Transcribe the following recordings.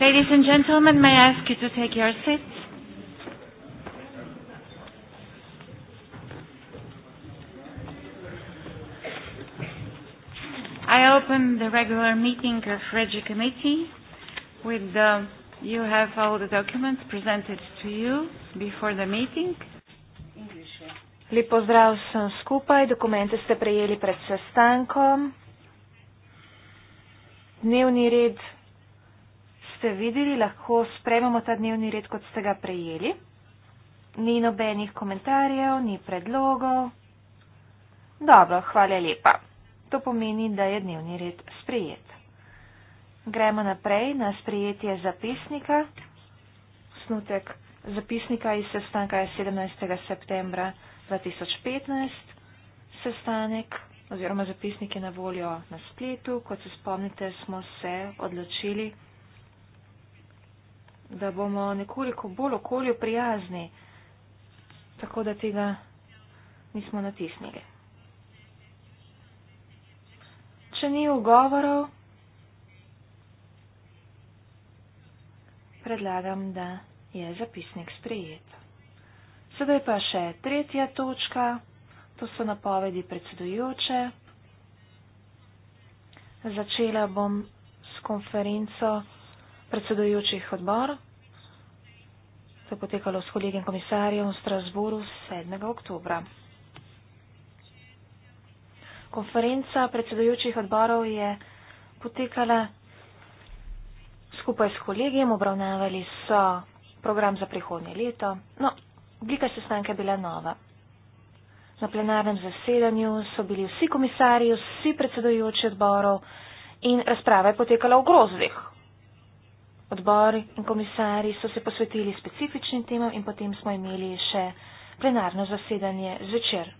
Ladies and gentlemen, may I ask you to take your seats? I open the regular meeting of Regi Committee. With, uh, you have all the documents presented to you before the meeting. Lep pozdrav vsem skupaj. Dokumente ste prejeli pred sestankom. Dnevni red ste videli, lahko sprememo ta dnevni red, kot ste ga prejeli. Ni nobenih komentarjev, ni predlogov. Dobro, hvala lepa. To pomeni, da je dnevni red sprejet. Gremo naprej na sprejetje zapisnika. Snutek zapisnika iz sestanka je 17. septembra 2015, sestanek oziroma zapisnik je na voljo na spletu. Kot se spomnite, smo se odločili, da bomo nekoliko bolj okolju prijazni, tako da tega nismo natisnili. Če ni ugovorov, predlagam, da je zapisnik sprejet. Sedaj pa še tretja točka, to so napovedi predsedujoče. Začela bom s konferenco predsedujočih odbor. To je potekalo s kolegijem komisarjem v Strasburu 7. oktobra. Konferenca predsedujočih odborov je potekala skupaj s kolegijem, obravnavali so program za prihodnje leto. No, Oblika sestanka je bila nova. Na plenarnem zasedanju so bili vsi komisarji, vsi predsedujoči odborov in razprava je potekala v grozdih. Odbori in komisarji so se posvetili specifičnim temam in potem smo imeli še plenarno zasedanje zvečer.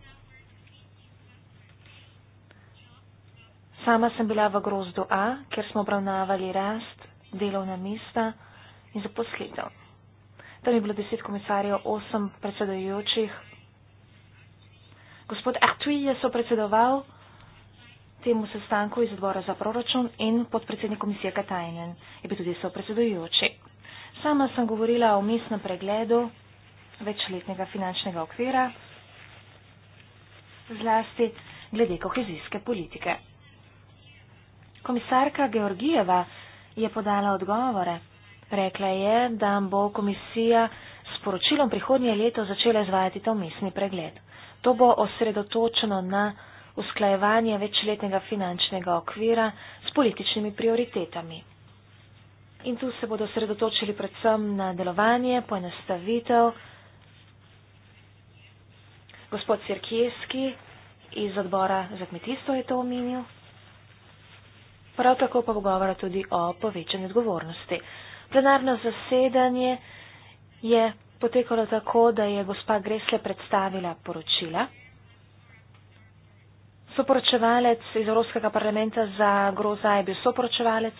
Sama sem bila v grozdu A, kjer smo obravnavali rast, delovna mesta in zaposlitev. Tam torej je bilo deset komisarjev, osem predsedojočih. Gospod Artui je sopredsedoval temu sestanku iz odbora za proračun in podpredsednik komisije Katajnen je bil tudi sopredsedojoči. Sama sem govorila o mestnem pregledu večletnega finančnega okvira, zlasti glede kohezijske politike. Komisarka Georgijeva je podala odgovore Rekla je, da bo komisija s poročilom prihodnje leto začela izvajati to mestni pregled. To bo osredotočeno na usklajevanje večletnega finančnega okvira s političnimi prioritetami. In tu se bodo osredotočili predvsem na delovanje, poenostavitev. Gospod Sirkijski iz odbora za kmetijstvo je to omenil. Prav tako pa bo govora tudi o povečanju odgovornosti. Plenarno zasedanje je potekalo tako, da je gospa Gresle predstavila poročila. Soporočevalec iz Evropskega parlamenta za groza je bil soporočevalec.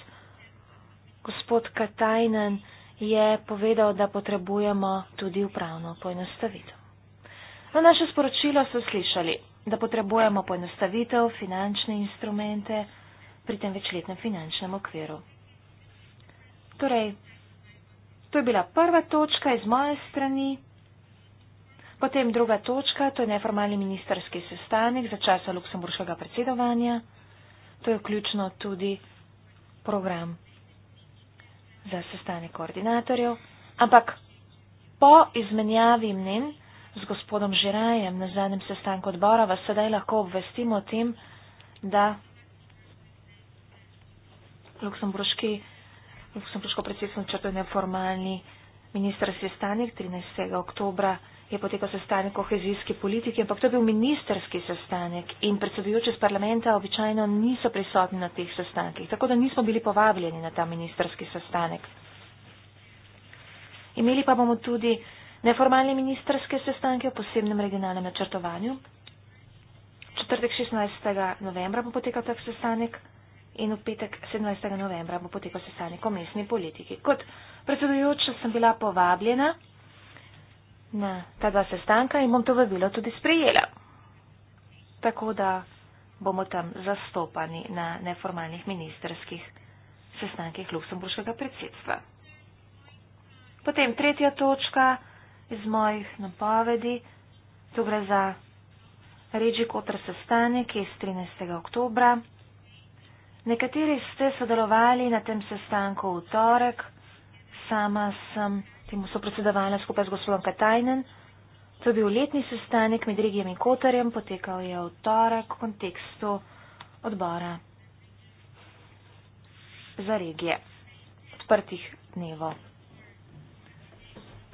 Gospod Katajnen je povedal, da potrebujemo tudi upravno poenostavitev. Na naše sporočilo so slišali, da potrebujemo poenostavitev, finančne instrumente pri tem večletnem finančnem okviru. Torej, to je bila prva točka iz moje strani. Potem druga točka, to je neformalni ministerski sestanek za časa luksemburškega predsedovanja. To je vključno tudi program za sestanek koordinatorjev. Ampak po izmenjavi mnen z gospodom Žirajem na zadnjem sestanku odbora vas sedaj lahko obvestimo o tem, da luksemburški predsedovanje sem prišel predsednik načrtov neformalni minister sestanek 13. oktobra je potekal sestanek kohezijske politike, ampak to je bil ministerski sestanek in predsedujoči z parlamenta običajno niso prisotni na teh sestankih, tako da nismo bili povabljeni na ta ministerski sestanek. Imeli pa bomo tudi neformalne ministerske sestanke o posebnem regionalnem načrtovanju. Četrtek 16. novembra bo potekal tak sestanek in v petek 17. novembra bo potekal sestanek o mestni politiki. Kot predsedujoča sem bila povabljena na ta dva sestanka in bom to vabilo tudi sprejela. Tako da bomo tam zastopani na neformalnih ministerskih sestankih Luksemburškega predsedstva. Potem tretja točka iz mojih napovedi. Tu gre za Reži Kotr sestanek iz 13. oktobra. Nekateri ste sodelovali na tem sestanku v torek, sama sem temu so predsedovala skupaj z gospodom Katajnen. To je bil letni sestanek med regijami Kotarjem, potekal je v torek v kontekstu odbora za regije odprtih dnevo.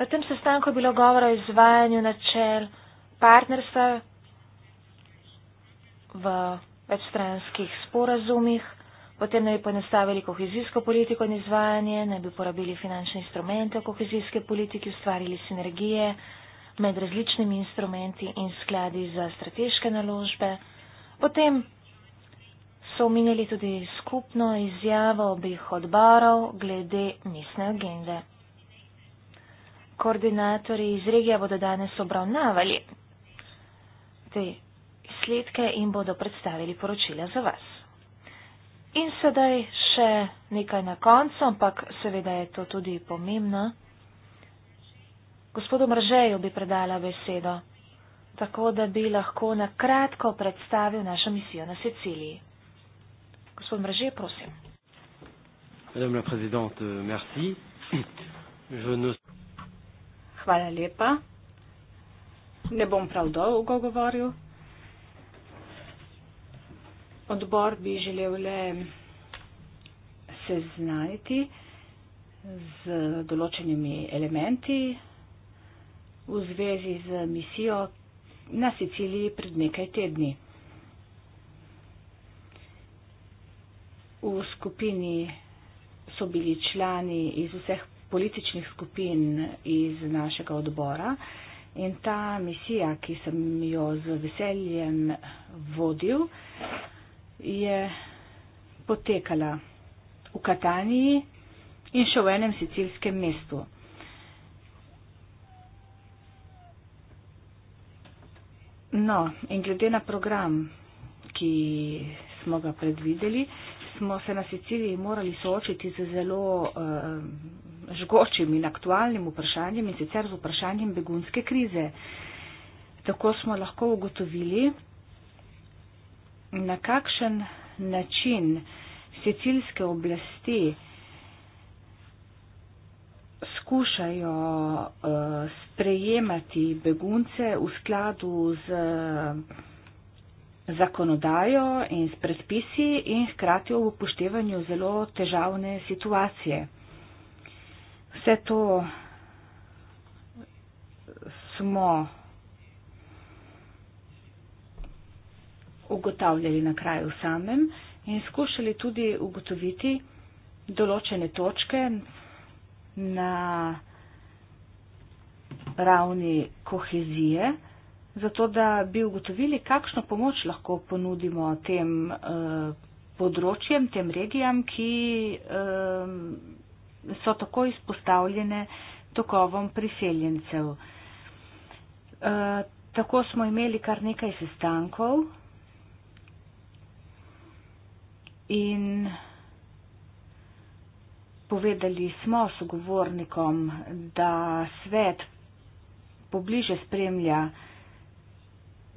Na tem sestanku je bilo govora o izvajanju načel partnerstva v večstranskih sporazumih. Potem naj bi ponestavili kohezijsko politiko in izvajanje, naj bi uporabili finančne instrumente v kohezijske politike, ustvarili sinergije med različnimi instrumenti in skladi za strateške naložbe. Potem so omenjali tudi skupno izjavo obih odborov glede mestne agende. Koordinatori iz regija bodo danes obravnavali te izsledke in bodo predstavili poročila za vas. In sedaj še nekaj na koncu, ampak seveda je to tudi pomembno. Gospodu Mržeju bi predala besedo, tako da bi lahko na kratko predstavil našo misijo na Siciliji. Gospod Mrže, prosim. Hvala lepa. Ne bom prav dolgo govoril odbor bi želel le seznaniti z določenimi elementi v zvezi z misijo na Siciliji pred nekaj tedni. V skupini so bili člani iz vseh političnih skupin iz našega odbora in ta misija, ki sem jo z veseljem vodil, je potekala v Kataniji in še v enem sicilskem mestu. No, in glede na program, ki smo ga predvideli, smo se na Siciliji morali soočiti z zelo uh, eh, žgočim in aktualnim vprašanjem in sicer z vprašanjem begunske krize. Tako smo lahko ugotovili, na kakšen način sicilske oblasti skušajo eh, sprejemati begunce v skladu z eh, zakonodajo in s predpisi in hkrati v upoštevanju zelo težavne situacije. Vse to smo ugotavljali na kraju samem in skušali tudi ugotoviti določene točke na ravni kohezije, zato da bi ugotovili, kakšno pomoč lahko ponudimo tem eh, področjem, tem regijam, ki eh, so tako izpostavljene tokovom priseljencev. Eh, tako smo imeli kar nekaj sestankov in povedali smo sogovornikom, da svet pobliže spremlja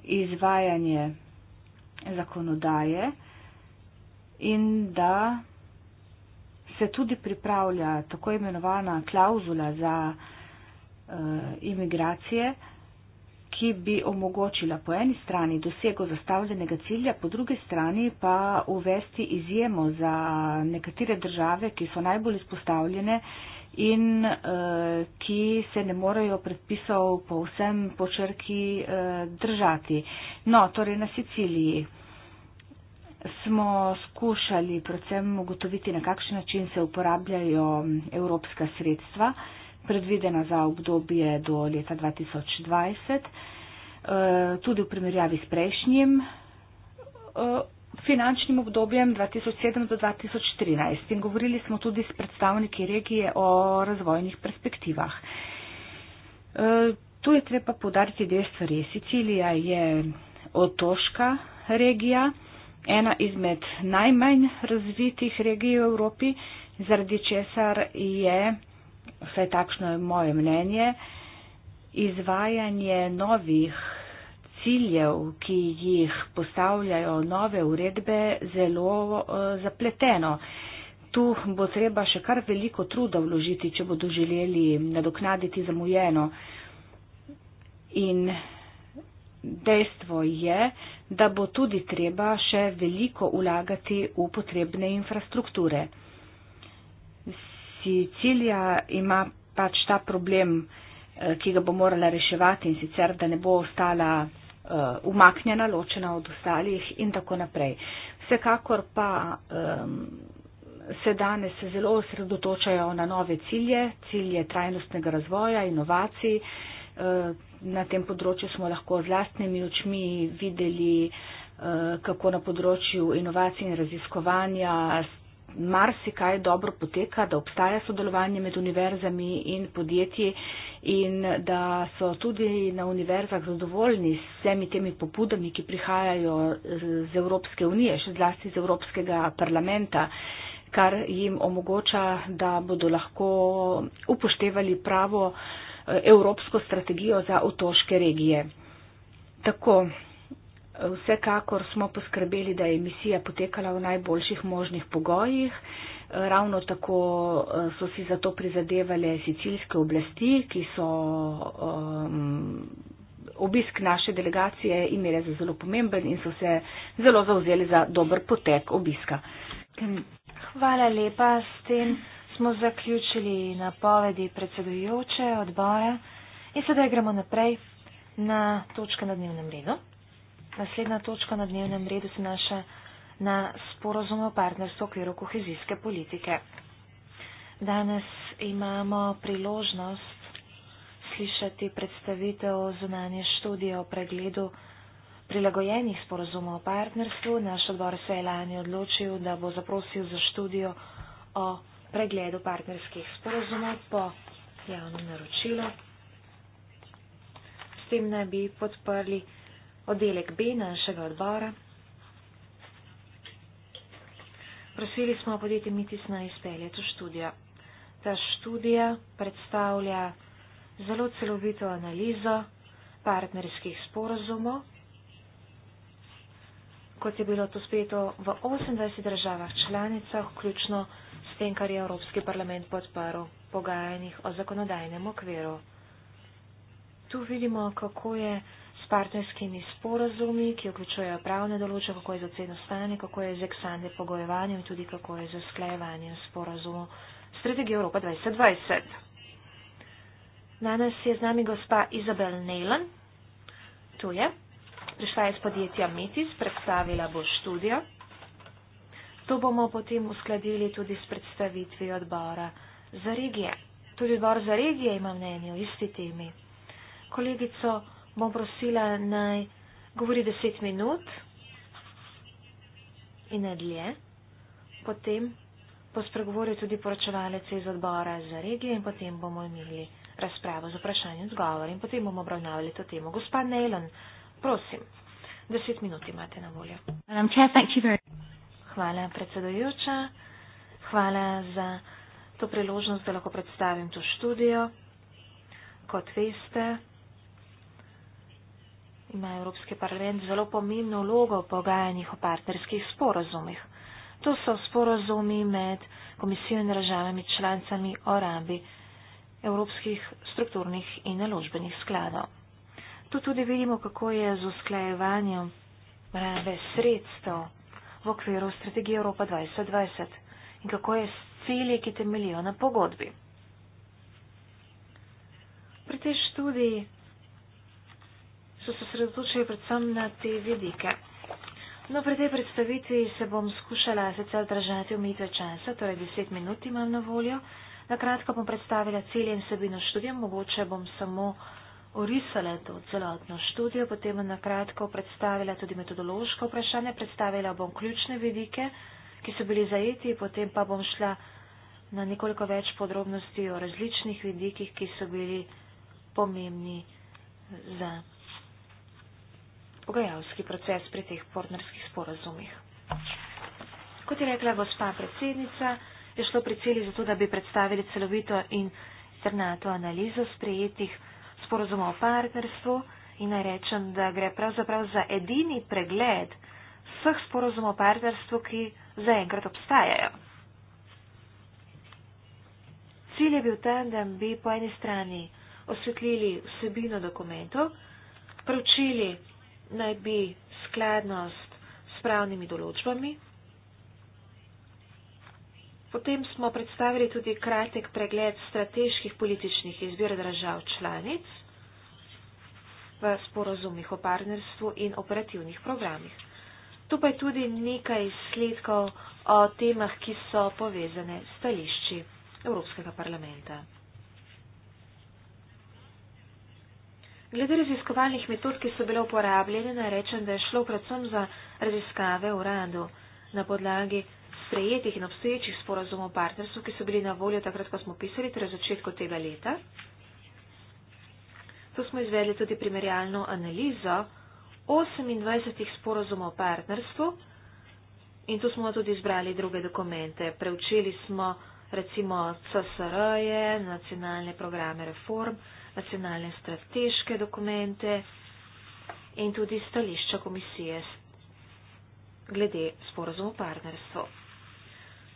izvajanje zakonodaje in da se tudi pripravlja tako imenovana klauzula za uh, imigracije ki bi omogočila po eni strani dosego zastavljenega cilja, po drugi strani pa uvesti izjemo za nekatere države, ki so najbolj izpostavljene in eh, ki se ne morejo predpisov po vsem počrki eh, držati. No, torej na Siciliji smo skušali predvsem ugotoviti, na kakšen način se uporabljajo mm, evropska sredstva. Eh, predvidena za obdobje do leta 2020, eh, tudi v primerjavi s prejšnjim eh, finančnim obdobjem 2007 do 2013. In govorili smo tudi s predstavniki regije o razvojnih perspektivah. Eh, tu je treba podariti dve stvari. Sicilija je otoška regija, ena izmed najmanj razvitih regij v Evropi, zaradi česar je vsaj takšno je moje mnenje, izvajanje novih ciljev, ki jih postavljajo nove uredbe, zelo eh, zapleteno. Tu bo treba še kar veliko truda vložiti, če bodo želeli nadoknaditi zamujeno. In dejstvo je, da bo tudi treba še veliko ulagati v potrebne infrastrukture si cilja, ima pač ta problem, eh, ki ga bo morala reševati in sicer, da ne bo ostala eh, umaknjena, ločena od ostalih in tako naprej. Vsekakor pa um, se danes zelo osredotočajo na nove cilje, cilje trajnostnega razvoja, inovacij. Eh, na tem področju smo lahko z lastnimi očmi videli, kako na področju inovacij in raziskovanja marsikaj dobro poteka, da obstaja sodelovanje med univerzami in podjetji in da so tudi na univerzah zadovoljni s vsemi temi popudami, ki prihajajo z Evropske unije, še zlasti z Evropskega parlamenta kar jim omogoča, da bodo lahko upoštevali pravo eh, evropsko strategijo za otoške regije. Tako. Vsekakor smo poskrbeli, da je misija potekala v najboljših možnih pogojih. Ravno tako eh, so si zato prizadevali sicilske oblasti, ki so um, obisk naše delegacije imeli za zelo pomemben in so se zelo zauzeli za dober potek obiska. Hvala lepa. S tem smo zaključili napovedi predsedujoče odbora in sedaj gremo naprej na točke na dnevnem redu. Naslednja točka na dnevnem redu se naša na sporozum o partnerstvu v okviru kohezijske politike. Danes imamo priložnost slišati predstavitev zunanje študije o pregledu prilagojenih sporozumov o partnerstvu. Naš odbor se je lani odločil, da bo zaprosil za študijo o pregledu partnerskih sporozumov po javnem naročilu. S tem naj bi podprli oddelek B našega odbora. Prosili smo podjetje Mitis na izpelje to študijo. Ta študija predstavlja zelo celovito analizo partnerskih sporozumov, kot je bilo to speto v 28 državah članicah, vključno s tem, kar je Evropski parlament podparil pogajanjih o zakonodajnem okviru. Tu vidimo, kako je partnerskimi sporazumi, ki vključujejo pravne določe, kako je za ceno stanje, kako je z eksande pogojevanjem in tudi kako je z usklajevanjem sporazumov strategije Evropa 2020. Danes je z nami gospa Izabel Nelan, tu je, prišla je iz podjetja Metis, predstavila bo študijo. To bomo potem uskladili tudi s predstavitvijo odbora za regije. Tudi odbor za regije ima mnenje o isti temi. Kolegico, bom prosila naj govori deset minut in ne dlje. Potem bo spregovoril tudi poročevalec iz odbora za regijo in potem bomo imeli razpravo z vprašanjem odgovor in potem bomo obravnavali to temo. Gospa Nejlan, prosim, deset minut imate na voljo. Hvala, predsedujoča. Hvala za to priložnost, da lahko predstavim to študijo. Kot veste, ima Evropski parlament zelo pomembno vlogo v pogajanjih o partnerskih sporozumih. To so sporozumi med komisijo in državami članicami o rabi evropskih strukturnih in naložbenih skladov. Tu tudi vidimo, kako je z usklajevanjem rabe sredstev v okviru strategije Evropa 2020 in kako je s cilji, ki temeljijo na pogodbi. Pri tej študiji so se sredotočili predvsem na te vidike. No, pri tej predstavitvi se bom skušala sicer držati omejitve časa, torej 10 minut imam na voljo. Na kratko bom predstavila cilje in sebino študija, mogoče bom samo orisala to celotno študijo, potem bom na kratko predstavila tudi metodološko vprašanje, predstavila bom ključne vidike, ki so bili zajeti, potem pa bom šla na nekoliko več podrobnosti o različnih vidikih, ki so bili pomembni za pogajalski proces pri teh partnerskih sporazumih. Kot je rekla gospa predsednica, je šlo pri celi zato, da bi predstavili celovito in trnato analizo sprejetih sporazumov o partnerstvu in naj rečem, da gre pravzaprav za edini pregled vseh sporazumov o partnerstvu, ki zaenkrat obstajajo. Cilj je bil ta, da bi po eni strani osvetlili vsebino dokumentov, pravčili naj bi skladnost s pravnimi določbami. Potem smo predstavili tudi kratek pregled strateških političnih izbir držav članic v sporozumih o partnerstvu in operativnih programih. Tu pa je tudi nekaj izsledkov o temah, ki so povezane s stališči Evropskega parlamenta. Glede raziskovalnih metod, ki so bile uporabljene, naj rečem, da je šlo predvsem za raziskave v uradu na podlagi sprejetih in obstoječih sporozumov partnerstva, ki so bili na voljo takrat, ko smo pisali, torej začetku tega leta. Tu smo izvedli tudi primerjalno analizo 28 sporozumov partnerstva in tu smo tudi izbrali druge dokumente. Preučili smo recimo CSR-je, nacionalne programe reform, nacionalne strateške dokumente in tudi stališča komisije glede sporozum o partnerstvu.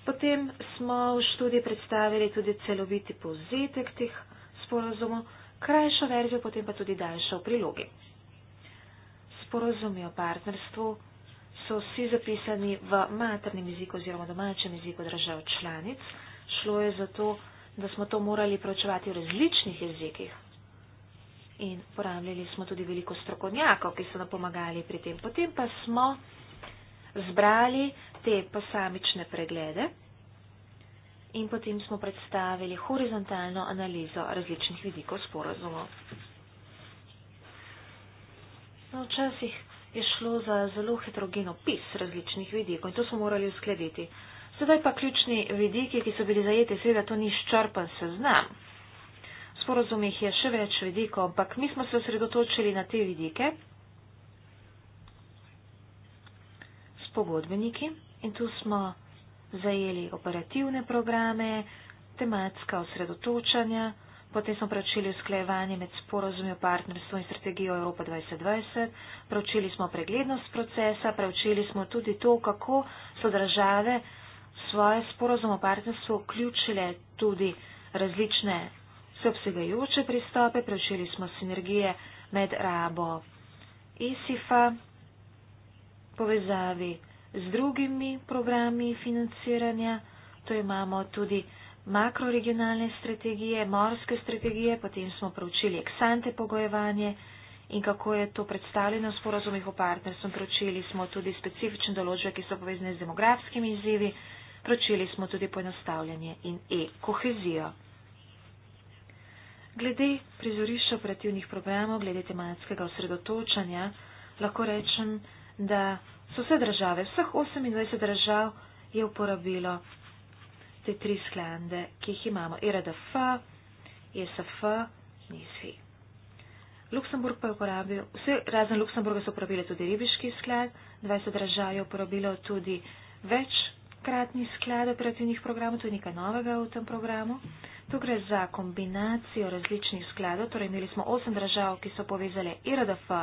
Potem smo v študiji predstavili tudi celoviti povzetek teh sporozumov, krajšo verzijo, potem pa tudi daljšo v prilogi. Sporozumi o partnerstvu so vsi zapisani v maternem jeziku oziroma domačem jeziku držav članic šlo je za to, da smo to morali pročevati v različnih jezikih. In uporabljali smo tudi veliko strokovnjakov, ki so nam pomagali pri tem. Potem pa smo zbrali te posamične preglede in potem smo predstavili horizontalno analizo različnih vidikov sporozumov. No, včasih je šlo za zelo heterogen opis različnih vidikov in to smo morali uskladiti. Sedaj pa ključni vidiki, ki so bili zajeti, seveda to ni ščrpen seznam. V sporozumih je še več vidikov, ampak mi smo se osredotočili na te vidike s pogodbeniki in tu smo zajeli operativne programe, tematska osredotočanja, potem smo pročili usklejevanje med sporozumjo partnerstvo in strategijo Evropa 2020, pročili smo preglednost procesa, pročili smo tudi to, kako so države, svoje sporozum o partnerstvu vključile tudi različne sobsegajoče pristope, preučili smo sinergije med rabo e ISIF-a, povezavi z drugimi programi financiranja, to imamo tudi makroregionalne strategije, morske strategije, potem smo preučili eksante pogojevanje in kako je to predstavljeno v sporozumih o partnerstvu, preučili smo tudi specifične določbe, ki so povezane z demografskimi izzivi. Pročeli smo tudi poenostavljanje in e-kohezijo. Glede prizorišča operativnih programov, glede tematskega osredotočanja, lahko rečem, da so vse države, vseh 28 držav je uporabilo te tri sklande, ki jih imamo. ERDF, ESF, NISFI. E Luksemburg pa je uporabil, vse razen Luksemburga so uporabili tudi ribiški sklad, 20 držav je uporabilo tudi več enkratni sklad operativnih programov, to je nekaj novega v tem programu. Tu gre za kombinacijo različnih skladov, torej imeli smo osem držav, ki so povezale IRDF e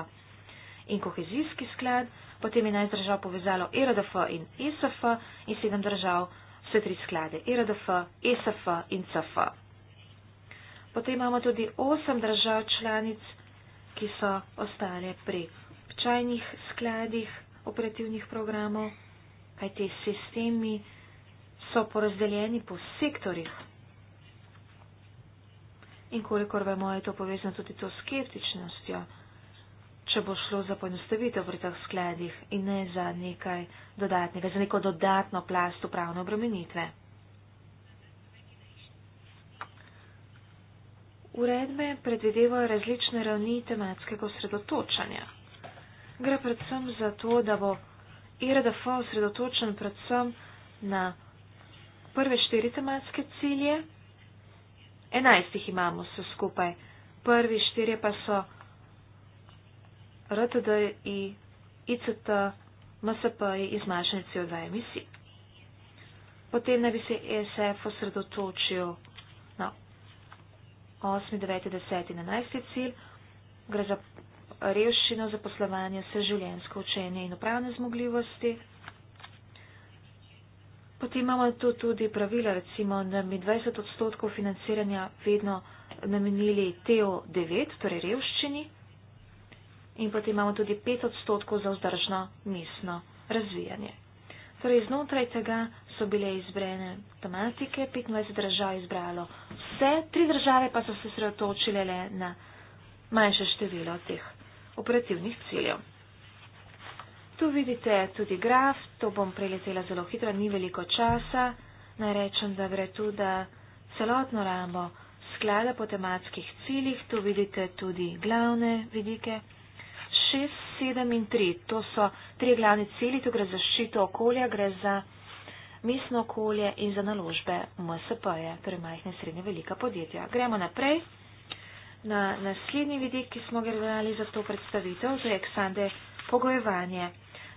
in kohezijski sklad, potem je enajst držav povezalo IRDF e in ISF e in sedem držav vse tri sklade IRDF, ISF in CF. Potem imamo tudi osem držav članic, ki so ostale pri občajnih skladih operativnih programov kaj te sistemi so porazdeljeni po sektorjih. In kolikor vemo, je to povezano tudi to skeptičnostjo, če bo šlo za poenostavitev pri teh skladih in ne za nekaj dodatnega, za neko dodatno plast upravne obremenitve. Uredbe predvidevajo različne ravni tematskega osredotočanja. Gre predvsem za to, da bo IRDF osredotočen predvsem na prve štiri tematske cilje, enajstih imamo vse skupaj, prvi štirje pa so RTD, ICT, MSP in zmanjšanje CO2 emisij. Potem naj bi se ESF osredotočil na 8., 9., 10. in 11. cilj. Gre za revščino, zaposlovanje, vse življensko učenje in upravne zmogljivosti. Potem imamo tu tudi pravila, recimo, da bi 20 odstotkov financiranja vedno namenili TO9, torej revščini. In potem imamo tudi 5 odstotkov za vzdržno mestno razvijanje. Torej, znotraj tega so bile izbrene tematike, 25 držav je izbralo vse, 3 države pa so se sredotočile le na manjše število teh operativnih ciljev. Tu vidite tudi graf, to bom preletela zelo hitro, ni veliko časa. Naj rečem, da gre tu, da celotno ramo sklada po tematskih ciljih, tu vidite tudi glavne vidike. 6, 7 in 3, to so tri glavne cilji, tu gre za zaščito okolja, gre za mestno okolje in za naložbe MSP-je, torej majhne srednje velika podjetja. Gremo naprej na naslednji vidik, ki smo ga gledali za to predstavitev, to je eksande pogojevanje.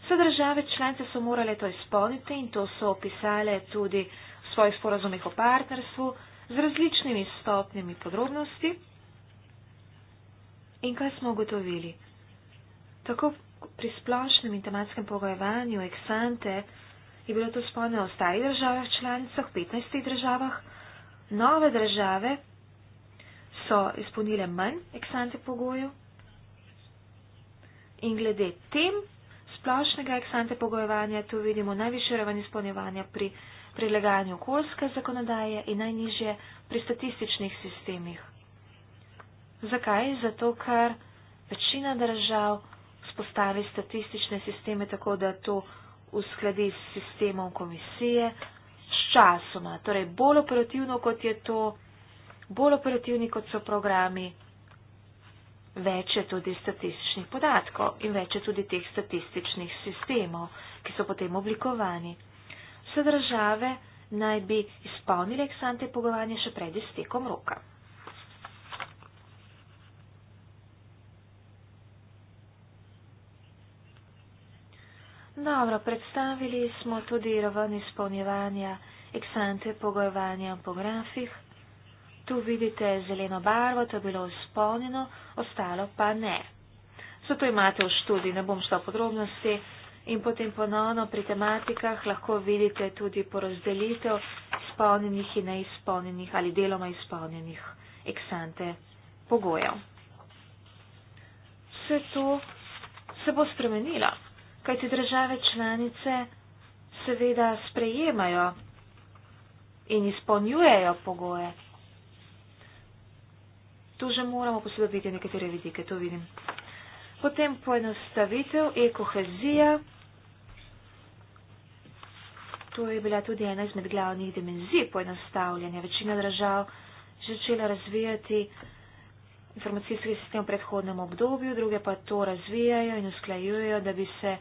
Vse države članice so morale to izpolniti in to so opisale tudi v svojih sporazumih o partnerstvu z različnimi stopnjami podrobnosti. In kaj smo ugotovili? Tako pri splošnem in tematskem pogojevanju eksante je bilo to spolno v starih državah članicah, v 15 državah, nove države so izpolnile manj eksante pogojev. In glede tem splošnega eksante pogojevanja, tu vidimo najviše raven izpolnjevanja pri prilagajanju okoljske zakonodaje in najnižje pri statističnih sistemih. Zakaj? Zato, ker večina držav spostavi statistične sisteme tako, da to uskladi s sistemom komisije s časoma, torej bolj operativno, kot je to bolj operativni, kot so programi, več je tudi statističnih podatkov in več je tudi teh statističnih sistemov, ki so potem oblikovani. Vse države naj bi izpolnili eksante pogovanje še pred iztekom roka. Dobro, predstavili smo tudi raven izpolnjevanja eksante pogojevanja po grafih tu vidite zeleno barvo, to je bilo izpolnjeno, ostalo pa ne. Zato imate v študiji, ne bom šla podrobnosti. In potem ponovno pri tematikah lahko vidite tudi porazdelitev izpolnjenih in neizpolnjenih ali deloma izpolnjenih eksante pogojev. Vse to se bo spremenilo, kajti države članice seveda sprejemajo in izpolnjujejo pogoje tu že moramo posodobiti nekatere vidike, to vidim. Potem poenostavitev, ekohezija. To je bila tudi ena izmed glavnih dimenzij poenostavljanja. Večina držav že začela razvijati informacijski sistem v predhodnem obdobju, druge pa to razvijajo in usklajujejo, da bi se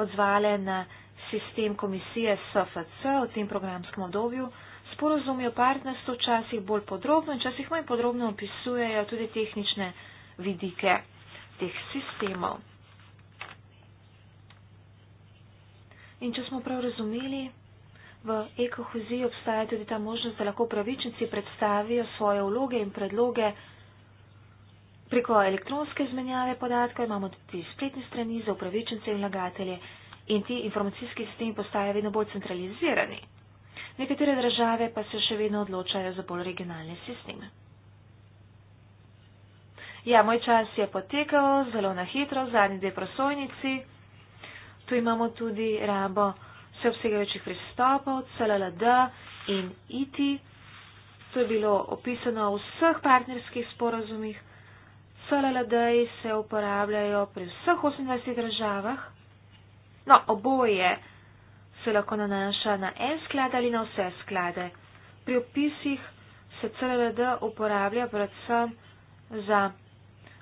odzvale na sistem komisije SFC v tem programskem obdobju. Uh, sporozumijo partnerstvo, včasih bolj podrobno in včasih manj podrobno opisujejo tudi tehnične vidike teh sistemov. In če smo prav razumeli, v ekohuziji obstaja tudi ta možnost, da lahko pravičnici predstavijo svoje vloge in predloge preko elektronske izmenjave podatkov, imamo tudi spletne strani za upravičence in vlagatelje in ti informacijski sistemi postajajo vedno bolj centralizirani nekatere države pa se še vedno odločajo za bolj regionalne sisteme. Ja, moj čas je potekal zelo na hitro v zadnji dve prosojnici. Tu imamo tudi rabo vseobsegajočih pristopov, CLLD in ITI. To je bilo opisano v vseh partnerskih sporozumih. CLLD se uporabljajo pri vseh 28 državah. No, oboje se lahko nanaša na en sklad ali na vse sklade. Pri opisih se CRRD uporablja predvsem za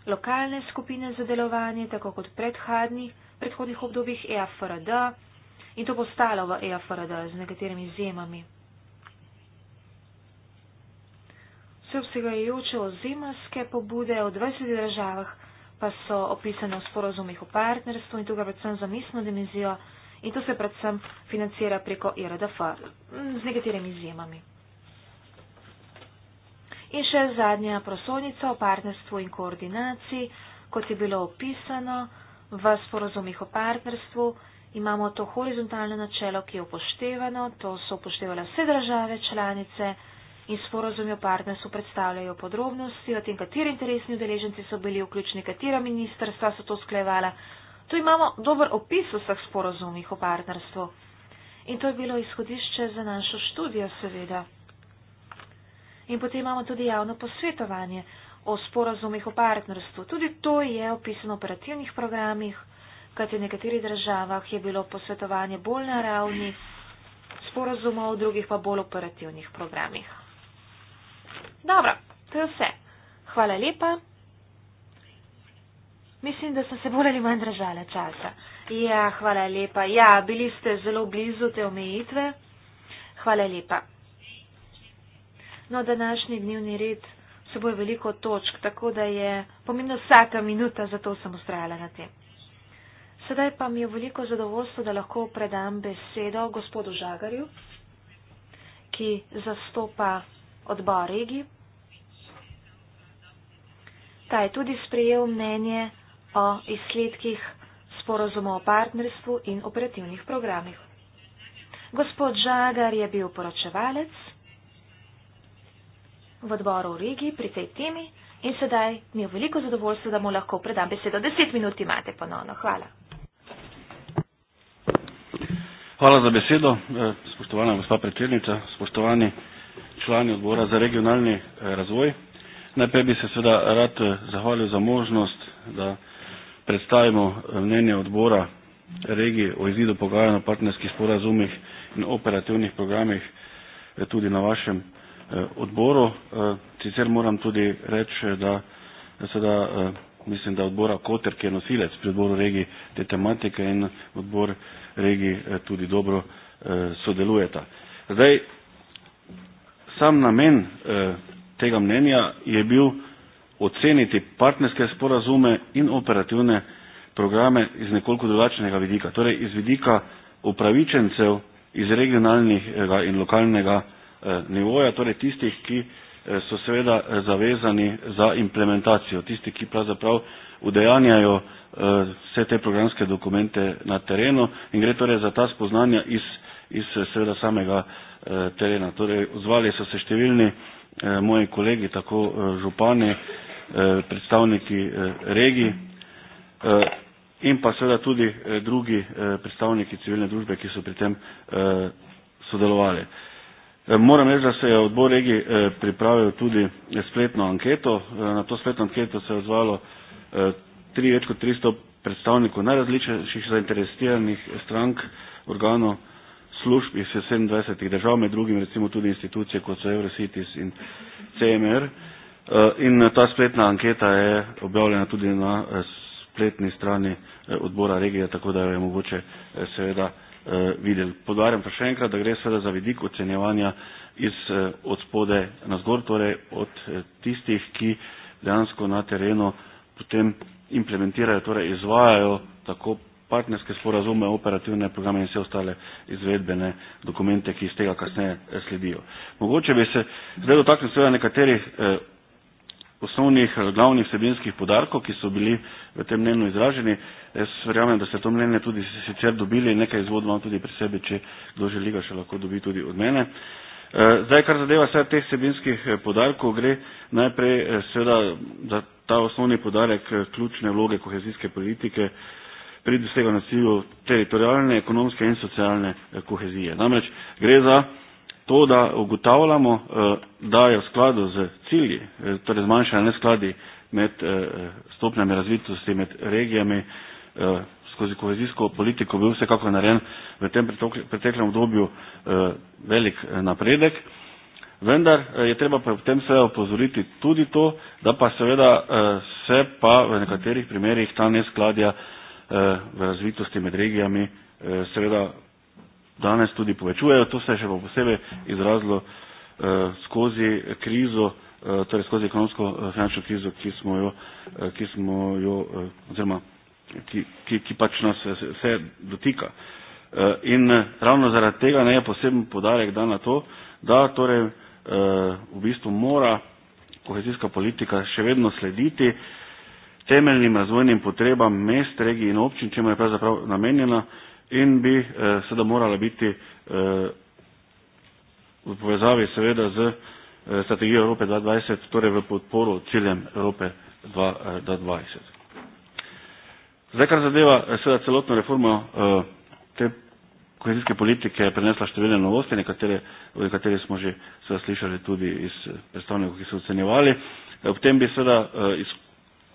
lokalne skupine za delovanje, tako kot predhodnih, predhodnih obdobjih EAFRD in to bo stalo v EAFRD z nekaterimi izjemami. Vseobsegajoče ozemljske pobude v 20 državah pa so opisane v sporozumih o partnerstvu in tukaj predvsem za mestno dimenzijo. In to se predvsem financira preko IRDF z nekaterimi izjemami. In še zadnja prosonica o partnerstvu in koordinaciji, kot je bilo opisano v sporozumih o partnerstvu, imamo to horizontalno načelo, ki je upoštevano, to so upoštevale vse države članice in sporozumi o partnerstvu predstavljajo podrobnosti o tem, kateri interesni udeleženci so bili vključeni, katera ministrstva so to sklevala, Tu imamo dober opis vseh sporozumih o partnerstvu. In to je bilo izhodišče za našo študijo, seveda. In potem imamo tudi javno posvetovanje o sporozumih o partnerstvu. Tudi to je opisano v operativnih programih, kajti v nekaterih državah je bilo posvetovanje bolj na ravni sporozumov, v drugih pa bolj operativnih programih. Dobro, to je vse. Hvala lepa. Mislim, da so se bolj ali manj držale časa. Ja, hvala lepa. Ja, bili ste zelo blizu te omejitve. Hvala lepa. No, današnji dnevni red seboj veliko točk, tako da je pomembno vsaka minuta, zato sem ustrajala na tem. Sedaj pa mi je veliko zadovoljstvo, da lahko predam besedo gospodu Žagarju, ki zastopa odbor regi. Ta je tudi sprejel mnenje o izsledkih sporozuma o partnerstvu in operativnih programih. Gospod Žagar je bil poročevalec v odboru v Rigi pri tej temi in sedaj mi je veliko zadovoljstvo, da mu lahko predam besedo. Deset minut imate ponovno. Hvala. Hvala za besedo, eh, spoštovana gospa predsednica, spoštovani člani odbora za regionalni eh, razvoj. Najprej bi se seveda rad eh, zahvalil za možnost, da predstavimo eh, mnenje odbora regije o izidu pogajanj o partnerskih sporazumih in operativnih programih eh, tudi na vašem eh, odboru. Sicer moram tudi reči, da seveda mislim, da odbora Koter, ki je nosilec pri odboru regije te tematike in odbor regije tudi dobro sodelujeta. Zdaj, sam namen tega mnenja je bil oceniti partnerske sporazume in operativne programe iz nekoliko drugačnega vidika, torej iz vidika upravičencev iz regionalnih in lokalnega eh, nivoja, torej tistih, ki eh, so seveda eh, zavezani za implementacijo, tisti, ki pravzaprav udejanjajo vse te programske dokumente na terenu in gre torej za ta spoznanja iz, iz seveda samega terena. Torej, odzvali so se številni Eh, moji kolegi, tako eh, župani, eh, predstavniki regij in pa seveda tudi drugi predstavniki civilne družbe, ki so pri tem sodelovali. Moram reči, da se je odbor regij pripravil tudi spletno anketo. Na to spletno anketo se je odzvalo tri, več kot 300 predstavnikov najrazličnejših zainteresiranih strank, organov služb iz 27 držav, med drugim recimo tudi institucije kot so Eurocities in CMR. Eh, in eh, ta spletna anketa je objavljena tudi na eh, spletni strani odbora regije, tako da jo je mogoče seveda videli. Podvarjam pa še enkrat, da gre seveda za vidik ocenjevanja iz od spode na zgor, torej od tistih, ki dejansko na terenu potem implementirajo, torej izvajajo tako partnerske sporazume, operativne programe in vse ostale izvedbene dokumente, ki iz tega kasneje eh, sledijo. Mogoče bi se zdaj dotaknil seveda nekaterih eh, osnovnih, eh, glavnih sebinskih podarkov, ki so bili v tem mnenju izraženi. Jaz verjamem, da ste to mnenje tudi sicer dobili, nekaj izvod imam tudi pri sebi, če kdo želi ga še lahko dobi tudi od mene. Eh, zdaj, kar zadeva vse teh sebinskih eh, podarkov, gre najprej eh, seveda za ta osnovni podarek eh, ključne vloge kohezijske politike, pri doseganju cilju teritorijalne, ekonomske in socialne eh, kohezije. Namreč gre za to, da ugotavljamo, eh, da je v skladu z cilji, eh, torej zmanjšanje neskladi med stopnjami razvitosti, med regijami, skozi kohezijsko politiko bil vsekako narejen v tem preteklem obdobju velik napredek. Vendar je treba pa v tem seveda opozoriti tudi to, da pa seveda se pa v nekaterih primerjih ta neskladja v eh, razvitosti med regijami eh, seveda danes tudi povečujejo. To se je še posebej izrazilo eh, skozi krizo, torej skozi ekonomsko finančno krizo, ki smo jo, ki smo jo oziroma ki, ki, ki pač nas vse dotika. In ravno zaradi tega ne je poseben podarek dan na to, da torej v bistvu mora kohezijska politika še vedno slediti uh, temeljnim razvojnim potrebam mest, regij in občin, čemu je pravzaprav namenjena in bi eh, seveda morala biti eh, v povezavi seveda z eh, strategijo Evrope 2020, torej v podporo ciljem Evrope 2020. Eh, Zdaj, kar zadeva eh, seveda celotno reformo eh, te kohezijske politike, je prenesla številne novosti, nekatere, o katerih smo že slišali tudi iz eh, predstavnikov, ki so ocenjevali. Ob tem bi seveda eh,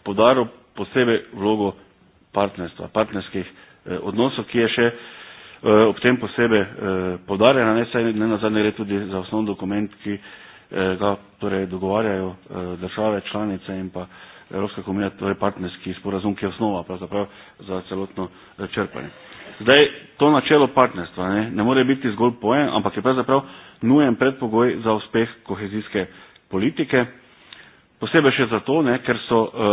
podaril posebej vlogo partnerstva, partnerskih eh, odnosov, ki je še eh, ob tem posebej eh, podarjena, ne, ne na zadnje gre tudi za osnovni dokument, ki eh, ga torej, dogovarjajo eh, države, članice in pa Evropska komunija, torej partnerski sporazum, ki je osnova pravzaprav za celotno eh, črpanje. Zdaj, to načelo partnerstva ne, ne more biti zgolj pojem, ampak je pravzaprav nujen predpogoj za uspeh kohezijske politike. Posebej še zato, ne, ker so uh,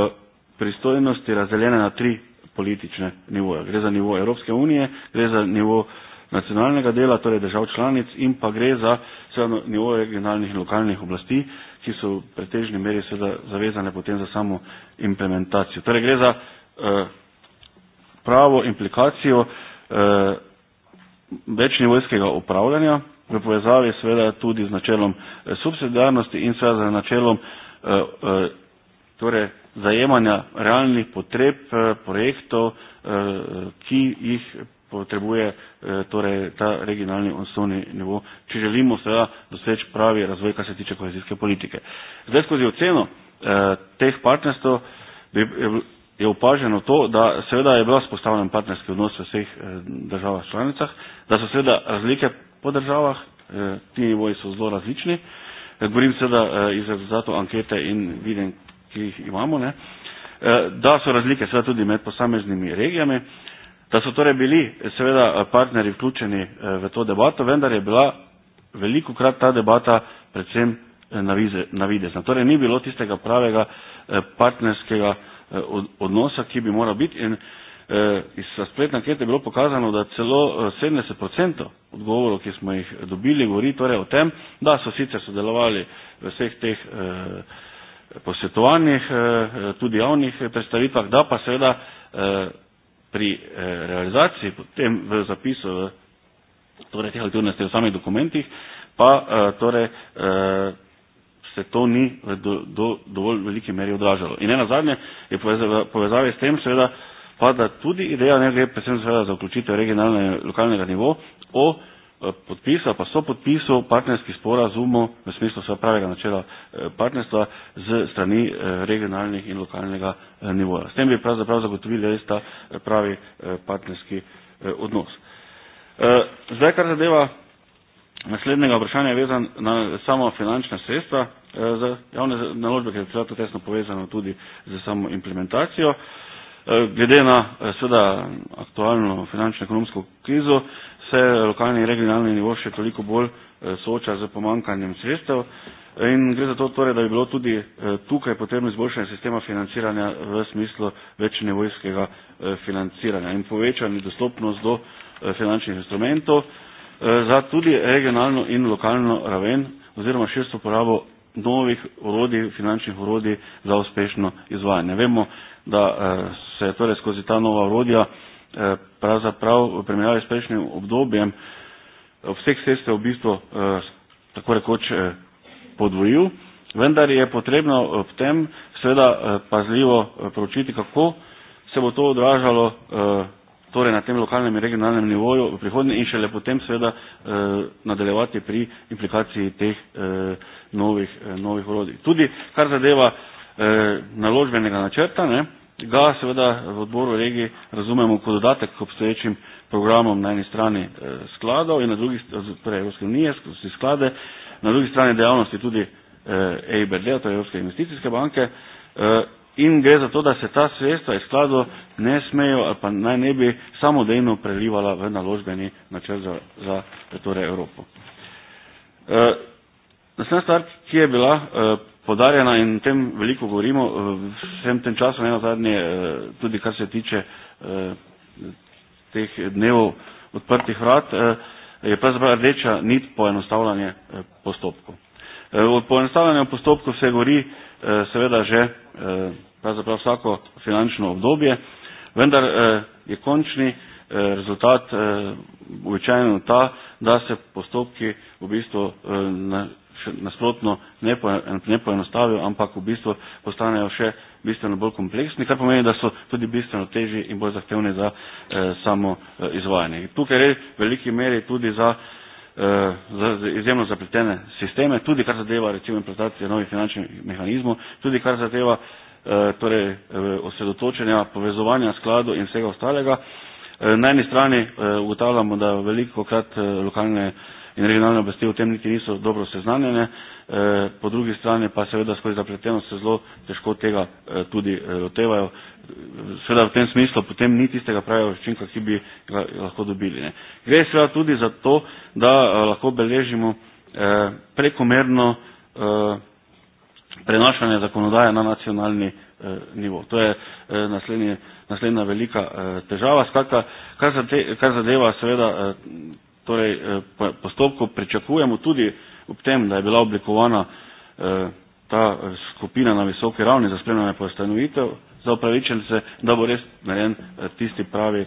pristojnosti razdeljene na tri politične nivoje. Gre za nivo Evropske unije, gre za nivo nacionalnega dela, torej držav članic in pa gre za nivo regionalnih in lokalnih oblasti, ki so v pretežni meri seveda zavezane potem za samo implementacijo. Torej gre za uh, pravo implikacijo uh, večnivojskega upravljanja v povezavi seveda tudi z načelom subsidiarnosti in seveda z načelom uh, Eh, eh, torej zajemanja realnih potreb eh, projektov, ki jih potrebuje torej, ta regionalni osnovni nivo, če želimo seveda doseči pravi razvoj, kar se tiče kohezijske politike. Zdaj skozi oceno teh partnerstv je opaženo to, da seveda je bila spostavljen partnerski odnos v vseh državah članicah, da so seveda razlike po državah, ti nivoji so zelo različni, govorim eh, seveda eh, iz rezultatov ankete in videnj, ki jih imamo, ne, eh, da so razlike seveda tudi med posameznimi regijami, da so torej bili seveda partnerji vključeni v to debato, vendar je bila veliko krat ta debata predvsem navidezna. Torej ni bilo tistega pravega partnerskega odnosa, ki bi moral biti. Eh, iz spletne ankete je bilo pokazano, da celo 70% eh, odgovorov, ki smo jih dobili, govori torej o tem, da so sicer sodelovali v vseh teh eh, posvetovanjih, tudi javnih predstavitvah, da pa seveda pri realizaciji potem v zapisu torej teh aktivnosti v samih dokumentih, pa torej se to ni v do, do, dovolj veliki meri odražalo. In ena zadnje je povezave s tem seveda pa da tudi ideja ne gre predvsem za vključitev regionalnega in lokalnega nivo o eh, podpisu, pa so podpisu partnerskih sporazumov v smislu svojega pravega načela eh, partnerstva z strani eh, regionalnih in lokalnega nivoja. S tem bi pravzaprav zagotovili res ta pravi partnerski odnos. Zdaj, kar zadeva naslednjega vprašanja, je vezan na samo finančna sredstva za javne naložbe, ker je celo to tesno povezano tudi z samo implementacijo. Eh, glede na eh, seveda aktualno finančno-ekonomsko krizo se lokalni in regionalni nivo še toliko bolj eh, sooča z pomankanjem sredstev in gre za to, torej, da bi bilo tudi tukaj potrebno izboljšanje sistema financiranja v smislu večnivojskega financiranja in povečanje dostopnost do finančnih instrumentov za tudi regionalno in lokalno raven oziroma širstvo porabo novih orodij, finančnih orodij za uspešno izvajanje. Vemo, da eh, se torej skozi ta nova orodja eh, pravzaprav v primerjavi s prejšnjim obdobjem vseh sredstev v bistvu eh, tako rekoč podvojil, vendar je potrebno v tem seveda pazljivo proučiti, kako se bo to odražalo torej na tem lokalnem in regionalnem nivoju v prihodnje in šele potem seveda eh, nadaljevati pri implikaciji teh eh, novih, eh, novih orodij. Tudi kar zadeva naložbenega načrta, ne, ga seveda v odboru regiji razumemo kot dodatek k obstoječim programom na eni strani skladov in na drugi, torej Evropske unije, skozi sklade, na drugi strani dejavnosti tudi EIBD, e torej Evropske investicijske banke, in gre za to, da se ta sredstva iz skladov ne smejo ali pa naj ne bi samodejno prelivala v naložbeni načrt za, za torej Evropo. E, naslednja stvar, ki je bila e, podarjena in o tem veliko govorimo, e, vsem tem času ne nazadnje, e, tudi kar se tiče e, teh dnev odprtih vrat, e, je pravzaprav rdeča nit poenostavljanje e, postopkov. E, o poenostavljanju postopkov se govori e, seveda že pravzaprav vsako finančno obdobje, vendar eh, je končni eh, rezultat eh, običajno ta, da se postopki v bistvu eh, na, še, nasprotno ne, po, ne poenostavijo, ampak v bistvu postanejo še bistveno bolj kompleksni, kar pomeni, da so tudi bistveno težji in bolj zahtevni za eh, samo eh, izvajanje. Tukaj gre v veliki meri tudi eh, za za izjemno zapletene sisteme, tudi kar zadeva recimo implementacije novih finančnih mehanizmov, tudi kar zadeva Eh, torej eh, osredotočenja, povezovanja skladov in vsega ostalega. Eh, na eni strani ugotavljamo, da veliko krat lokalne in regionalne oblasti v tem niti niso dobro seznanjene, po drugi strani pa seveda skozi zapletenost se zelo težko tega tudi lotevajo. Seveda v tem smislu potem ni tistega pravega učinka, ki bi ga lahko dobili. Ne. Gre seveda tudi za to, da lahko beležimo prekomerno prenašanje zakonodaje na nacionalni eh, nivo. To je eh, naslednje, naslednja velika eh, težava. Skratka, kar, zade, kar zadeva seveda eh, torej, eh, postopko, pričakujemo tudi ob tem, da je bila oblikovana eh, ta eh, skupina na visoki ravni za spremljanje postanovitev, za upravičence, da bo res narejen tisti pravi eh,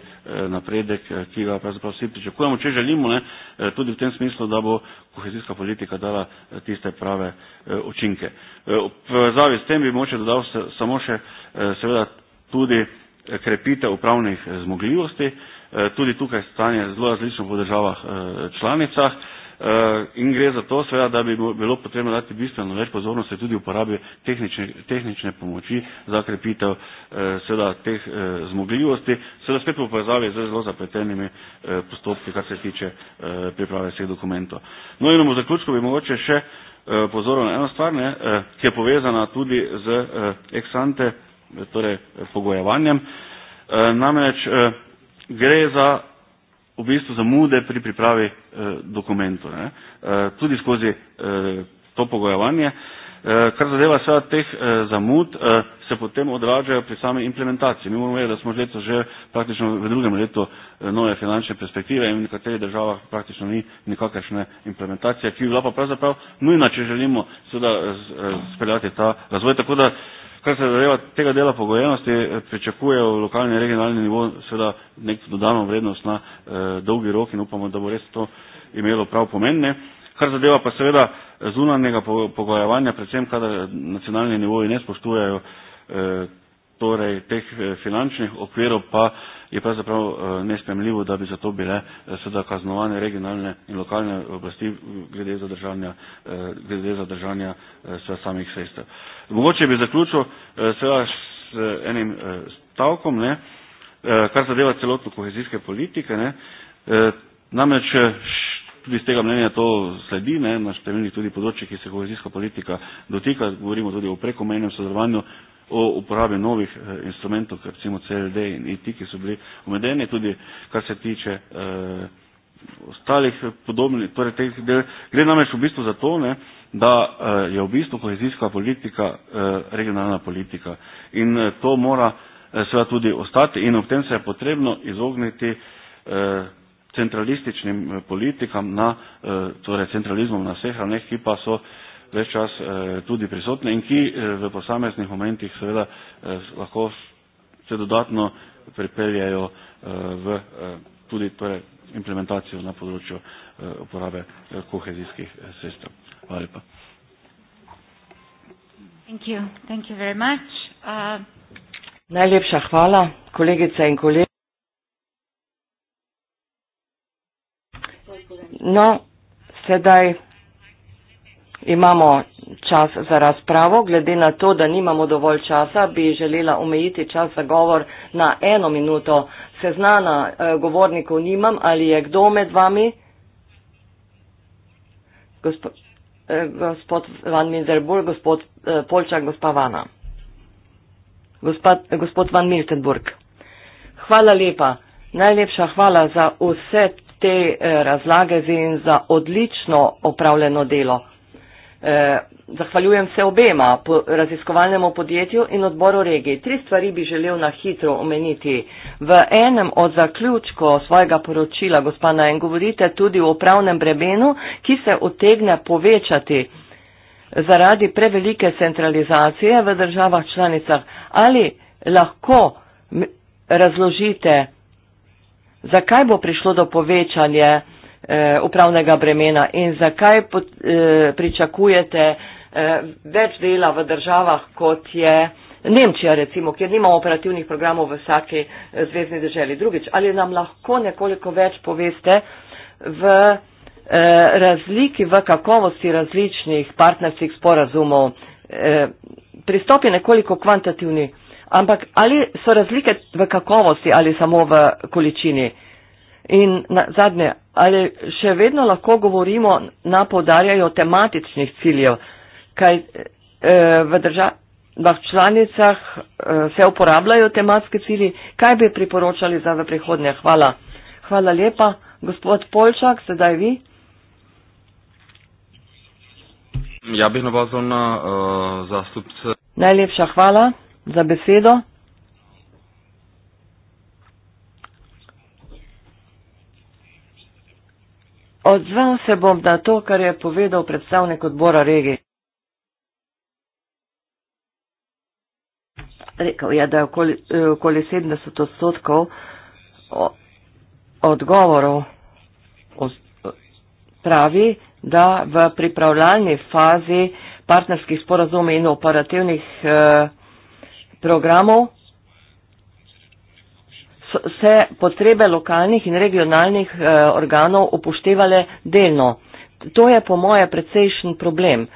napredek, eh, ki ga pravzaprav vsi pričakujemo, če želimo, ne, eh, tudi v tem smislu, da bo kohezijska politika dala tiste prave učinke. V zavi s tem bi moče dodal samo še seveda tudi krepite upravnih zmogljivosti, tudi tukaj stanje zelo različno po državah članicah, Eh, in gre za to, seveda, da bi bilo potrebno dati bistveno več pozornosti tudi uporabi tehnične, tehnične pomoči za krepitev eh, seveda, teh eh, zmogljivosti, seveda spet povezali z zelo zapletenimi postopki, kar se tiče priprave vseh dokumentov. No in v zaključku bi mogoče še pozoril na eno stvar, ne, ki je povezana tudi z ex-ante, torej pogojevanjem. Namreč gre za v bistvu zamude pri pripravi eh, dokumentov, eh, tudi skozi eh, to pogojevanje. Eh, kar zadeva seveda teh eh, zamud, eh, se potem odražajo pri sami implementaciji. Mi moramo vedeti, da smo že, že praktično v drugem letu eh, nove finančne perspektive in v nekaterih državah praktično ni nikakršne implementacije, ki je bila pa pravzaprav nujna, če želimo seveda eh, eh speljati ta razvoj. Tako da eh, Kar se zadeva tega dela pogojenosti, eh, pričakuje v lokalni in regionalni nivo seveda nek dodano vrednost na eh, dolgi rok in upamo, da bo res to imelo prav pomenne. Kar zadeva pa seveda eh, zunanjega pogojevanja, predvsem kadar eh, nacionalni nivoji ne spoštujejo eh, torej, teh finančnih okvirov, pa eh, je pravzaprav eh, nespremljivo, da bi zato bile eh, seveda kaznovane regionalne in lokalne oblasti glede zadržanja, eh, glede zadržanja samih sredstev. Mogoče bi zaključil seveda s enim stavkom, ne, kar zadeva celotno kohezijske politike. Ne, namreč tudi iz tega mnenja to sledi ne, na številnih tudi področjih, ki se kohezijska politika dotika, govorimo tudi o prekomejnem sodelovanju o uporabi novih eh, instrumentov, kot recimo CLD in IT, e ki so bili omedeni, tudi kar se tiče eh, ostalih eh, podobnih, torej teh del. Gre namreč v bistvu za to, ne, da eh, je v bistvu kohezijska politika eh, regionalna politika in eh, to mora eh, seveda tudi ostati in ob tem se je potrebno izogniti eh, centralističnim eh, politikam, na, eh, torej centralizmom na vseh ravneh, ki pa so več čas eh, tudi prisotne in ki eh, v posameznih momentih seveda eh, lahko se dodatno pripeljajo v tudi torej, implementacijo na področju uporabe kohezijskih sredstev. Hvala lepa. Thank you. Thank you very much. Uh... Najlepša hvala, kolegice in kolegi. No, sedaj. Imamo čas za razpravo. Glede na to, da nimamo dovolj časa, bi želela omejiti čas za govor na eno minuto. Seznana eh, govornikov nimam. Ali je kdo med vami? Gospod, eh, gospod Van Mildenburg, gospod eh, Polčak, gospa Vana. Gospod, gospod Van Mildenburg. Hvala lepa. Najlepša hvala za vse te razlage in za odlično opravljeno delo. Eh, zahvaljujem se obema po raziskovalnemu podjetju in odboru regij. Tri stvari bi želel na hitro omeniti. V enem od zaključkov svojega poročila, gospod Najen, govorite tudi o upravnem bremenu, ki se otegne povečati zaradi prevelike centralizacije v državah članicah. Ali lahko razložite, zakaj bo prišlo do povečanja Eh, upravnega bremena in zakaj eh, pričakujete eh, več dela v državah, kot je Nemčija, recimo, kjer nima operativnih programov v vsaki zvezdni državi. Drugič, ali nam lahko nekoliko več poveste v razliki v kakovosti različnih partnerskih sporazumov. Pristop je nekoliko kvantitativni, ampak ali so razlike v kakovosti ali samo v količini? In na zadnje, ali še vedno lahko govorimo na podarjajo tematičnih ciljev, kaj eh, v državah članicah eh, se uporabljajo tematski cilji, kaj bi priporočali za v prihodnje? Hvala. Hvala lepa. Gospod Polčak, sedaj vi. Ja, bi navazal na uh, zastupce. Najlepša hvala za besedo. Odzval se bom na to, kar je povedal predstavnik odbora regije. Rekl je, da je okoli, okoli 70 odstotkov odgovorov pravi, da v pripravljalni fazi partnerskih sporazumov in operativnih eh, programov se potrebe lokalnih in regionalnih eh, organov upoštevale delno. To je po moje precejšen problem,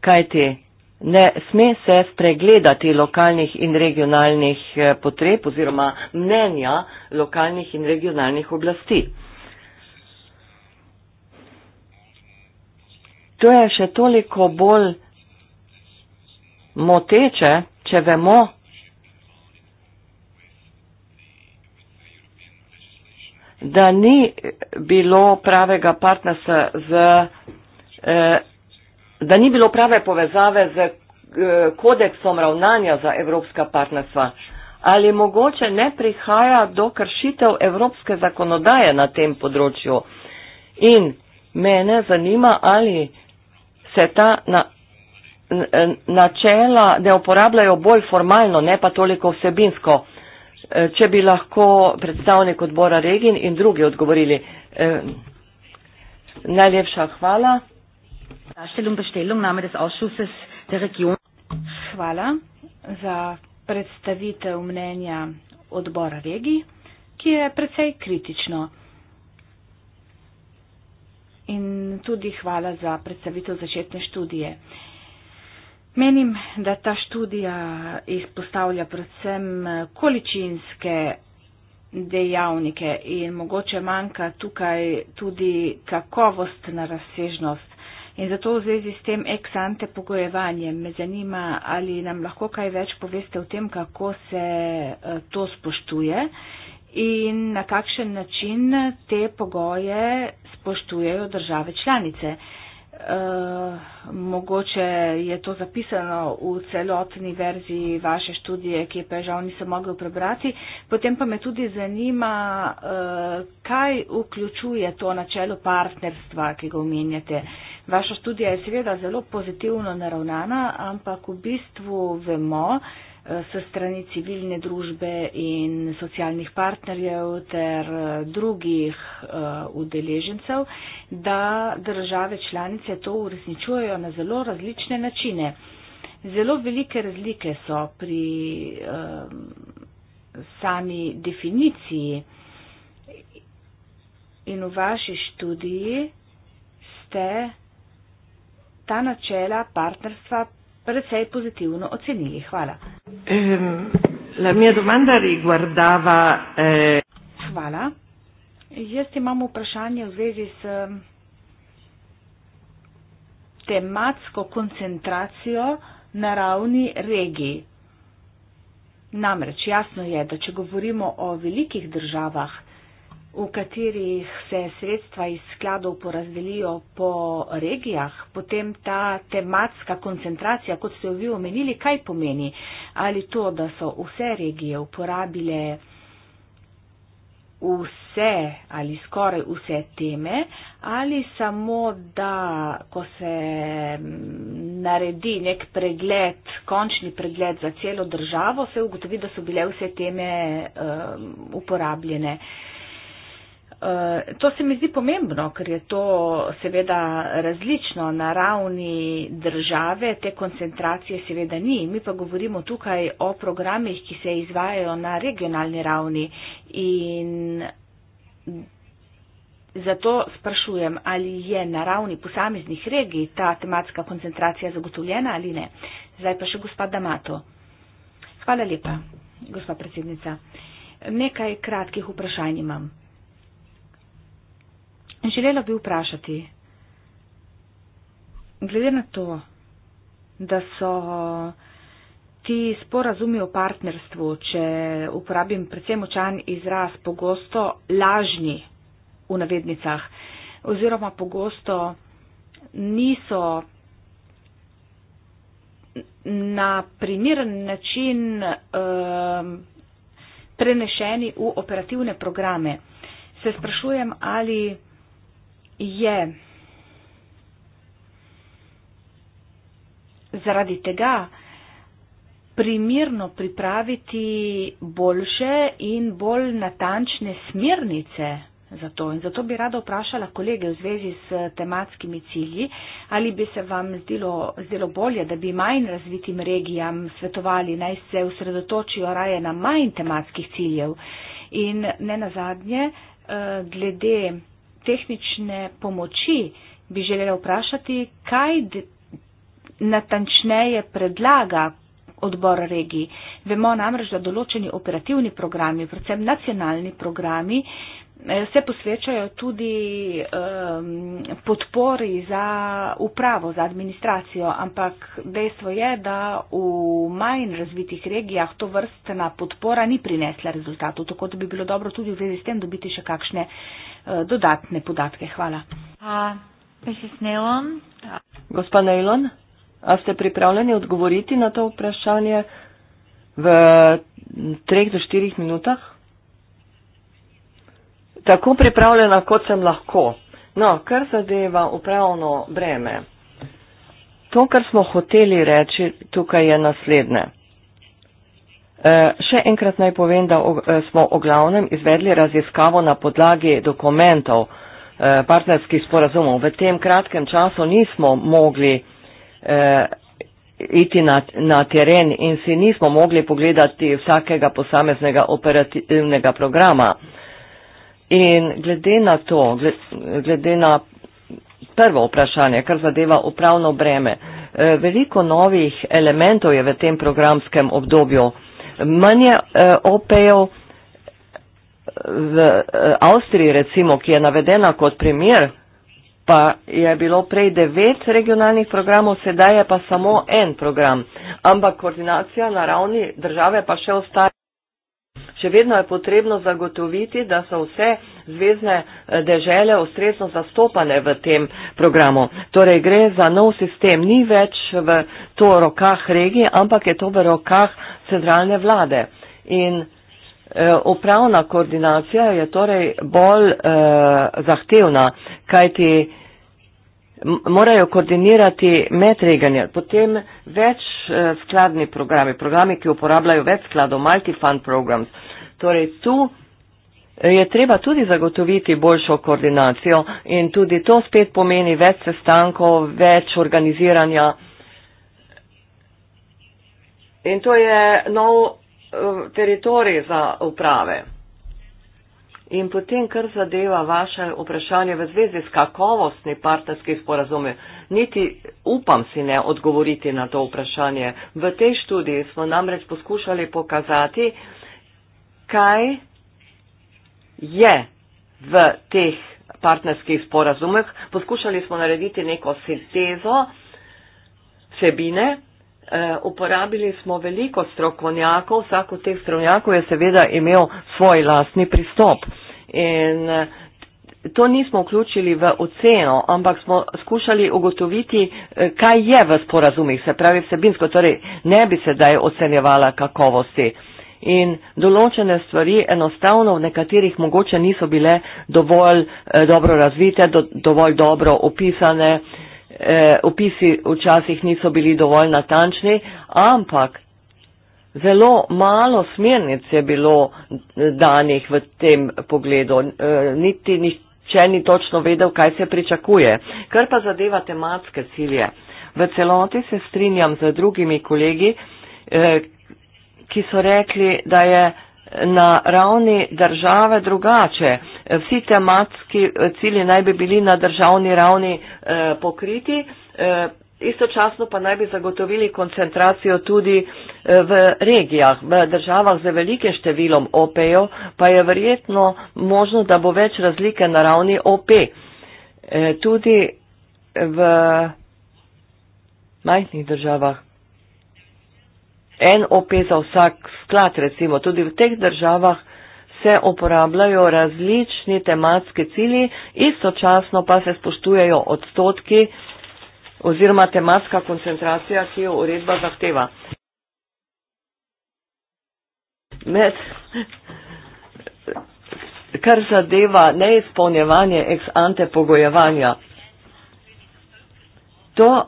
kajti ne sme se spregledati lokalnih in regionalnih eh, potreb oziroma mnenja lokalnih in regionalnih oblasti. To je še toliko bolj moteče, če vemo, da ni bilo pravega partnerstva z, eh, da ni bilo prave povezave z eh, kodeksom ravnanja za evropska partnerstva. Ali mogoče ne prihaja do kršitev evropske zakonodaje na tem področju? In mene zanima, ali se ta na, načela ne uporabljajo bolj formalno, ne pa toliko vsebinsko. Eh, če bi lahko predstavnik odbora Regin in drugi odgovorili. Eh, najlepša hvala. Hvala za predstavitev mnenja odbora regij, ki je precej kritično. In tudi hvala za predstavitev začetne študije. Uh, Menim, da ta študija izpostavlja predvsem eh, količinske dejavnike in mogoče manjka tukaj tudi kakovost na razsežnost. In zato v zvezi s tem ex ante pogojevanjem me zanima, ali nam lahko kaj več poveste o tem, kako se eh, to spoštuje in na kakšen način te pogoje spoštujejo države članice. Eh, mogoče je to zapisano v celotni verziji vaše študije, ki je pa žal nisem mogel prebrati. Potem pa me tudi zanima, uh, kaj vključuje to načelo partnerstva, ki ga omenjate. Vaša študija je seveda zelo pozitivno naravnana, ampak v bistvu vemo, uh, se strani civilne družbe in socialnih partnerjev ter eh, drugih eh, udeležencev, da države članice to uresničujejo na zelo različne načine. Zelo velike razlike so pri eh, sami definiciji in v vaši študiji ste ta načela partnerstva precej positivno ocenili. Hvala. Ehm, la mia domanda riguardava. Eh... Hvala. Jaz imam vprašanje v zvezi s ehm, tematsko koncentracijo na ravni regij. Namreč jasno je, da če govorimo o velikih državah, v katerih se sredstva iz skladov porazdelijo po regijah, potem ta tematska koncentracija, kot ste jo vi omenili, kaj pomeni? Ali to, da so vse regije uporabile vse ali skoraj vse teme, ali samo, da ko se naredi nek pregled, končni pregled za celo državo, se ugotovi, da so bile vse teme um, uporabljene. Uh, Eh, to se mi zdi pomembno, ker je to seveda različno na ravni države, te koncentracije seveda ni. Mi pa govorimo tukaj o programih, ki se izvajajo na regionalni ravni in zato sprašujem, ali je na ravni posameznih regij ta tematska koncentracija zagotovljena ali ne. Zdaj pa še gospod Damato. Hvala lepa, gospod predsednica. Nekaj kratkih vprašanj imam. Želela bi vprašati, glede na to, da so ti sporazumi o partnerstvu, če uporabim predvsem močan izraz, pogosto lažni v navednicah oziroma pogosto niso na primeren način um, prenešeni v operativne programe. Se sprašujem, ali je zaradi tega primirno pripraviti boljše in bolj natančne smernice. Zato. In zato bi rada vprašala kolege v zvezi s tematskimi cilji, ali bi se vam zdelo, zdelo bolje, da bi manj razvitim regijam svetovali naj se usredotočijo raje na manj tematskih ciljev. In ne nazadnje, eh, glede tehnične pomoči, bi želela vprašati, kaj natančneje predlaga odbor regij. Vemo namreč, da določeni operativni programi, predvsem nacionalni programi, eh, se posvečajo tudi um, podpori za upravo, za administracijo, ampak dejstvo je, da v manj razvitih regijah to vrstna podpora ni prinesla rezultatov, tako da bi bilo dobro tudi v zvezi s tem dobiti še kakšne uh, Eh, dodatne podatke. Hvala. Gospa Nailon, a ste pripravljeni odgovoriti na to vprašanje v treh do štirih minutah? Tako pripravljena, kot sem lahko. No, kar zadeva upravno breme. To, kar smo hoteli reči, tukaj je naslednje. Eh, še enkrat naj povem, da eh, smo o glavnem izvedli raziskavo na podlagi dokumentov eh, partnerskih sporazumov. V tem kratkem času nismo mogli iti na, na teren in si nismo mogli pogledati vsakega posameznega operativnega programa. In glede na to, glede na prvo vprašanje, kar zadeva upravno breme, veliko novih elementov je v tem programskem obdobju manje uh, eh, OP-ev v uh, Avstriji, recimo, ki je navedena kot primer, pa je bilo prej devet regionalnih programov, sedaj je pa samo en program. Ampak koordinacija na ravni države pa še ostaja. Še vedno je potrebno zagotoviti, da so vse uh, zvezdne eh, dežele ustrezno zastopane v tem programu. Torej gre za nov sistem, ni več v to rokah regije, ampak je to v rokah centralne vlade. In eh, upravna koordinacija je torej bolj eh, zahtevna, kajti morajo koordinirati medreganje, potem več eh, skladni programi, programi, ki uporabljajo več skladov, multifund programs. Torej tu je treba tudi zagotoviti boljšo koordinacijo in tudi to spet pomeni več sestankov, več organiziranja. In to je nov eh, teritorij za uprave. In potem, kar zadeva vaše vprašanje v zvezi s kakovostni partnerski sporazumi, niti upam si ne odgovoriti na to vprašanje. V tej študiji smo namreč poskušali pokazati, kaj je v teh partnerskih sporazumeh. Poskušali smo narediti neko sintezo vsebine, eh, uporabili smo veliko strokovnjakov, vsak od teh strokovnjakov je seveda imel svoj lastni pristop. In eh, to nismo vključili v oceno, ampak smo skušali ugotoviti, eh, kaj je v sporazumih, se pravi vsebinsko, torej ne bi se daj ocenjevala kakovosti in določene stvari enostavno v nekaterih mogoče niso bile dovolj eh, dobro razvite, do, dovolj dobro opisane, eh, opisi včasih niso bili dovolj natančni, ampak zelo malo smernic je bilo eh, danih v tem pogledu, niti nišče ni točno vedel, kaj se pričakuje. Kar pa zadeva tematske cilje. V celoti se strinjam z drugimi kolegi, ki so rekli, da je na ravni države drugače. Vsi tematski eh, cilji naj bi bili na državni ravni eh, pokriti, eh, istočasno pa naj bi zagotovili koncentracijo tudi eh, v regijah, v državah z velikim številom OP-jev, pa je verjetno možno, da bo več razlike na ravni OP. E. Eh, tudi v majhnih državah en OP za vsak sklad, recimo tudi v teh državah se uporabljajo različni tematski cilji, istočasno pa se spoštujejo odstotki oziroma tematska koncentracija, ki jo uredba zahteva. Med, kar zadeva neizpolnjevanje ex ante pogojevanja, to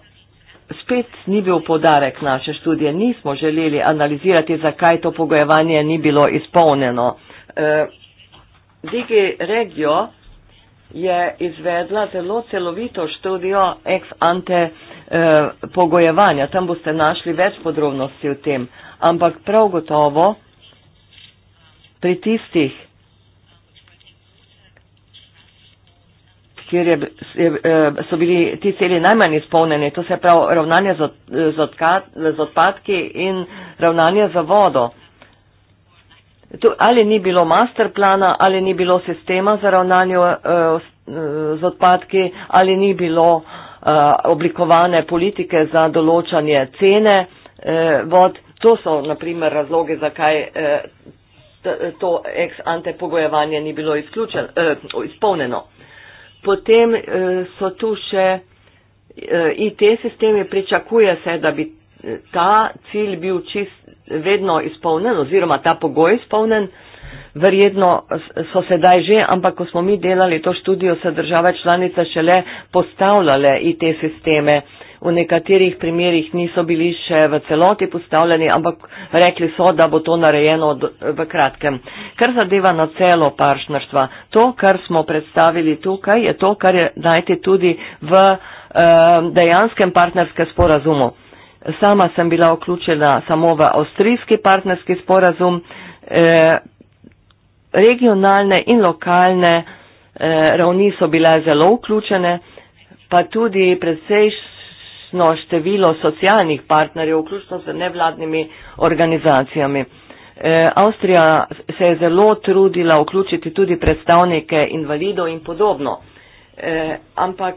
spet ni bil podarek naše študije, nismo želeli analizirati, zakaj to pogojevanje ni bilo izpolnjeno. E, Digi Regio je izvedla zelo celovito študijo ex ante e, pogojevanja, tam boste našli več podrobnosti o tem, ampak prav gotovo pri tistih, kjer je, je, e, so bili ti celi najmanj izpolnjeni, to se pravi ravnanje z, z, odkad, z odpadki in ravnanje za vodo. Tu ali ni bilo masterplana, ali ni bilo sistema za ravnanje e, e, z odpadki, ali ni bilo oblikovane politike za določanje cene vod. To so naprimer razloge, zakaj to ex ante pogojevanje ni bilo izpolneno potem eh, so tu še eh, IT sistemi, pričakuje se, da bi eh, ta cilj bil čist vedno izpolnen oziroma ta pogoj izpolnen. Verjetno so sedaj že, ampak ko smo mi delali to študijo, so države članice šele postavljale IT sisteme v nekaterih primerjih niso bili še v celoti postavljeni, ampak rekli so, da bo to narejeno v kratkem. Kar zadeva na celo partnerstva, to, kar smo predstavili tukaj, je to, kar je najti tudi v eh, dejanskem partnerskem sporazumu. Sama sem bila vključena samo v avstrijski partnerski sporazum. Eh, regionalne in lokalne eh, ravni so bile zelo vključene, pa tudi predvsej jasno število socialnih partnerjev, vključno z nevladnimi organizacijami. E, Avstrija se je zelo trudila vključiti tudi predstavnike invalidov in podobno. E, ampak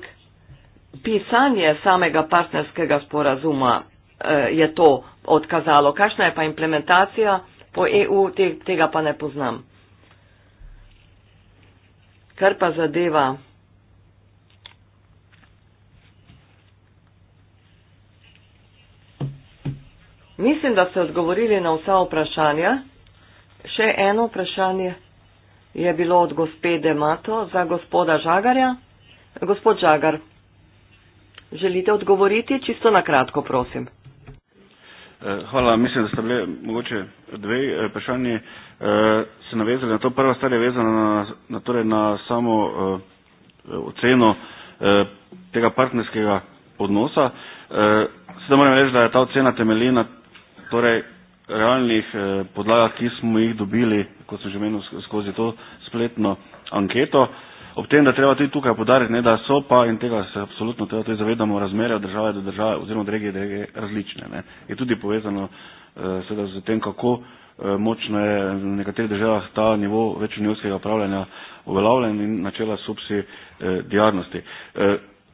pisanje samega partnerskega sporazuma e, je to odkazalo. Kakšna je pa implementacija po EU, tega pa ne poznam. Kar pa zadeva Mislim, da ste odgovorili na vsa vprašanja. Še eno vprašanje je bilo od gospode Mato za gospoda Žagarja. Gospod Žagar, želite odgovoriti? Čisto na kratko, prosim. Eh, hvala, mislim, da ste bile mogoče dve eh, vprašanje. Eh, se navezali na to. Prva stvar je vezana na, na, torej na samo oceno tega partnerskega odnosa. Sedaj moram reči, da je ta ocena temeljina torej realnih eh, podlagah, ki smo jih dobili, kot sem že menil, skozi to spletno anketo. Ob tem, da treba tudi tukaj podariti, ne, da so pa in tega se absolutno treba tudi zavedamo, razmere od države do države oziroma od regije do regije različne. Ne. Je tudi povezano eh, seveda z tem, kako eh, močno je v nekaterih državah ta nivo večunijskega upravljanja uveljavljen in načela subsidijarnosti.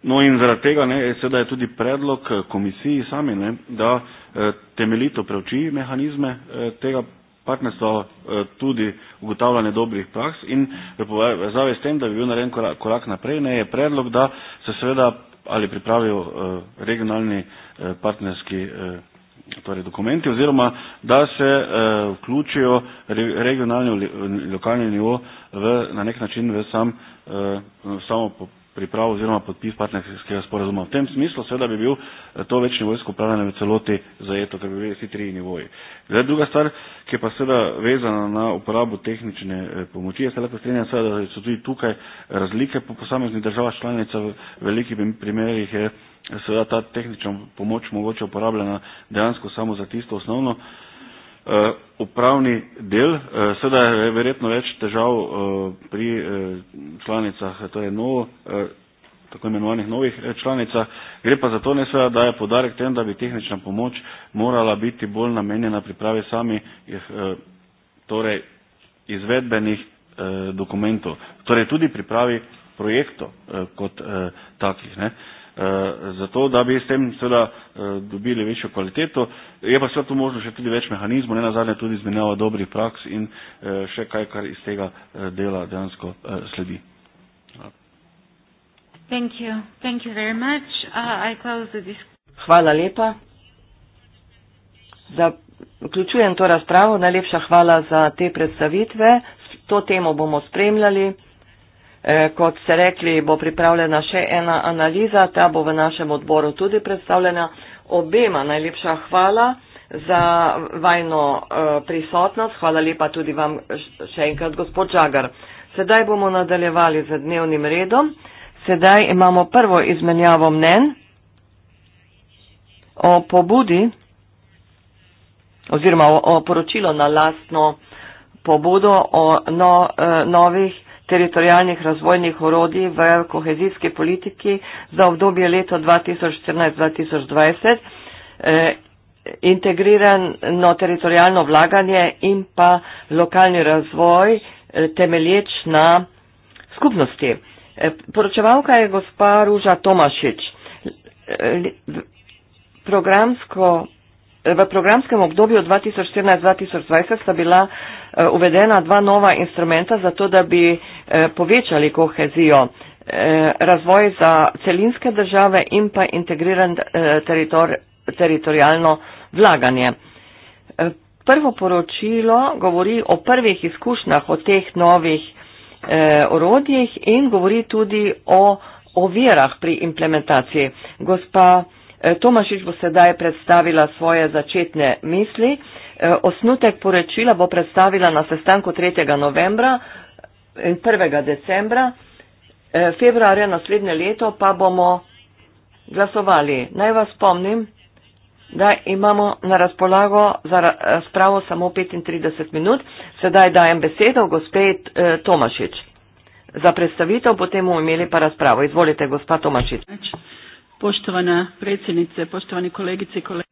No in zaradi tega ne, seveda je tudi predlog komisiji sami, ne, da Eh, temeljito preuči mehanizme eh, tega partnerstva, eh, tudi ugotavljanje dobrih praks in povezave s tem, da bi bil naredjen korak naprej, ne je predlog, da se seveda ali pripravijo regionalni partnerski torej dokumenti oziroma da se vključijo regionalni lokalni nivo v, na nek način v sam, samo priprav oziroma podpis partnerskega sporazuma. V tem smislu seveda bi bil eh, to večni vojsko upravljanje v celoti zajeto, ker bi bili vsi tri nivoji. Zdaj druga stvar, ki je pa seveda vezana na uporabo tehnične eh, pomoči, jaz se lahko strinjam seveda, da so tudi tukaj razlike po posameznih državah članica, v velikih primerjih je eh, seveda ta tehnična pomoč mogoče uporabljena dejansko samo za tisto osnovno. Eh, upravni del, eh, sedaj je verjetno več težav eh, pri članicah, to je novo, tako imenovanih novih članicah, gre pa za to ne sveda, da je podarek tem, da bi tehnična pomoč morala biti bolj namenjena pripravi sami torej izvedbenih dokumentov, torej tudi pripravi projektov kot takih. Eh, zato, da bi s tem seveda eh, dobili večjo kvaliteto. Je pa seveda tu možno še tudi več mehanizmov, ne nazadnje tudi izmenjava dobrih praks in eh, še kaj, kar iz tega dela dejansko sledi. Thank you. Thank you very much. Uh, I close the discussion. Hvala lepa. Zaključujem to razpravo. Najlepša hvala za te predstavitve. To temo bomo spremljali. Eh, kot ste rekli, bo pripravljena še ena analiza, ta bo v našem odboru tudi predstavljena. Obema najlepša hvala za vajno eh, prisotnost, hvala lepa tudi vam še enkrat, gospod Žagar. Sedaj bomo nadaljevali z dnevnim redom. Sedaj imamo prvo izmenjavo mnen o pobudi oziroma o poročilo na lastno pobudo o no, eh, novih teritorijalnih razvojnih orodij v kohezijski politiki za obdobje leto 2014-2020, eh, integrirano teritorijalno vlaganje in pa lokalni razvoj eh, temelječ na skupnosti. Eh, poročevalka je gospa Ruža Tomašič. Eh, programsko v programskem obdobju 2014-2020 sta bila eh, uvedena dva nova instrumenta za to, da bi eh, povečali kohezijo eh, razvoj za celinske države in pa integriran teritor, teritorijalno vlaganje. Prvo poročilo govori o prvih izkušnjah o teh novih orodjih in govori tudi o ovirah pri implementaciji. Gospa Eh, Tomašič bo sedaj predstavila svoje začetne misli. Eh, osnutek poročila bo predstavila na sestanku 3. novembra eh, in 1. decembra. Februarja naslednje leto pa bomo glasovali. Naj vas spomnim, da imamo na razpolago za razpravo samo 35 minut. Sedaj dajem besedo gospej Tomašič. Za predstavitev potem bomo imeli pa razpravo. Izvolite, gospa Tomašič. Poštovana predsjednice, poštovani kolegice i kolege.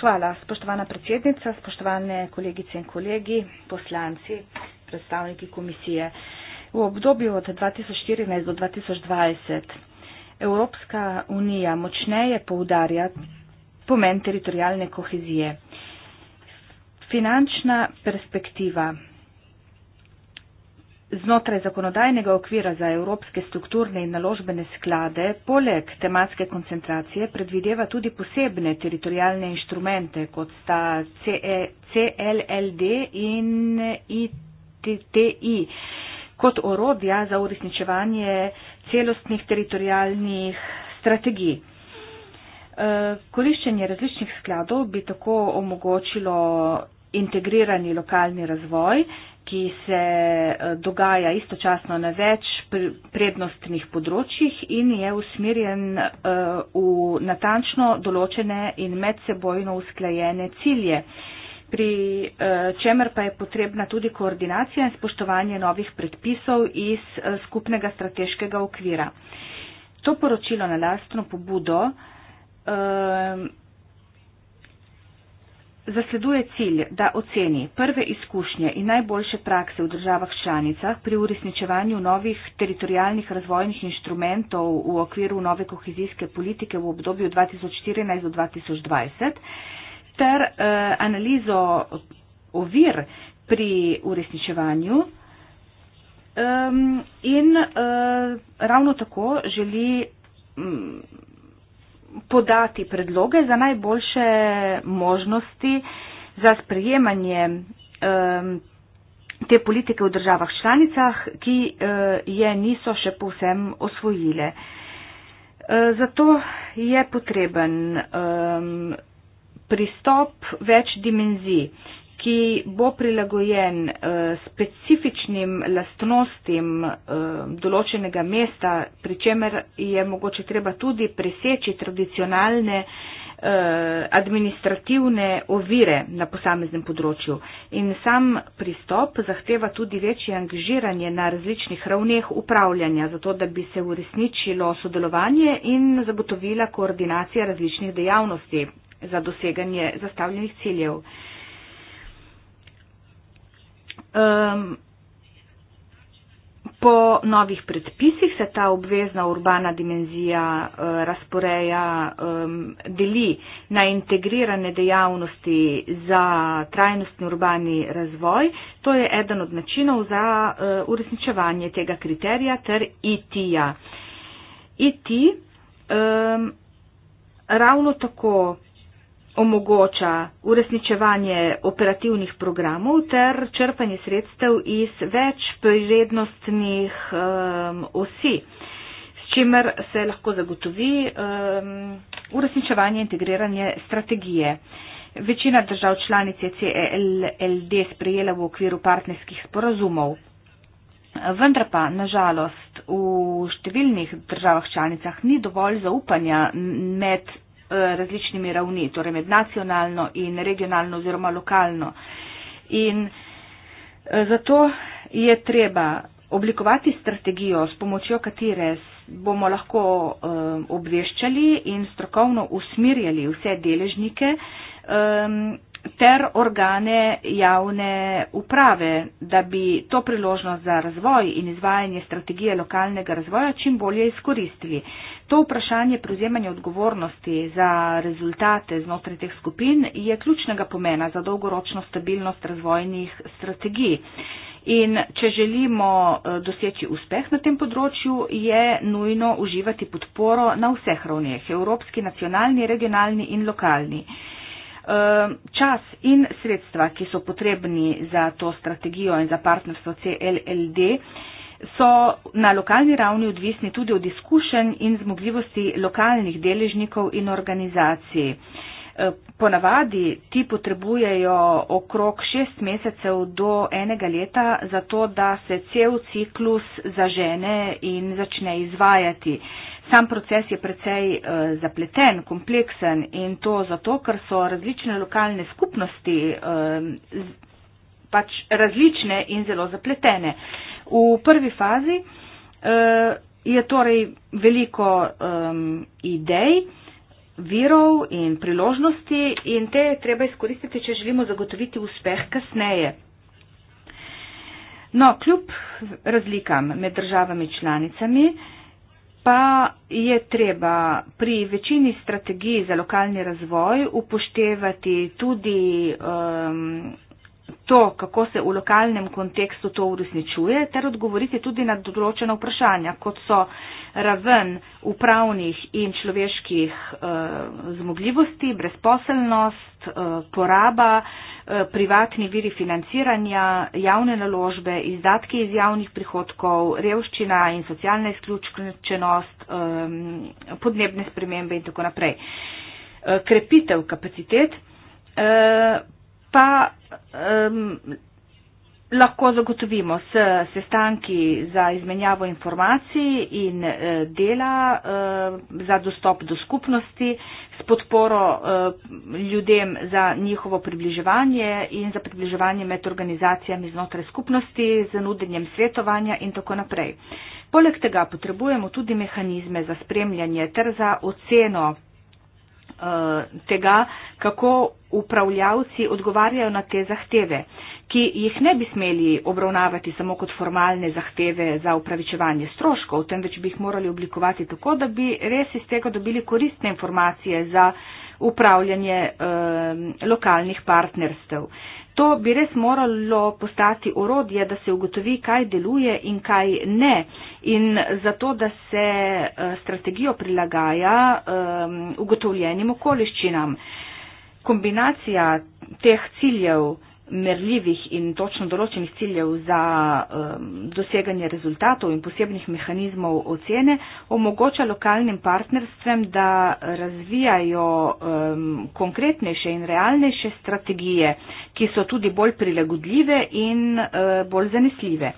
Hvala. Poštovana predsjednica, poštovane kolegice in kolegi, poslanci, predstavniki komisije. V obdobju od 2014 do 2020 Evropska unija močneje poudarja pomen teritorijalne kohezije. Finančna perspektiva Znotraj zakonodajnega okvira za evropske strukturne in naložbene sklade poleg tematske koncentracije predvideva tudi posebne teritorijalne inštrumente, kot sta CLLD e, in ITTI, kot orodja za uresničevanje celostnih teritorijalnih strategij. E, koriščenje različnih skladov bi tako omogočilo integrirani lokalni razvoj, ki se eh, dogaja istočasno na več prednostnih področjih in je usmerjen eh, v natančno določene in medsebojno usklajene cilje, pri eh, čemer pa je potrebna tudi koordinacija in spoštovanje novih predpisov iz skupnega strateškega okvira. To poročilo na lastno pobudo zasleduje cilj, da oceni prve izkušnje in najboljše prakse v državah članicah pri uresničevanju novih teritorijalnih razvojnih inštrumentov v okviru nove kohezijske politike v obdobju 2014-2020 ter eh, analizo ovir pri uresničevanju. Um, in uh, ravno tako želi um, podati predloge za najboljše možnosti za sprejemanje te politike v državah članicah, ki eh, je niso še povsem osvojile. Eh, zato je potreben pristop več dimenzij ki bo prilagojen uh, specifičnim lastnostim uh, določenega mesta, pri čemer je mogoče treba tudi preseči tradicionalne eh, administrativne ovire na posameznem področju. In sam pristop zahteva tudi večje angažiranje na različnih ravneh upravljanja, zato da bi se uresničilo sodelovanje in zagotovila koordinacija različnih dejavnosti za doseganje zastavljenih ciljev. Um, po novih predpisih se ta obvezna urbana dimenzija uh, razporeja, um, deli na integrirane dejavnosti za trajnostni urbani razvoj. To je eden od načinov za uh, uresničevanje tega kriterija ter IT-ja. IT um, ravno tako omogoča uresničevanje operativnih programov ter črpanje sredstev iz več prirednostnih um, osi, s čimer se lahko zagotovi um, uresničevanje integrirane strategije. Večina držav članic je CELD sprejela v okviru partnerskih sporazumov. Vendar pa, nažalost, v številnih državah članicah ni dovolj zaupanja med Eh, različnimi ravni, torej med nacionalno in regionalno oziroma lokalno. In eh, zato je treba oblikovati strategijo, s pomočjo katere bomo lahko eh, obveščali in strokovno usmirjali vse deležnike ter organe javne uprave, da bi to priložnost za razvoj in izvajanje strategije lokalnega razvoja čim bolje izkoristili. To vprašanje prevzemanja odgovornosti za rezultate znotraj teh skupin je ključnega pomena za dolgoročno stabilnost razvojnih strategij. In če želimo eh, doseči uspeh na tem področju, je nujno uživati podporo na vseh ravneh, evropski, nacionalni, regionalni in lokalni. Ehm, čas in sredstva, ki so potrebni za to strategijo in za partnerstvo CLLD, so na lokalni ravni odvisni tudi od izkušenj in zmogljivosti lokalnih deležnikov in organizacij. Ehm, ponavadi ti potrebujejo okrog šest mesecev do enega leta za to, da se cel ciklus zažene in začne izvajati. Uh, Sam proces je precej eh, zapleten, kompleksen in to zato, ker so različne lokalne skupnosti eh, pač različne in zelo zapletene. V prvi fazi eh, je torej veliko idej, virov in priložnosti in te je treba izkoristiti, če želimo zagotoviti uspeh kasneje. No, kljub razlikam med državami članicami, uh, pa je treba pri večini strategij za lokalni razvoj upoštevati tudi um, to, kako se v lokalnem kontekstu to uresničuje, ter odgovoriti tudi na določena vprašanja, kot so raven upravnih in človeških eh, zmogljivosti, brezposelnost, eh, poraba, eh, privatni viri financiranja, javne naložbe, izdatki iz javnih prihodkov, revščina in socialna izključenost, eh, podnebne spremembe in tako naprej. Eh, krepitev kapacitet. Eh, pa um, lahko zagotovimo s sestanki za izmenjavo informacij in uh, dela uh, za dostop do skupnosti, s podporo uh, ljudem za njihovo približevanje in za približevanje med organizacijami znotraj skupnosti, z nudenjem svetovanja in tako naprej. Poleg tega potrebujemo tudi mehanizme za spremljanje ter za oceno Eh, tega, kako upravljavci odgovarjajo na te zahteve, ki jih ne bi smeli obravnavati samo kot formalne zahteve za upravičevanje stroškov, temveč bi jih morali oblikovati tako, da bi res iz tega dobili koristne informacije za upravljanje eh, lokalnih partnerstev. Eh, To bi res moralo postati urodje, da se ugotovi, kaj deluje in kaj ne. In zato, da se eh, strategijo prilagaja um, ugotovljenim okoliščinam. Kombinacija teh ciljev merljivih in točno določenih ciljev za um, doseganje rezultatov in posebnih mehanizmov ocene omogoča lokalnim partnerstvem, da razvijajo um, konkretnejše in realnejše strategije, ki so tudi bolj prilagodljive in uh, bolj zanesljive.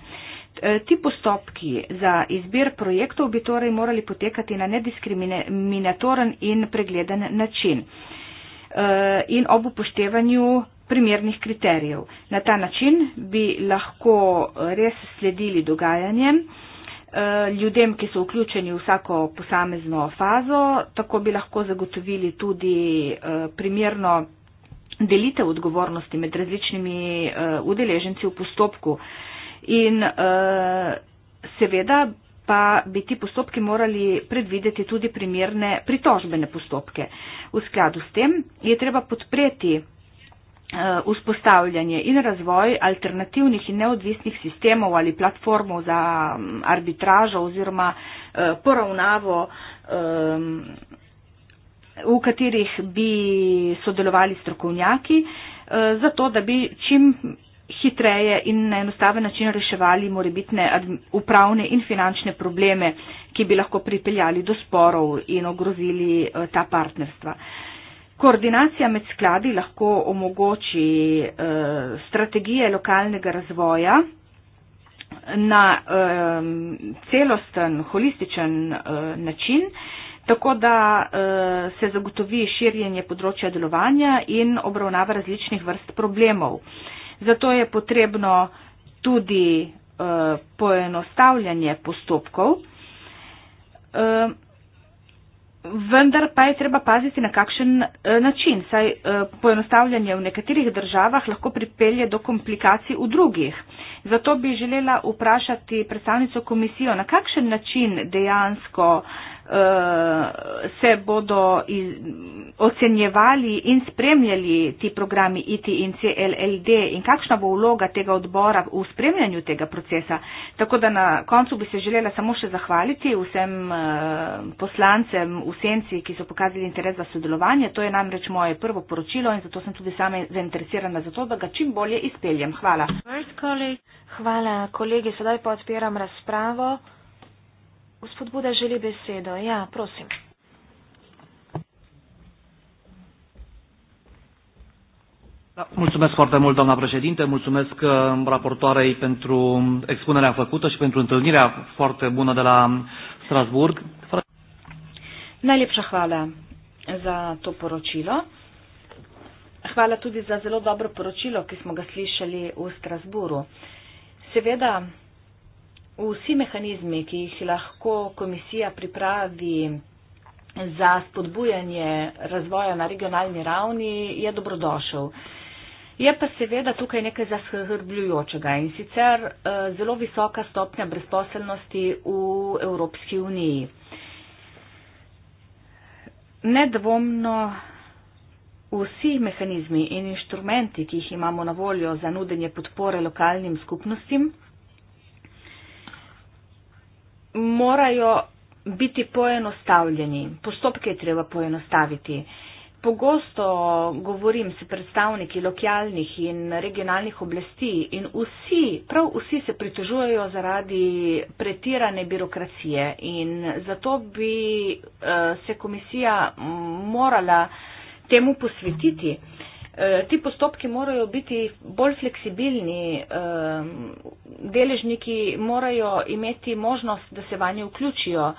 Ti postopki za izbir projektov bi torej morali potekati na nediskriminatoren in pregleden način. Uh, Eh, in ob upoštevanju primernih kriterijev. Na ta način bi lahko res sledili dogajanjem eh, ljudem, ki so vključeni v vsako posamezno fazo, tako bi lahko zagotovili tudi eh, primerno delitev odgovornosti med različnimi udeleženci v postopku. In seveda pa bi ti postopki morali predvideti tudi primerne pritožbene postopke. V skladu s tem je treba podpreti eh, vzpostavljanje in razvoj alternativnih in neodvisnih sistemov ali platformov za mm, arbitražo oziroma eh, poravnavo, eh, v katerih bi sodelovali strokovnjaki, zato da bi čim hitreje in na enostaven način reševali morebitne upravne in finančne probleme, ki bi lahko pripeljali do sporov in ogrozili eh, ta partnerstva. Koordinacija med skladi lahko omogoči eh, strategije lokalnega razvoja na ehm, celosten, holističen eh, način, tako da se zagotovi širjenje področja delovanja in obravnava različnih vrst problemov. Zato je potrebno tudi uh, poenostavljanje postopkov. Uh, Vendar pa je treba paziti na kakšen eh, način, saj poenostavljanje v nekaterih državah lahko pripelje do komplikacij v drugih. Zato bi želela vprašati predstavnico komisijo, na kakšen način dejansko uh, Eh, se bodo iz, ocenjevali in spremljali ti programi IT in CLLD in kakšna bo vloga tega odbora v spremljanju tega procesa. Tako da na koncu bi se želela samo še zahvaliti vsem eh, poslancem v senci, ki so pokazali interes za sodelovanje. To je namreč moje prvo poročilo in zato sem tudi sama zainteresirana za to, da ga čim bolje izpeljem. Hvala. Hvala, kolegi. Sedaj pa odpiram razpravo. Gospod Buda želi besedo. Ja, prosim. Mulțumesc foarte mult, doamna președinte, mulțumesc uh, raportoarei pentru expunerea făcută și pentru întâlnirea foarte bună de la Strasburg. Najlepša hvala za to poročilo. Hvala tudi za zelo dobro poročilo, ki smo ga slišali v Strasburu. Seveda, vsi mehanizmi, ki jih lahko komisija pripravi za spodbujanje razvoja na regionalni ravni, je dobrodošel. Je pa seveda tukaj nekaj zaskrbljujočega in sicer eh, zelo visoka stopnja brezposelnosti v Evropski uniji. Nedvomno vsi mehanizmi in inštrumenti, ki jih imamo na voljo za nudenje podpore lokalnim skupnostim, morajo biti poenostavljeni, postopke je treba poenostaviti. Pogosto govorim s predstavniki lokalnih in regionalnih oblasti in vsi, prav vsi se pritožujejo zaradi pretirane birokracije in zato bi eh, se komisija morala temu posvetiti. Mhm. Eh, ti postopki morajo biti bolj fleksibilni, ehm, deležniki morajo imeti možnost, da se vanje vključijo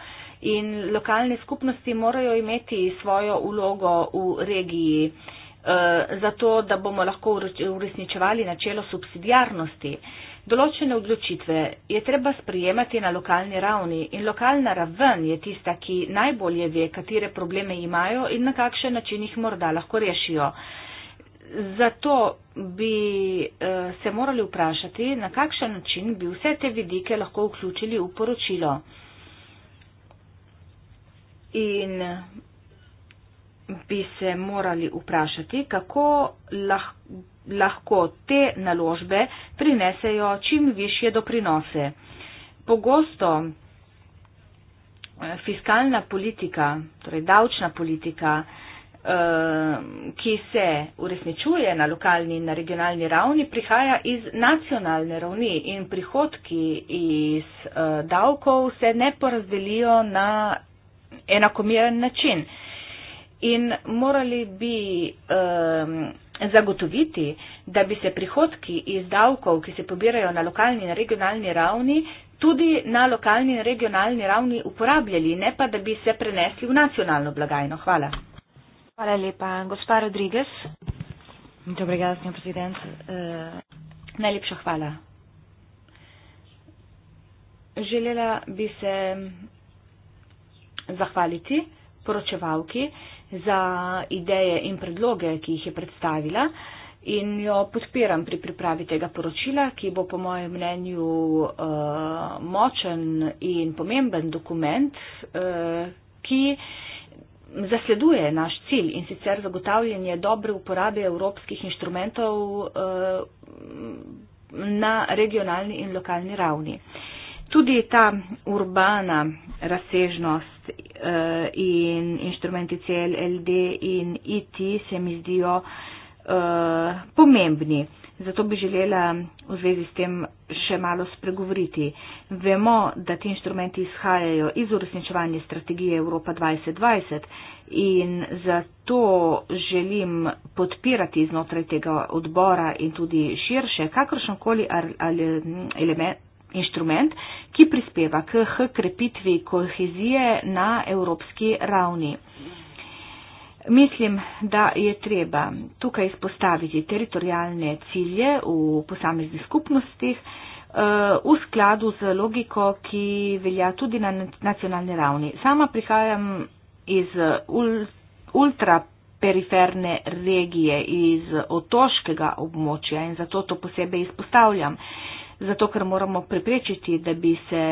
in lokalne skupnosti morajo imeti svojo ulogo v regiji, eh, zato da bomo lahko uresničevali načelo subsidijarnosti. Določene odločitve je treba sprijemati na lokalni ravni in lokalna raven je tista, ki najbolje ve, katere probleme imajo in na kakšen način jih morda lahko rešijo. Zato bi uh, se morali vprašati, na kakšen način bi vse te vidike lahko vključili v poročilo. In bi se morali vprašati, kako lah, lahko te naložbe prinesejo čim više doprinose. Pogosto eh, fiskalna politika, torej davčna politika, uh, Um, ki se uresničuje na lokalni in na regionalni ravni, prihaja iz nacionalne ravni in prihodki iz uh, davkov se ne porazdelijo na enakomeren način. In morali bi um, zagotoviti, da bi se prihodki iz davkov, ki se pobirajo na lokalni in regionalni ravni, tudi na lokalni in regionalni ravni uporabljali, ne pa da bi se prenesli v nacionalno blagajno. Hvala. Hvala lepa. Gospa Rodriguez. Dobrega, gospod predsednik. Uh, najlepša hvala. Želela bi se zahvaliti poročevalki za ideje in predloge, ki jih je predstavila in jo podpiram pri pripravi tega poročila, ki bo po mojem mnenju uh, močen in pomemben dokument, uh, ki zasleduje naš cilj in sicer zagotavljanje dobre uporabe evropskih inštrumentov eh, na regionalni in lokalni ravni. Tudi ta urbana razsežnost eh, in inštrumenti CLLD in IT se mi zdijo eh, pomembni. Zato bi želela v zvezi s tem še malo spregovoriti. Vemo, da ti inštrumenti izhajajo iz uresničevanja strategije Evropa 2020 in zato želim podpirati znotraj tega odbora in tudi širše kakršenkoli ali element, inštrument, ki prispeva k krepitvi kohezije na evropski ravni. Uh, Mislim, da je treba tukaj izpostaviti teritorijalne cilje v posameznih skupnostih eh, v skladu z logiko, ki velja tudi na nacionalni ravni. Sama prihajam iz ultra periferne regije, iz otoškega območja in zato to posebej izpostavljam. Zato, ker moramo preprečiti, da bi se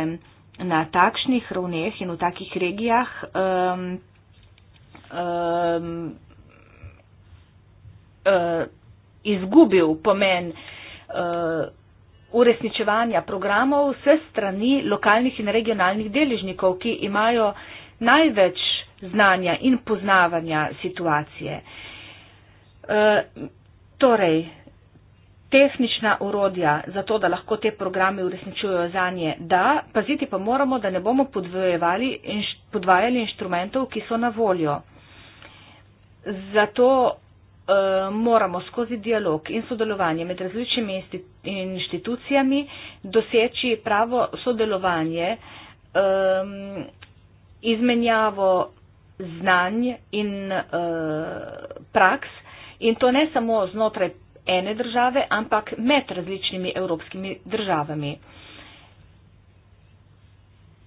na takšnih ravneh in v takih regijah um, um, uh, izgubil pomen uh, uresničevanja programov vse strani lokalnih in regionalnih deležnikov, ki imajo največ znanja in poznavanja situacije. Uh, torej, tehnična urodja za to, da lahko te programe uresničujejo za nje, da, paziti pa moramo, da ne bomo podvajali inštrumentov, ki so na voljo. Zato uh, moramo skozi dialog in sodelovanje med različnimi inštitucijami doseči pravo sodelovanje, um, izmenjavo znanj in uh, praks in to ne samo znotraj ene države, ampak med različnimi evropskimi državami.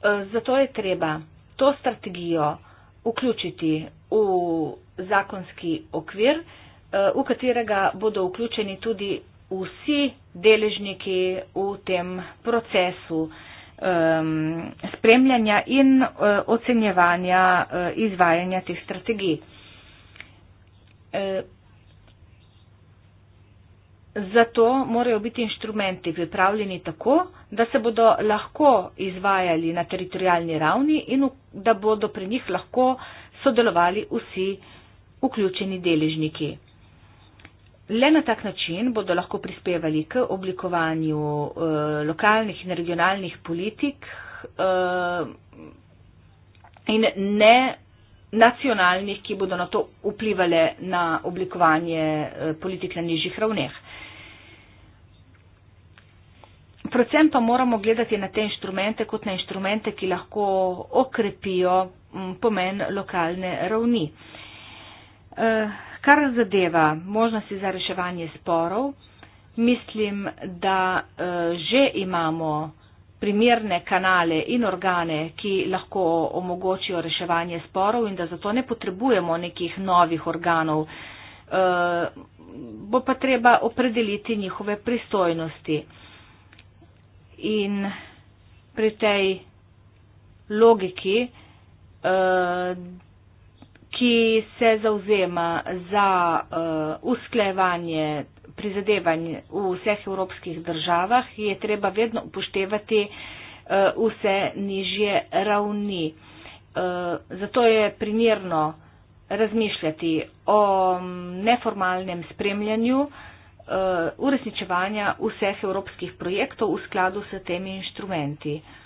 Eh, zato je treba to strategijo vključiti v zakonski okvir, eh, v katerega bodo vključeni tudi vsi deležniki v tem procesu um, spremljanja in uh, ocenjevanja uh, izvajanja teh strategij. Uh, zato morajo biti inštrumenti pripravljeni tako, da se bodo lahko izvajali na teritorijalni ravni in da bodo pri njih lahko sodelovali vsi uh, vključeni deležniki. Le na tak način bodo lahko prispevali k oblikovanju eh, lokalnih in regionalnih politik eh, in ne nacionalnih, ki bodo na to vplivali na oblikovanje eh, politik na nižjih ravneh. Predvsem pa moramo gledati na te inštrumente kot na inštrumente, ki lahko okrepijo hm, pomen lokalne ravni. Eh, Eh, kar zadeva možnosti za reševanje sporov, mislim, da eh, že imamo primerne kanale in organe, ki lahko omogočijo reševanje sporov in da zato ne potrebujemo nekih novih organov. Eh, bo pa treba opredeliti njihove pristojnosti. In pri tej logiki ki se zauzema za uh, eh, usklejevanje prizadevanj v vseh evropskih državah, je treba vedno upoštevati uh, vse nižje ravni. Uh, zato je primerno razmišljati o mm, neformalnem spremljanju uh, uresničevanja vseh evropskih projektov v skladu s temi inštrumenti. Uh,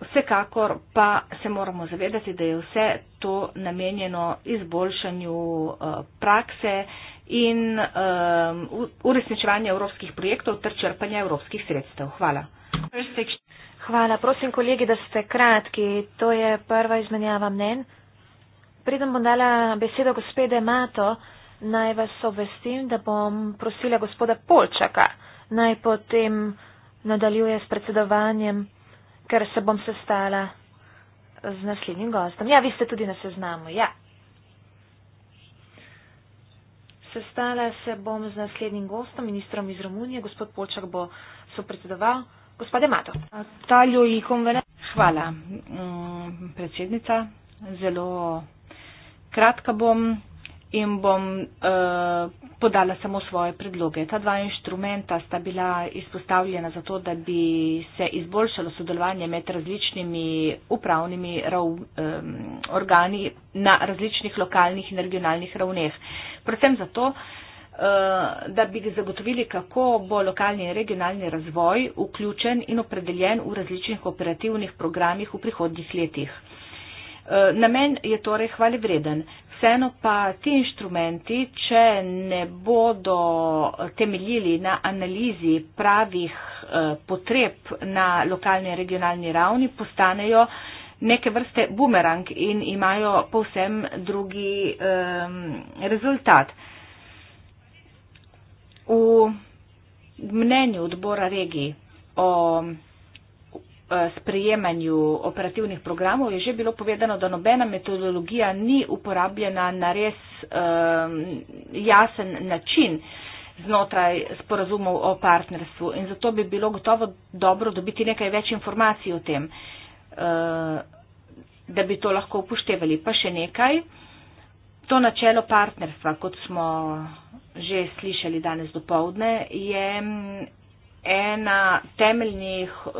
Vsekakor pa se moramo zavedati, da je vse to namenjeno izboljšanju eh, prakse in eh, uresničevanju evropskih projektov ter črpanja evropskih sredstev. Hvala. Hvala. Prosim, kolegi, da ste kratki. To je prva izmenjava mnen. Pridem bom dala besedo gospede Mato. Naj vas obvestim, da bom prosila gospoda Polčaka. Naj potem nadaljuje s predsedovanjem ker se bom sestala z naslednjim gostom. Ja, vi ste tudi na seznamu, ja. Sestala se bom z naslednjim gostom, ministrom iz Romunije, gospod Polčak bo sopredsedoval. Gospode Mato. Taljo Ikomvene. Hvala, mm, predsednica. Zelo kratka bom in bom uh, podala samo svoje predloge. Ta dva inštrumenta sta bila izpostavljena zato, da bi se izboljšalo sodelovanje med različnimi upravnimi rav, um, organi na različnih lokalnih in regionalnih ravneh. Predvsem zato, eh, da bi zagotovili, kako bo lokalni in regionalni razvoj vključen in opredeljen v različnih operativnih programih v prihodnjih letih. Eh, namen je torej hvalevreden vseeno pa ti inštrumenti, če ne bodo temeljili na analizi pravih eh, potreb na lokalni in regionalni ravni, postanejo neke vrste bumerang in imajo povsem drugi rezultat. V mnenju odbora regij o Eh, sprejemanju operativnih programov je že bilo povedano, da nobena metodologija ni uporabljena na res jasen način znotraj sporazumov o partnerstvu in zato bi bilo gotovo dobro dobiti nekaj več informacij o tem, eh, da bi to lahko upoštevali. Pa še nekaj, to načelo partnerstva, kot smo že slišali danes do povdne, je ena temeljnih uh,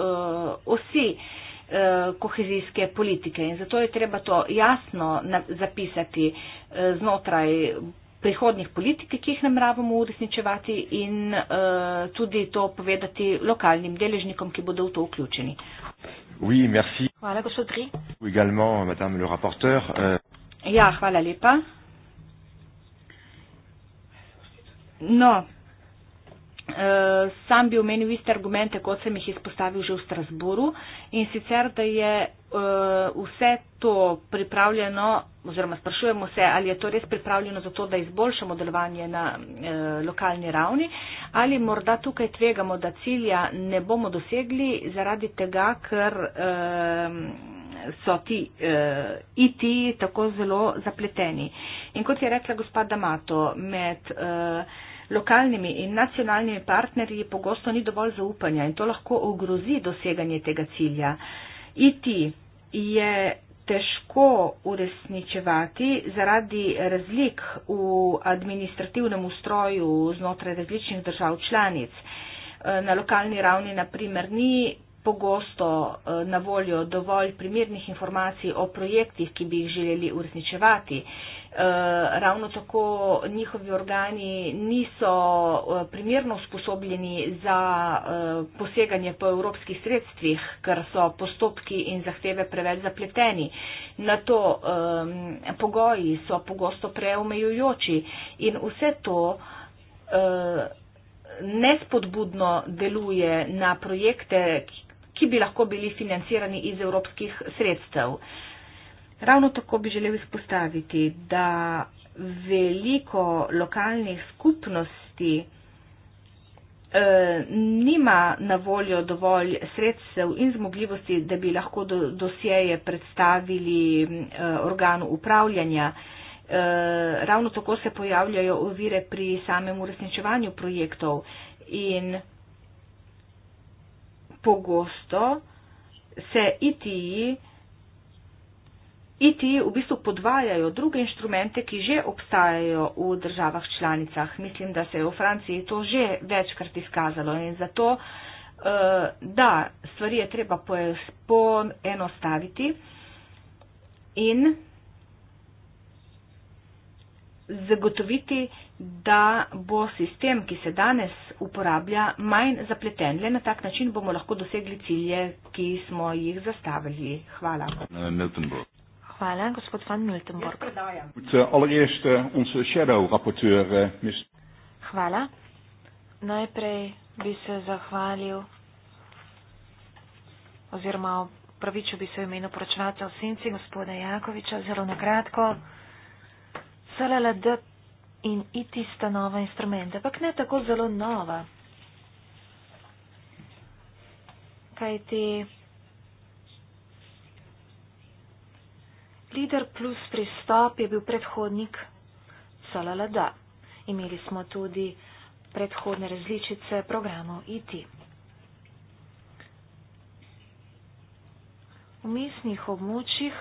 osi uh, kohezijske politike in zato je treba to jasno zapisati uh, znotraj prihodnih politik, ki jih nameravamo uresničevati in uh, tudi to povedati lokalnim deležnikom, ki bodo v to vključeni. Oui, merci. Hvala, gospod Tri. Également, madame le rapporteur. Uh... Ja, hvala lepa. No uh, sam bi omenil iste argumente, kot sem jih izpostavil že v Strasburu in sicer, da je uh, vse to pripravljeno oziroma sprašujemo se, ali je to res pripravljeno za to, da izboljšamo delovanje na uh, lokalni ravni ali morda tukaj tvegamo, da cilja ne bomo dosegli zaradi tega, ker. Uh, so ti uh, IT tako zelo zapleteni. In kot je rekla gospod Damato, med uh, lokalnimi in nacionalnimi partnerji pogosto ni dovolj zaupanja in to lahko ogrozi doseganje tega cilja. Iti e je težko uresničevati zaradi razlik v administrativnem ustroju znotraj različnih držav članic. Na lokalni ravni, naprimer, ni pogosto eh, na voljo dovolj primernih informacij o projektih, ki bi jih želeli uresničevati. Eh, ravno tako njihovi organi niso eh, primerno usposobljeni za poseganje po evropskih sredstvih, ker so postopki in zahteve preveč zapleteni. Na to pogoji so pogosto preomejujoči in vse to nespodbudno deluje na projekte, ki bi lahko bili financirani iz evropskih sredstev. Ravno tako bi želel izpostaviti, da veliko lokalnih skupnosti e, nima na voljo dovolj sredstev in zmogljivosti, da bi lahko do, dosjeje predstavili e, organu upravljanja. E, ravno tako se pojavljajo ovire pri samem uresničevanju projektov in pogosto se ITI, e ITI e v bistvu podvajajo druge inštrumente, ki že obstajajo v državah članicah. Mislim, da se je v Franciji to že večkrat izkazalo in zato, eh, da stvari je treba poenostaviti. In zagotoviti, da bo sistem, ki se danes uporablja, manj zapleten. Le na tak način bomo lahko dosegli cilje, ki smo jih zastavili. Hvala. Hvala, gospod van Miltenborg. Eh, eh, eh, Hvala. Najprej bi se zahvalil oziroma pravičil bi se v imenu poročevalca v senci gospoda Jakoviča, zelo na kratko celala D in iti sta nova instrumenta, pa ne tako zelo nova. Kaj ti Lider plus pristop je bil predhodnik celala D. Imeli smo tudi predhodne različice programov iti. V mestnih območjih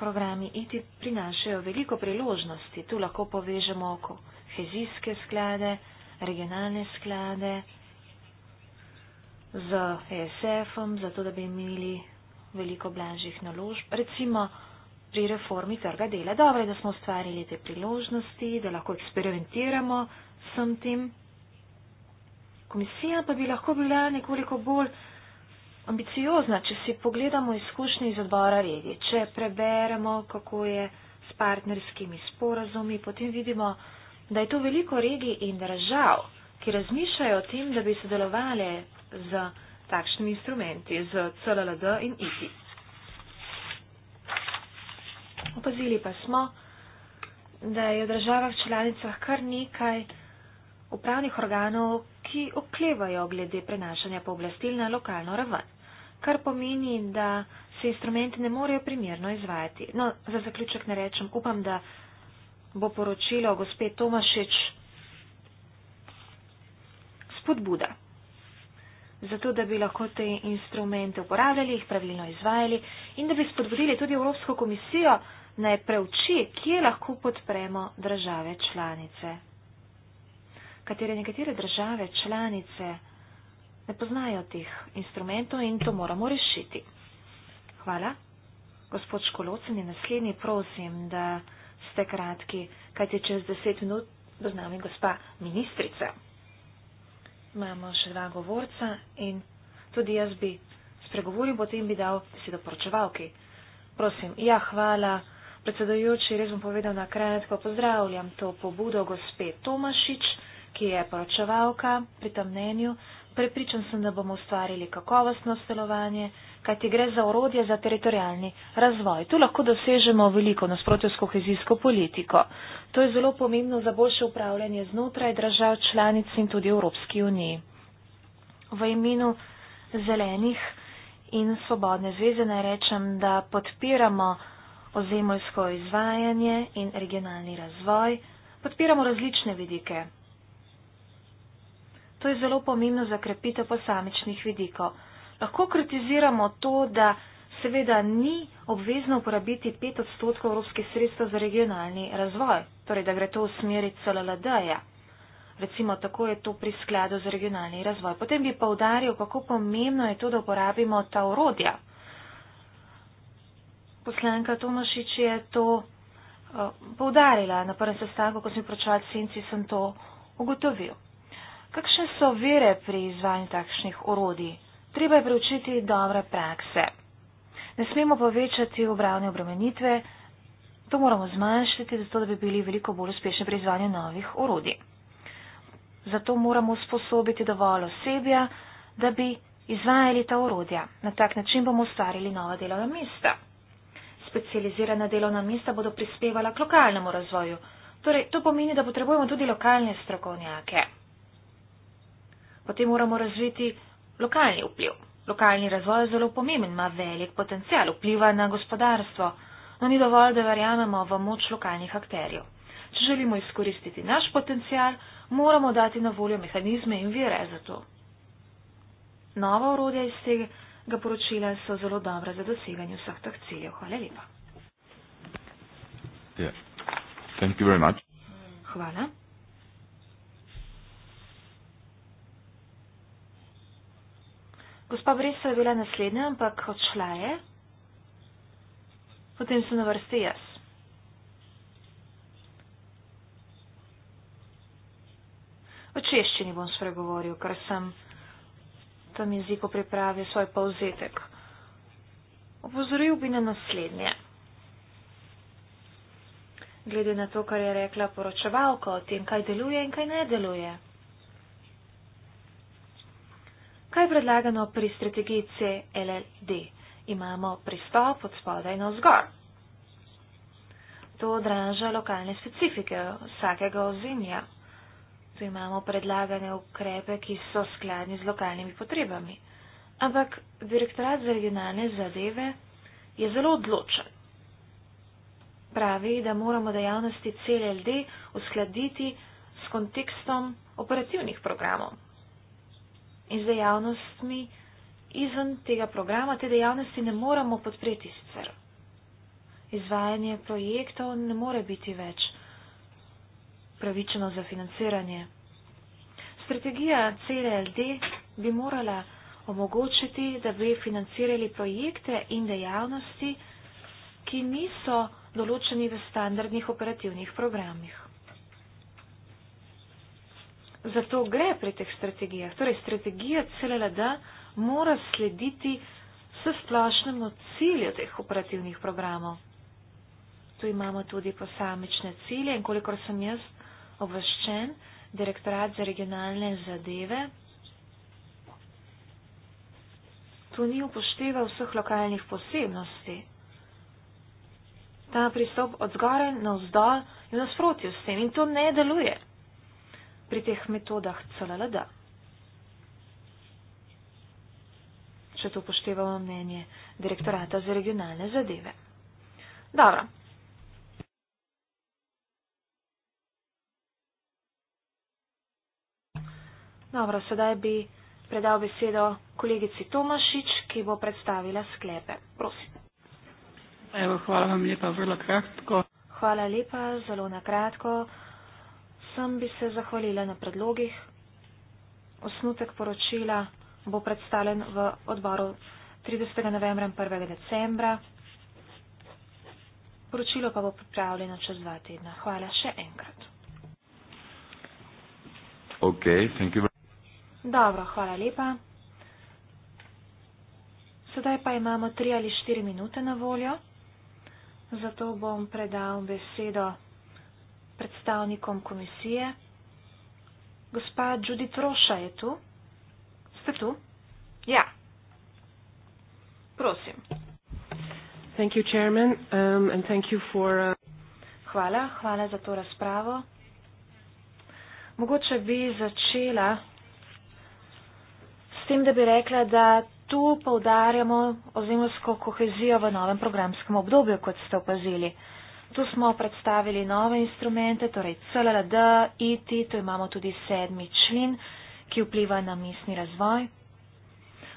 Programi ITI prinašajo veliko priložnosti. Tu lahko povežemo kohezijske sklade, regionalne sklade z ESF-om, zato da bi imeli veliko blažjih naložb, recimo pri reformi trga dela. Dobro je, da smo ustvarili te priložnosti, da lahko eksperimentiramo s tem. Komisija pa bi lahko bila nekoliko bolj ambiciozna, če si pogledamo izkušnje iz odbora regije. Če preberemo, kako je s partnerskimi sporazumi, potem vidimo, da je to veliko regij in držav, ki razmišljajo o tem, da bi sodelovali z takšnimi instrumenti, z CLLD in ITI. Opazili pa smo, da je v državah članicah kar nekaj upravnih organov, ki oklevajo glede prenašanja pooblastil na lokalno raven kar pomeni, da se instrumenti ne morejo primerno izvajati. No, za zaključek ne rečem, upam, da bo poročilo gospe Tomašič spodbuda. Zato, da bi lahko te instrumente uporabljali, jih pravilno izvajali in da bi spodbudili tudi Evropsko komisijo, naj preuči, kje lahko podpremo države članice. Katere nekatere države članice ne poznajo teh instrumentov in to moramo rešiti. Hvala. Gospod Školocen je naslednji, prosim, da ste kratki, kajte čez deset minut bo z nami gospa ministrica. Imamo še dva govorca in tudi jaz bi spregovoril, potem bi dal besedo poročevalki. Prosim, ja, hvala. Predsedujoči, res bom povedal na kratko, pozdravljam to pobudo gospe Tomašič, ki je poročevalka pri tem mnenju prepričan sem, da bomo ustvarili kakovostno stelovanje, kajti gre za orodje za teritorijalni razvoj. Tu lahko dosežemo veliko nasprotjo s kohezijsko politiko. To je zelo pomembno za boljše upravljanje znotraj držav članic in tudi Evropski uniji. V imenu zelenih in svobodne zveze naj rečem, da podpiramo ozemoljsko izvajanje in regionalni razvoj, podpiramo različne vidike To je zelo pomembno za krepitev posamičnih vidikov. Lahko kritiziramo to, da seveda ni obvezno uporabiti 5 odstotkov evropskih sredstev za regionalni razvoj, torej da gre to v smeri CLLD-ja. Recimo tako je to pri skladu za regionalni razvoj. Potem bi povdaril, kako pomembno je to, da uporabimo ta urodja. Poslanka Tomašič je to uh, eh, povdarila na prvem sestanku, ko smo pričali senci, sem to ugotovil kakšne so vere pri izvajanju takšnih orodij. Treba je preučiti dobre prakse. Ne smemo povečati obravne obremenitve, to moramo zmanjšati, zato da bi bili veliko bolj uspešni pri izvajanju novih orodij. Zato moramo sposobiti dovolj osebja, da bi izvajali ta orodja. Na tak način bomo ustvarili nova delovna mesta. Specializirana delovna mesta bodo prispevala k lokalnemu razvoju. Torej, to pomeni, da potrebujemo tudi lokalne strokovnjake potem moramo razviti lokalni vpliv. Lokalni razvoj je zelo pomemben, ima velik potencial, vpliva na gospodarstvo, no ni dovolj, da verjamemo v moč lokalnih akterjev. Če želimo izkoristiti naš potencial, moramo dati na voljo mehanizme in vire za to. Nova urodja iz tega poročila so zelo dobra za doseganje vseh teh ciljev. Hvala lepa. Yeah. Hvala. Gospa Breso je bila naslednja, ampak odšla je. Potem sem na vrsti jaz. V češčini bom spregovoril, ker sem tam jeziku pripravil svoj povzetek. Opozoril bi na naslednje. Glede na to, kar je rekla poročevalka o tem, kaj deluje in kaj ne deluje. Kaj je predlagano pri strategiji CLD? Imamo pristop od spodaj na vzgor. To odraža lokalne specifike vsakega ozemlja. Tu imamo predlagane ukrepe, ki so skladni z lokalnimi potrebami. Ampak direktorat za regionalne zadeve je zelo odločen. Pravi, da moramo dejavnosti CLD uskladiti s kontekstom operativnih programov in z dejavnostmi izven tega programa, te dejavnosti ne moremo podpreti sicer. Izvajanje projektov ne more biti več pravičeno za financiranje. Strategija CLD bi morala omogočiti, da bi financirali projekte in dejavnosti, ki niso določeni v standardnih operativnih programih zato gre pri teh strategijah. Torej, strategija CLLD mora slediti s splošnemu cilju teh operativnih programov. Tu imamo tudi posamične cilje in kolikor sem jaz obveščen, direktorat za regionalne zadeve tu ni upošteval vseh lokalnih posebnosti. Ta pristop od zgore na vzdolj je nasprotil s tem in to ne deluje pri teh metodah CLLD. Če to upoštevamo mnenje direktorata za regionalne zadeve. Dobro. Dobro, sedaj bi predal besedo kolegici Tomašič, ki bo predstavila sklepe. Prosim. Evo, hvala vam lepa, zelo kratko. Hvala lepa, zelo na kratko. Vsem bi se zahvalila na predlogih. Osnutek poročila bo predstavljen v odboru 30. novembra in 1. decembra. Poročilo pa bo pripravljeno čez dva tedna. Hvala še enkrat. Okay, thank you. Dobro, hvala lepa. Sedaj pa imamo tri ali štiri minute na voljo, zato bom predal besedo predstavnikom komisije. Gospa Judith Roša je tu. Ste tu? Ja. Prosim. Thank you, chairman, um, and thank you for, uh... Hvala, hvala za to razpravo. Mogoče bi začela s tem, da bi rekla, da tu poudarjamo ozemljsko kohezijo v novem programskem obdobju, kot ste opazili. Uh, Tu smo predstavili nove instrumente, torej CLLD, IT, tu imamo tudi sedmi člin, ki vpliva na misni razvoj.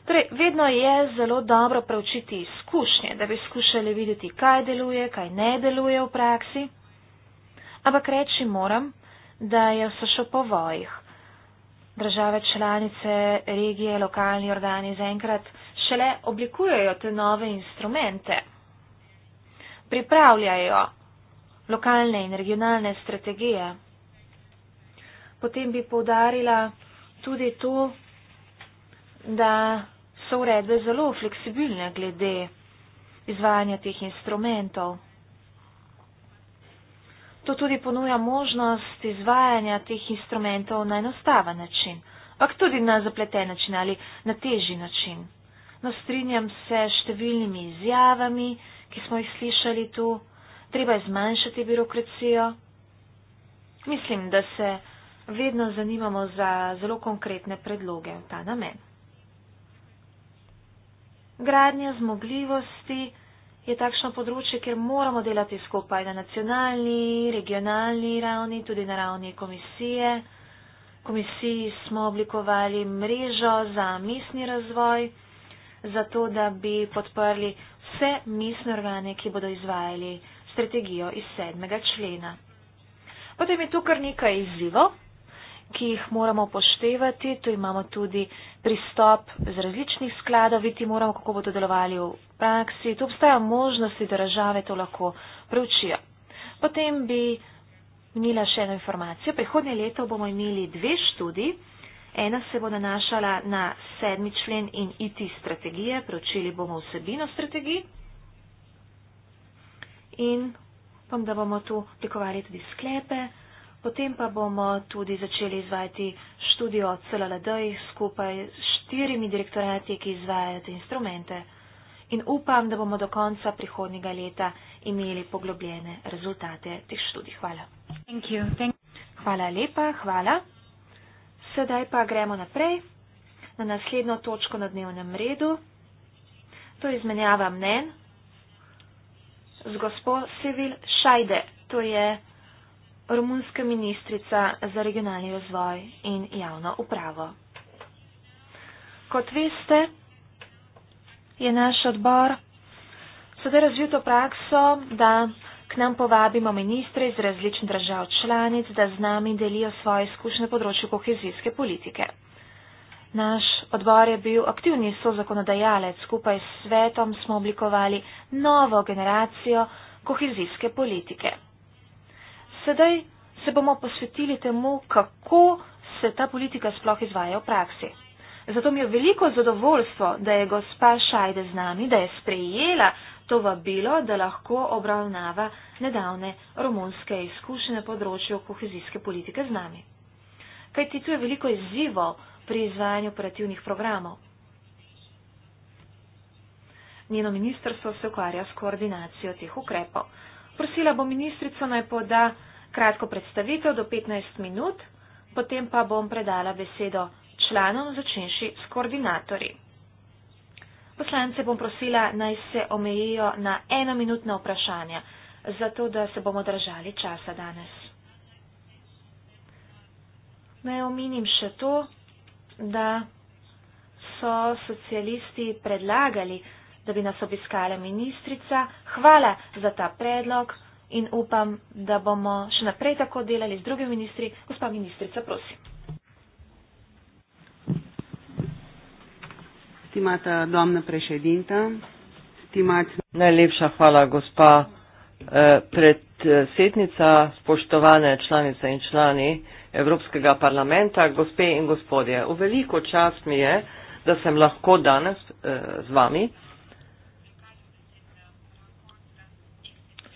Torej, vedno je zelo dobro preučiti izkušnje, da bi skušali videti, kaj deluje, kaj ne deluje v praksi. Ampak reči moram, da je vse še po vojih. Države članice, regije, lokalni organi zaenkrat šele oblikujejo te nove instrumente. Pripravljajo lokalne in regionalne strategije. Potem bi povdarila tudi to, da so uredbe zelo fleksibilne glede izvajanja teh instrumentov. To tudi ponuja možnost izvajanja teh instrumentov na enostaven način, pa tudi na zapleten način ali na težji način. No, strinjam se s številnimi izjavami, ki smo jih slišali tu treba je zmanjšati birokracijo. Mislim, da se vedno zanimamo za zelo konkretne predloge v ta namen. Gradnja zmogljivosti je takšno področje, kjer moramo delati skupaj na nacionalni, regionalni ravni, tudi na ravni komisije. Komisiji smo oblikovali mrežo za mestni razvoj, zato da bi podprli vse mestne organe, ki bodo izvajali strategijo iz sedmega člena. Potem je tu kar nekaj izzivov, ki jih moramo poštevati. Tu imamo tudi pristop z različnih skladov, videti moramo, kako bodo delovali v praksi. Tu obstajajo možnosti, da države to lahko preučijo. Potem bi imela še eno informacijo. Prihodnje leto bomo imeli dve študiji. Ena se bo nanašala na sedmi člen in IT strategije. Preučili bomo vsebino strategije in upam, da bomo tu oblikovali tudi sklepe, potem pa bomo tudi začeli izvajati študijo CLLD skupaj s štirimi direktorati, ki izvajajo te instrumente. In upam, da bomo do konca prihodnjega leta imeli poglobljene rezultate teh študij. Hvala. Thank you. Thank hvala lepa, hvala. Sedaj pa gremo naprej na naslednjo točko na dnevnem redu. To je izmenjava mnen z gospod Sivil Šajde, to je romunska ministrica za regionalni razvoj in javno upravo. Kot veste, je naš odbor sedaj razvito prakso, da k nam povabimo ministre iz različnih držav članic, da z nami delijo svoje izkušnje področju kohezijske politike. Naš odbor je bil aktivni sozakonodajalec, skupaj s svetom smo oblikovali novo generacijo kohezijske politike. Sedaj se bomo posvetili temu, kako se ta politika sploh izvaja v praksi. Zato mi je veliko zadovoljstvo, da je gospa Šajde z nami, da je sprejela to vabilo, da lahko obravnava nedavne romunske izkušnje področju kohezijske politike z nami. Kaj ti tu je veliko izzivov? при изваянии оперативних программ. Njeno ministrstvo se ukvarja s koordinacijo teh ukrepov. Prosila bom ministrico naj poda kratko predstavitev do 15 minut, potem pa bom predala besedo članom, začenši s koordinatorji. Poslance bom prosila naj se omejijo na enominutna vprašanja, zato da se bomo držali časa danes. Naj omenim še to, da so socialisti predlagali, da bi nas obiskala ministrica. Hvala za ta predlog in upam, da bomo še naprej tako delali z drugimi ministri. Gospa ministrica, prosim. Stimata domna prešedinta. Stimat... Najlepša hvala, gospa eh, predsednica, spoštovane članice in člani. Eh, Evropskega parlamenta, gospe in gospodje. V veliko čast mi je, da sem lahko danes eh, z vami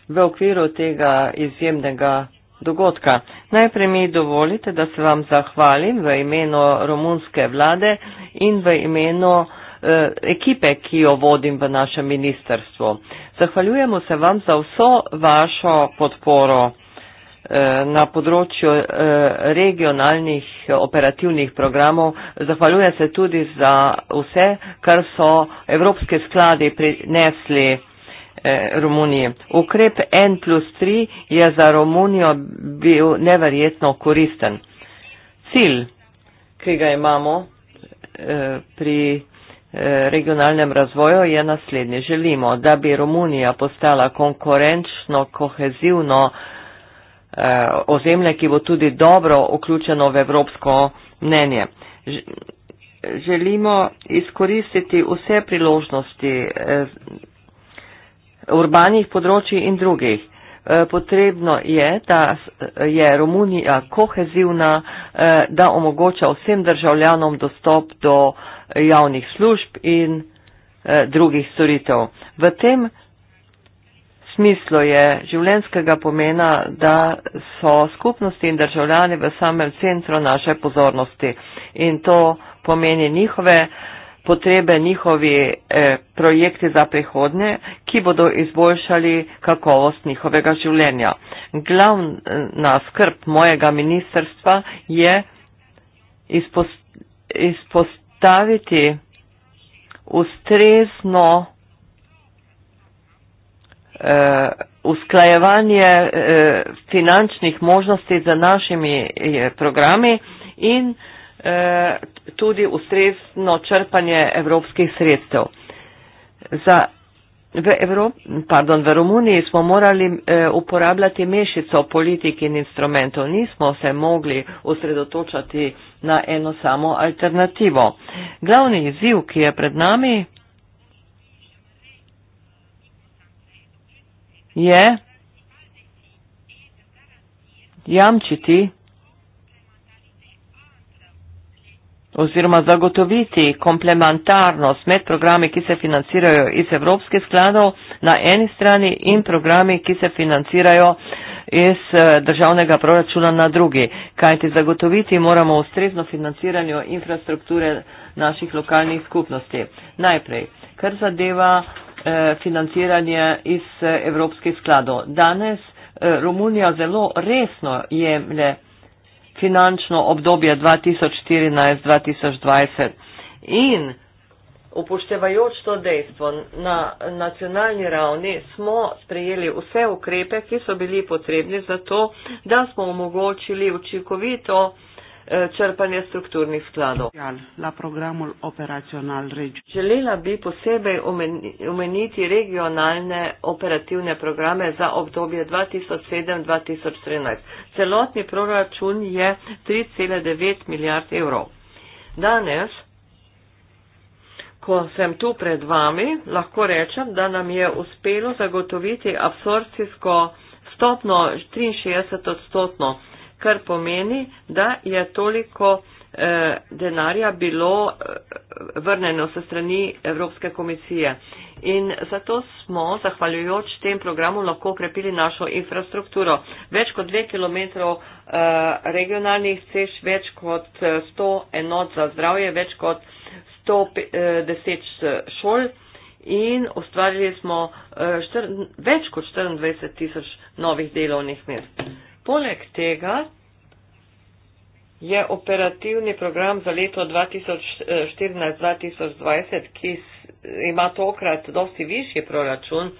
v okviru tega izjemnega dogodka. Najprej mi dovolite, da se vam zahvalim v imenu romunske vlade in v imenu eh, ekipe, ki jo vodim v našem ministerstvu. Zahvaljujemo se vam za vso vašo podporo. Eh, na področju eh, regionalnih operativnih programov. Zahvaljujem se tudi za vse, kar so evropske skladi prinesli eh, Romuniji. Ukrep N plus 3 je za Romunijo bil neverjetno koristen. Cilj, ki ga imamo pri regionalnem razvoju je naslednji. Želimo, da bi Romunija postala konkurenčno, kohezivno, eh, ozemlje, ki bo tudi dobro vključeno v evropsko mnenje. Ž želimo izkoristiti vse priložnosti eh, urbanih področji in drugih. Eh, potrebno je, da je Romunija kohezivna, eh, da omogoča vsem državljanom dostop do javnih služb in eh, drugih storitev. V tem smislu je življenskega pomena, da so skupnosti in državljani v samem centru naše pozornosti in to pomeni njihove potrebe, njihovi eh, projekti za prihodnje, ki bodo izboljšali kakovost njihovega življenja. Glavna skrb mojega ministerstva je izpost, izpostaviti ustrezno Eh, usklajevanje eh, finančnih možnosti z našimi eh, programi in tudi ustrezno črpanje evropskih sredstev. Za, v, Evrop, pardon, v Romuniji smo morali uporabljati mešico politik in instrumentov, nismo se mogli osredotočati na eno samo alternativo. Glavni izziv, ki je pred nami, je jamčiti oziroma zagotoviti komplementarnost med programi, ki se financirajo iz evropskih skladov na eni strani in programi, ki se financirajo iz eh, državnega proračuna na drugi. Kajti zagotoviti moramo ustrezno financiranje infrastrukture naših lokalnih skupnosti. Najprej, kar zadeva Eh, financiranje iz eh, Evropskih skladov. Danes eh, Romunija zelo resno jemlje finančno obdobje 2014-2020 in upoštevajoč to dejstvo na nacionalni ravni smo sprejeli vse ukrepe, ki so bili potrebni za to, da smo omogočili učinkovito Eh, črpanje strukturnih skladov. Želela bi posebej omeniti regionalne operativne programe za obdobje 2007-2013. Celotni proračun je 3,9 milijard evrov. Danes, ko sem tu pred vami, lahko rečem, da nam je uspelo zagotoviti absorpcijsko stopno 63 odstotno kar pomeni, da je toliko eh, denarja bilo eh, vrneno se strani Evropske komisije. In zato smo, zahvaljujoč tem programu, lahko okrepili našo infrastrukturo. Več kot dve kilometrov eh, regionalnih cež, več kot eh, sto enot za zdravje, več kot sto eh, deset šol. In ustvarili smo eh, štir, več kot 24 tisoč novih delovnih mest. Poleg tega je operativni program za leto 2014-2020, ki ima tokrat dosti višji proračun,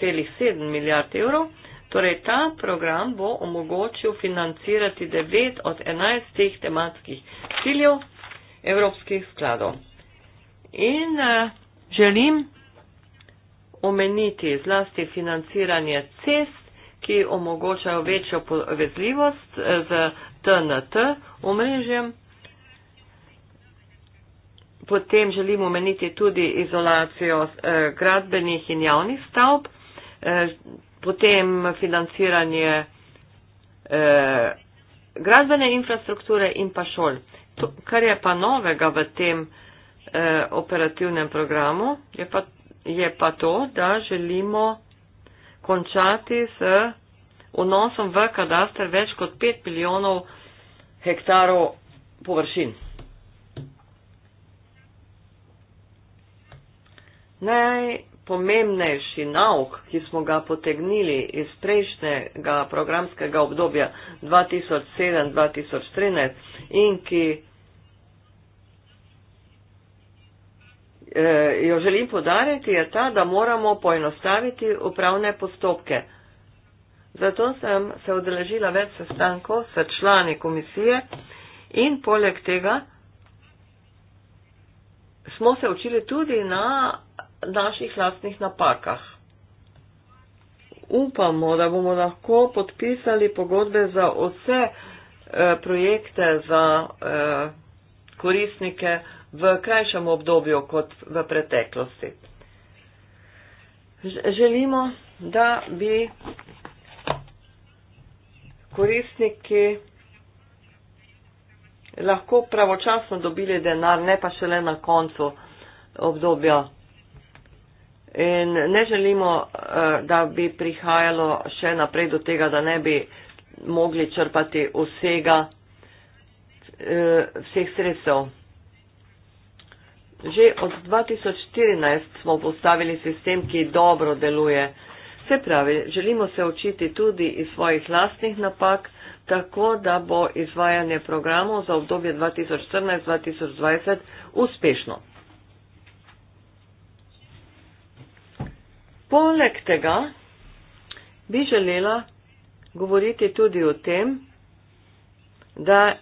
6,7 milijard evrov, torej ta program bo omogočil financirati 9 od 11 tematskih ciljev evropskih skladov. In eh, želim omeniti zlasti financiranje cest, ki omogočajo večjo povezljivost eh, z TNT omrežjem. Potem želimo omeniti tudi izolacijo eh, gradbenih in javnih stavb, eh, potem financiranje gradbene infrastrukture in pa šol. To, kar je pa novega v tem operativnem programu, je pa, je pa to, da želimo končati s vnosom v kadastr več kot 5 milijonov hektarov površin. Najpomembnejši nauk, ki smo ga potegnili iz prejšnjega programskega obdobja 2007-2013 in ki eh, jo želim podariti, je ta, da moramo poenostaviti upravne postopke. Zato sem se odeležila več sestankov s člani komisije in poleg tega smo se učili tudi na naših lastnih napakah. Upamo, da bomo lahko podpisali pogodbe za vse eh, projekte, za eh, koristnike v krajšem obdobju kot v preteklosti. Želimo, da bi koristniki lahko pravočasno dobili denar, ne pa šele na koncu obdobja. In ne želimo, eh, da bi prihajalo še naprej do tega, da ne bi mogli črpati vsega, eh, vseh sredstev. Že od 2014 smo postavili sistem, ki dobro deluje. Se pravi, želimo se učiti tudi iz svojih lastnih napak, tako da bo izvajanje programov za obdobje 2014-2020 uspešno. Poleg tega bi želela govoriti tudi o tem, da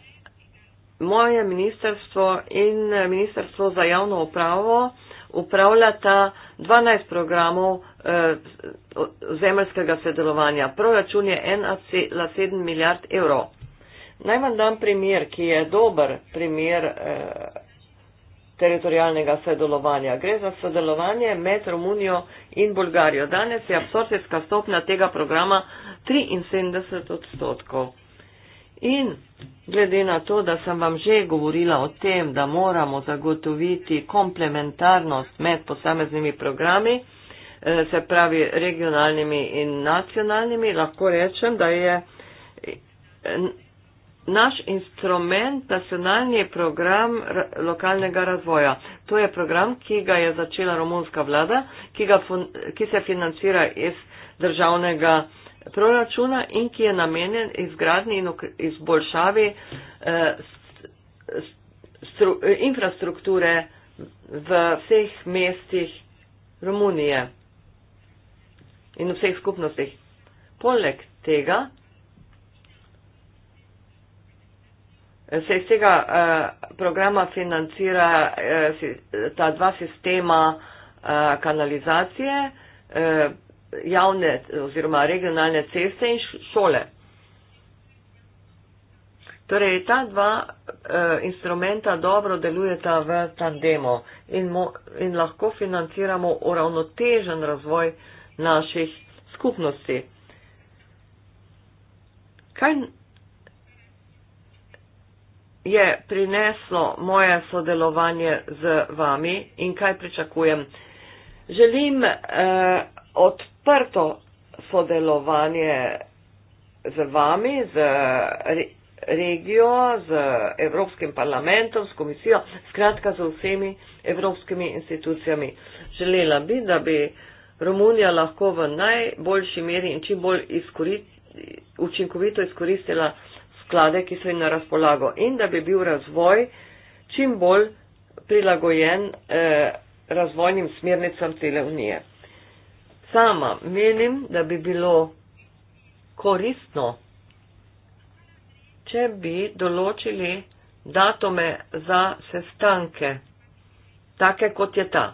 moje ministrstvo in eh, ministrstvo za javno upravo upravljata 12 programov eh, zemljskega sodelovanja. Proračun je 1,7 milijard evrov. Naj vam dam primer, ki je dober primer eh, teritorijalnega sodelovanja. Gre za sodelovanje med Romunijo in Bolgarijo. Danes je absorpcijska stopnja tega programa 73 odstotkov. In glede na to, da sem vam že govorila o tem, da moramo zagotoviti komplementarnost med posameznimi programi, eh, se pravi regionalnimi in nacionalnimi, lahko rečem, da je eh, naš instrument nacionalni program lokalnega razvoja. To je program, ki ga je začela romunska vlada, ki, ga, ki se financira iz državnega proračuna in ki je namenjen izgradni in izboljšavi eh, infrastrukture v vseh mestih Romunije in v vseh skupnostih. Poleg tega eh, se iz tega eh, programa financira ta dva sistema kanalizacije javne oziroma regionalne ceste in šole. Torej, ta dva uh, instrumenta dobro delujeta v tandemu in, mo, in lahko financiramo uravnotežen razvoj naših skupnosti. Kaj je prineslo moje sodelovanje z vami in kaj pričakujem? Želim uh, odprto sodelovanje z vami, z re, regijo, z Evropskim parlamentom, s komisijo, skratka z vsemi evropskimi institucijami. Želela bi, da bi Romunija lahko v najboljši meri in čim bolj izkorist, učinkovito izkoristila sklade, ki so jim na razpolago in da bi bil razvoj čim bolj prilagojen eh, razvojnim smernicam cele unije sama menim, da bi bilo koristno, če bi določili datume za sestanke, take kot je ta.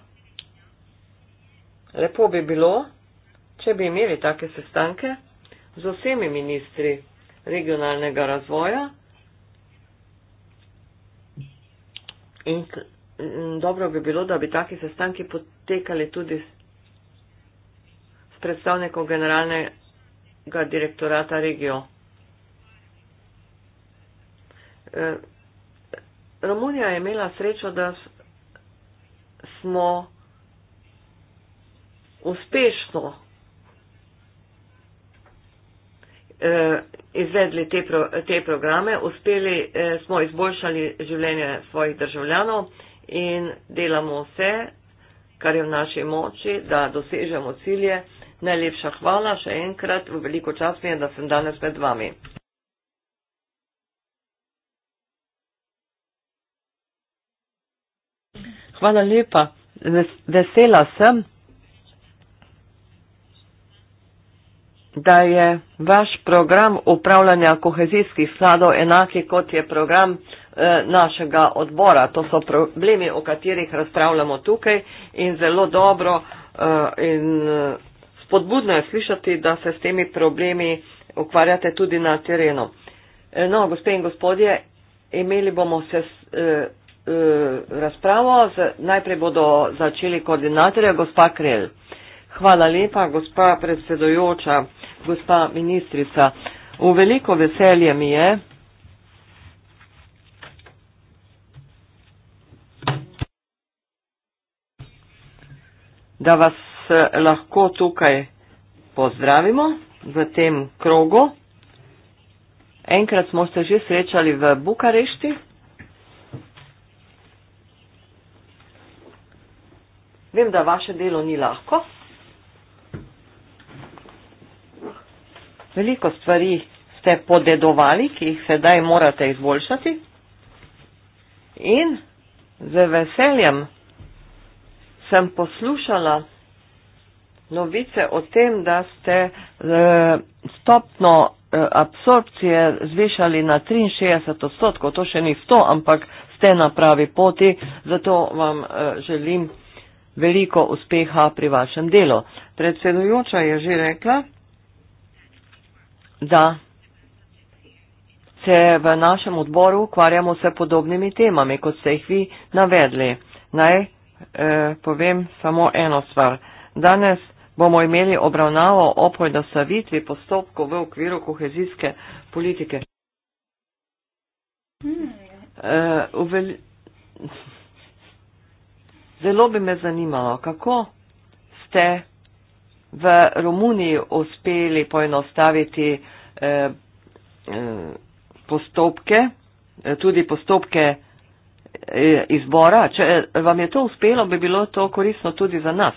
Lepo bi bilo, če bi imeli take sestanke z vsemi ministri regionalnega razvoja in dobro bi bilo, da bi taki sestanki potekali tudi s predstavnikov generalnega direktorata regijo. E, Romunija je imela srečo, da smo uspešno e, izvedli te, pro, te programe, uspeli e, smo izboljšali življenje svojih državljanov in delamo vse, kar je v naši moči, da dosežemo cilje. Najlepša hvala še enkrat, v veliko čast mi je, da sem danes med vami. Hvala lepa, vesela sem, da je vaš program upravljanja kohezijskih skladov enaki kot je program eh, našega odbora. To so problemi, o katerih razpravljamo tukaj in zelo dobro eh, in. Eh, spodbudno je slišati, da se s temi problemi ukvarjate tudi na terenu. E, no, gospe in gospodje, imeli bomo se eh, eh, razpravo, z, najprej bodo začeli koordinatorja, gospa Krel. Hvala lepa, gospa predsedojoča, gospa ministrica. V veliko veselje mi je. da vas se lahko tukaj pozdravimo v tem krogu. Enkrat smo se že srečali v Bukarešti. Vem, da vaše delo ni lahko. Veliko stvari ste podedovali, ki jih sedaj morate izboljšati. In z veseljem sem poslušala novice o tem, da ste eh, stopno eh, absorpcije zvišali na 63 odstotkov, to še ni 100, ampak ste na pravi poti, zato vam eh, želim veliko uspeha pri vašem delu. Predsedujoča je že rekla, da se v našem odboru ukvarjamo se podobnimi temami, kot ste jih vi navedli. Naj eh, povem samo eno stvar. Danes bomo imeli obravnavo o poenostavitvi postopkov v okviru kohezijske politike. Uh, e, uveli... Zelo bi me zanimalo, kako ste v Romuniji uspeli poenostaviti uh, postopke, tudi postopke izbora. Če vam je to uspelo, bi bilo to koristno tudi za nas.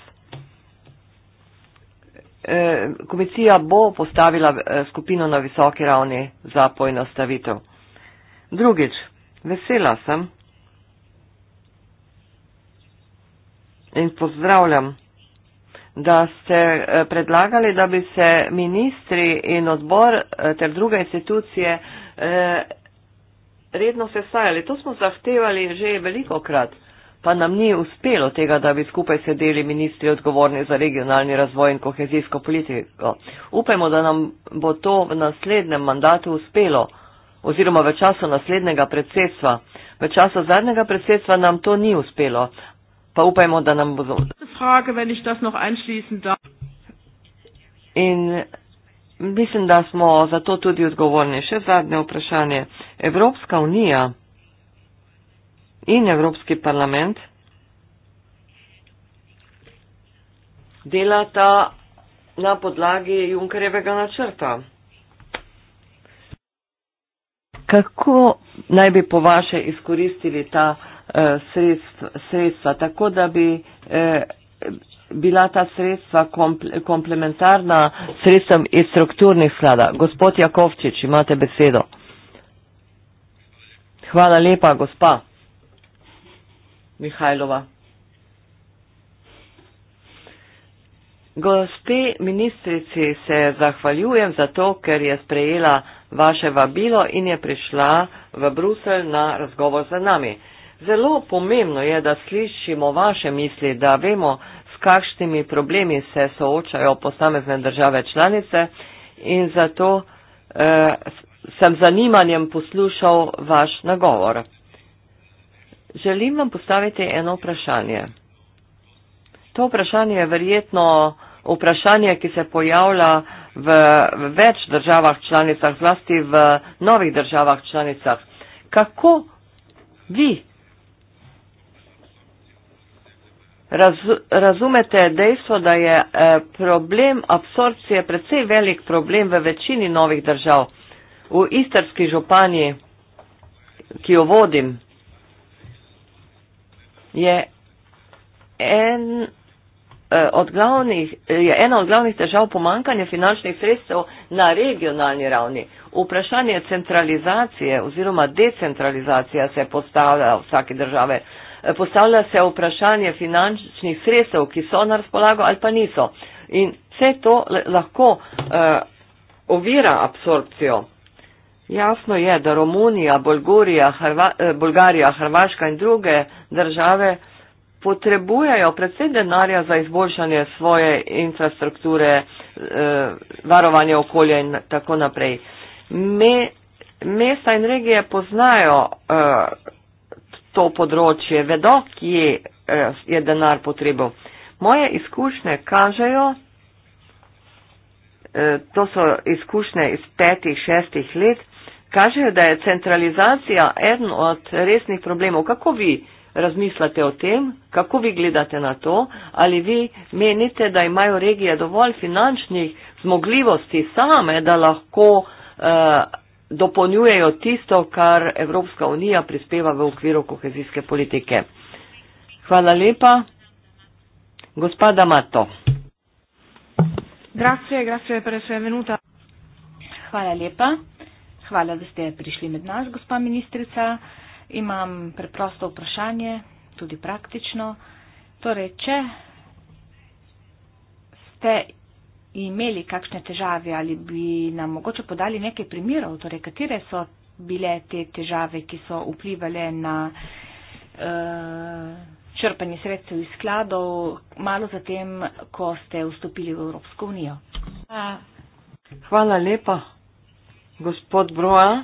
E, komisija bo postavila e, skupino na visoki ravni za poenostavitev. Drugič, vesela sem in pozdravljam, da ste e, predlagali, da bi se ministri in odbor ter druge institucije redno sestajali. To smo zahtevali že veliko krat pa nam ni uspelo tega, da bi skupaj sedeli ministri odgovorni za regionalni razvoj in kohezijsko politiko. Upajmo, da nam bo to v naslednjem mandatu uspelo oziroma v času naslednjega predsedstva. V času zadnjega predsedstva nam to ni uspelo, pa upajmo, da nam bo zelo. In mislim, da smo za to tudi odgovorni. Še zadnje vprašanje. Evropska unija in Evropski parlament delata na podlagi Junkerjevega načrta. Kako naj bi po vaše izkoristili ta eh, sredstv, sredstva, tako da bi eh, bila ta sredstva komple, komplementarna sredstvom iz strukturnih sklada? Gospod Jakovčič, imate besedo. Hvala lepa, gospa. Mihajlova. Gospe ministrici se zahvaljujem za to, ker je sprejela vaše vabilo in je prišla v Bruselj na razgovor z nami. Zelo pomembno je, da slišimo vaše misli, da vemo, s kakšnimi problemi se soočajo posamezne države članice in zato eh, sem zanimanjem poslušal vaš nagovor. Želim vam postaviti eno vprašanje. To vprašanje je verjetno vprašanje, ki se pojavlja v več državah članicah, zlasti v novih državah članicah. Kako vi raz, razumete dejstvo, da je eh, problem absorpcije predvsej velik problem v večini novih držav? V istarski županji, ki jo vodim, je en eh, od glavnih, je ena od glavnih težav pomankanja finančnih sredstev na regionalni ravni. Vprašanje centralizacije oziroma decentralizacija se postavlja v vsaki države. Eh, postavlja se vprašanje finančnih sredstev, ki so na razpolago ali pa niso. In vse to lahko uh, ovira absorpcijo. Jasno je, da Romunija, Bolgarija, Hrva, eh, Bolgarija, Hrvaška in druge države potrebujejo predvsem denarja za izboljšanje svoje infrastrukture, eh, varovanje okolja in tako naprej. Me, mesta in regije poznajo eh, to področje, vedo, kje je denar potrebo. Moje izkušnje kažejo, to so izkušnje iz petih, šestih let, kažejo, da je centralizacija eden od resnih problemov. Kako vi razmislite o tem, kako vi gledate na to, ali vi menite, da imajo regije dovolj finančnih zmogljivosti same, da lahko eh, dopolnjujejo tisto, kar Evropska unija prispeva v okviru kohezijske politike. Hvala lepa. Gospoda Mato. Grazie, grazie per essere venuta. Hvala lepa. Hvala, da ste prišli med nas, gospa ministrica. Imam preprosto vprašanje, tudi praktično. Torej, če ste imeli kakšne težave ali bi nam mogoče podali nekaj primerov, torej katere so bile te težave, ki so vplivali na uh, črpanje sredstev iz skladov malo zatem, ko ste vstopili v Evropsko unijo. Hvala lepa. Gospod Broa.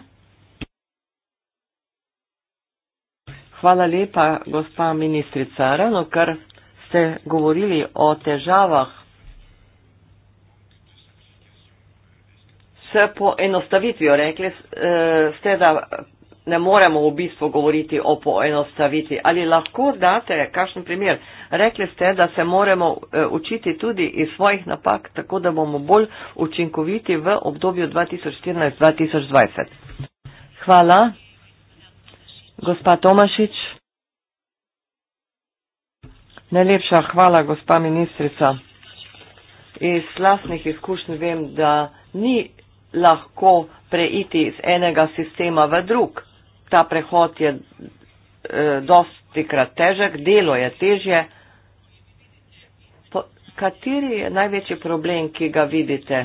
Hvala lepa, gospa ministrica. Ravno kar ste govorili o težavah, se poenostavitvijo rekli, eh, ste da ne moremo v bistvu govoriti o poenostavitvi. Ali lahko date kakšen primer? Rekli ste, da se moramo eh, učiti tudi iz svojih napak, tako da bomo bolj učinkoviti v obdobju 2014-2020. Hvala. Gospa Tomašič. Najlepša hvala, gospa ministrica. Iz lastnih izkušenj vem, da ni lahko preiti iz enega sistema v drug ta prehod je eh, dosti krat težek, delo je težje. Po, kateri je največji problem, ki ga vidite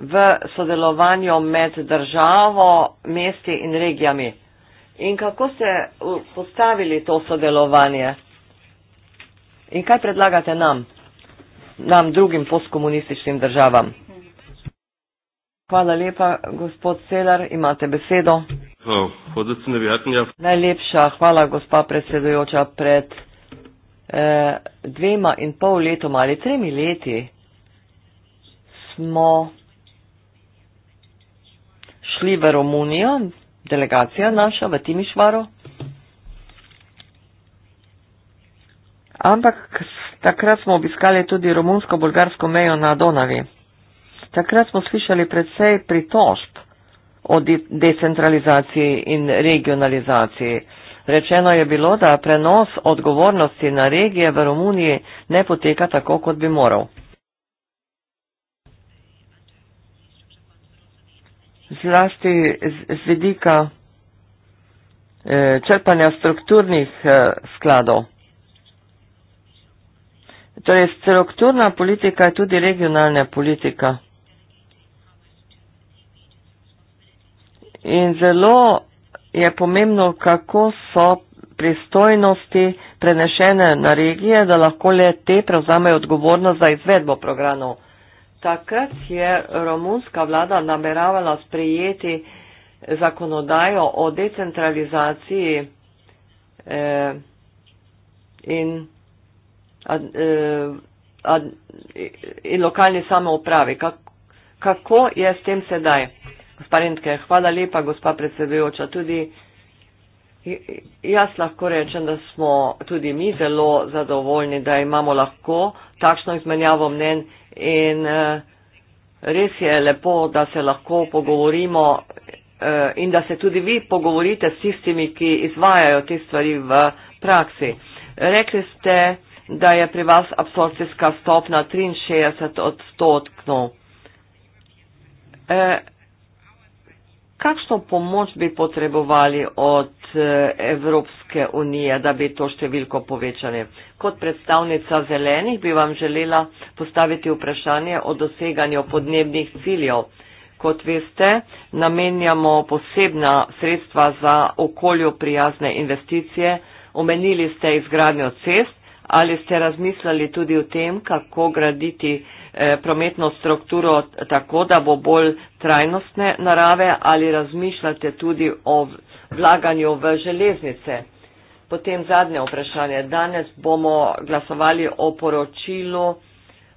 v sodelovanju med državo, mesti in regijami? In kako ste postavili to sodelovanje? In kaj predlagate nam, nam drugim postkomunističnim državam? Hvala lepa, gospod Sedar, imate besedo. Ja- Najlepša hvala, gospa predsedujoča. Pred eh, dvema in pol letoma ali tremi leti smo šli v Romunijo, delegacija naša v Timišvaru. Ampak takrat smo obiskali tudi romunsko-bolgarsko mejo na Donavi. Takrat smo slišali predvsej pritožb o decentralizaciji in regionalizaciji. Rečeno je bilo, da prenos odgovornosti na regije v Romuniji ne poteka tako, kot bi moral. Zlasti z vidika eh, črpanja strukturnih eh, skladov. Torej, strukturna politika je tudi regionalna politika. in zelo je pomembno, kako so pristojnosti prenešene na regije, da lahko le te prevzamejo odgovornost za izvedbo programov. Takrat je romunska vlada nameravala sprejeti zakonodajo o decentralizaciji eh, in, ad, eh, ad, in lokalni samoupravi. Kako je s tem sedaj? Parentke, hvala lepa, gospa predsedujoča. Tudi jaz lahko rečem, da smo tudi mi zelo zadovoljni, da imamo lahko takšno izmenjavo mnen in eh, res je lepo, da se lahko pogovorimo eh, in da se tudi vi pogovorite s tistimi, ki izvajajo te stvari v praksi. Rekli ste, da je pri vas absorpcijska stopna 63 odstotkov. Eh, Kakšno pomoč bi potrebovali od eh, Evropske unije, da bi to številko povečali? Kot predstavnica zelenih bi vam želela postaviti vprašanje o doseganju podnebnih ciljev. Kot veste, namenjamo posebna sredstva za okolju prijazne investicije. Omenili ste izgradnjo cest. Ali ste razmislili tudi o tem, kako graditi Eh, prometno strukturo tako, da bo bolj trajnostne narave ali razmišljate tudi o vlaganju v železnice. Potem zadnje vprašanje. Danes bomo glasovali o poročilu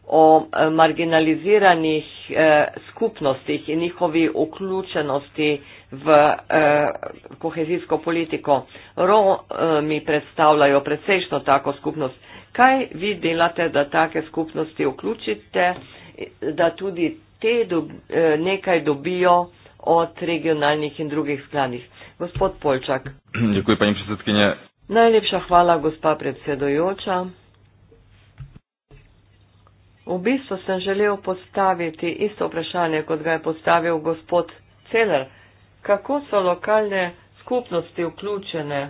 o eh, marginaliziranih eh, skupnostih in njihovi vključenosti v eh, kohezijsko politiko. Romi predstavljajo precejšno tako skupnost. Eh, Kaj vi delate, da take skupnosti vključite, da tudi te dob, eh, nekaj dobijo od regionalnih in drugih skladih? Gospod Polčak. Dekuji, pa Najlepša hvala, gospa predsedojoča. V bistvu sem želel postaviti isto vprašanje, kot ga je postavil gospod Celer. Kako so lokalne skupnosti vključene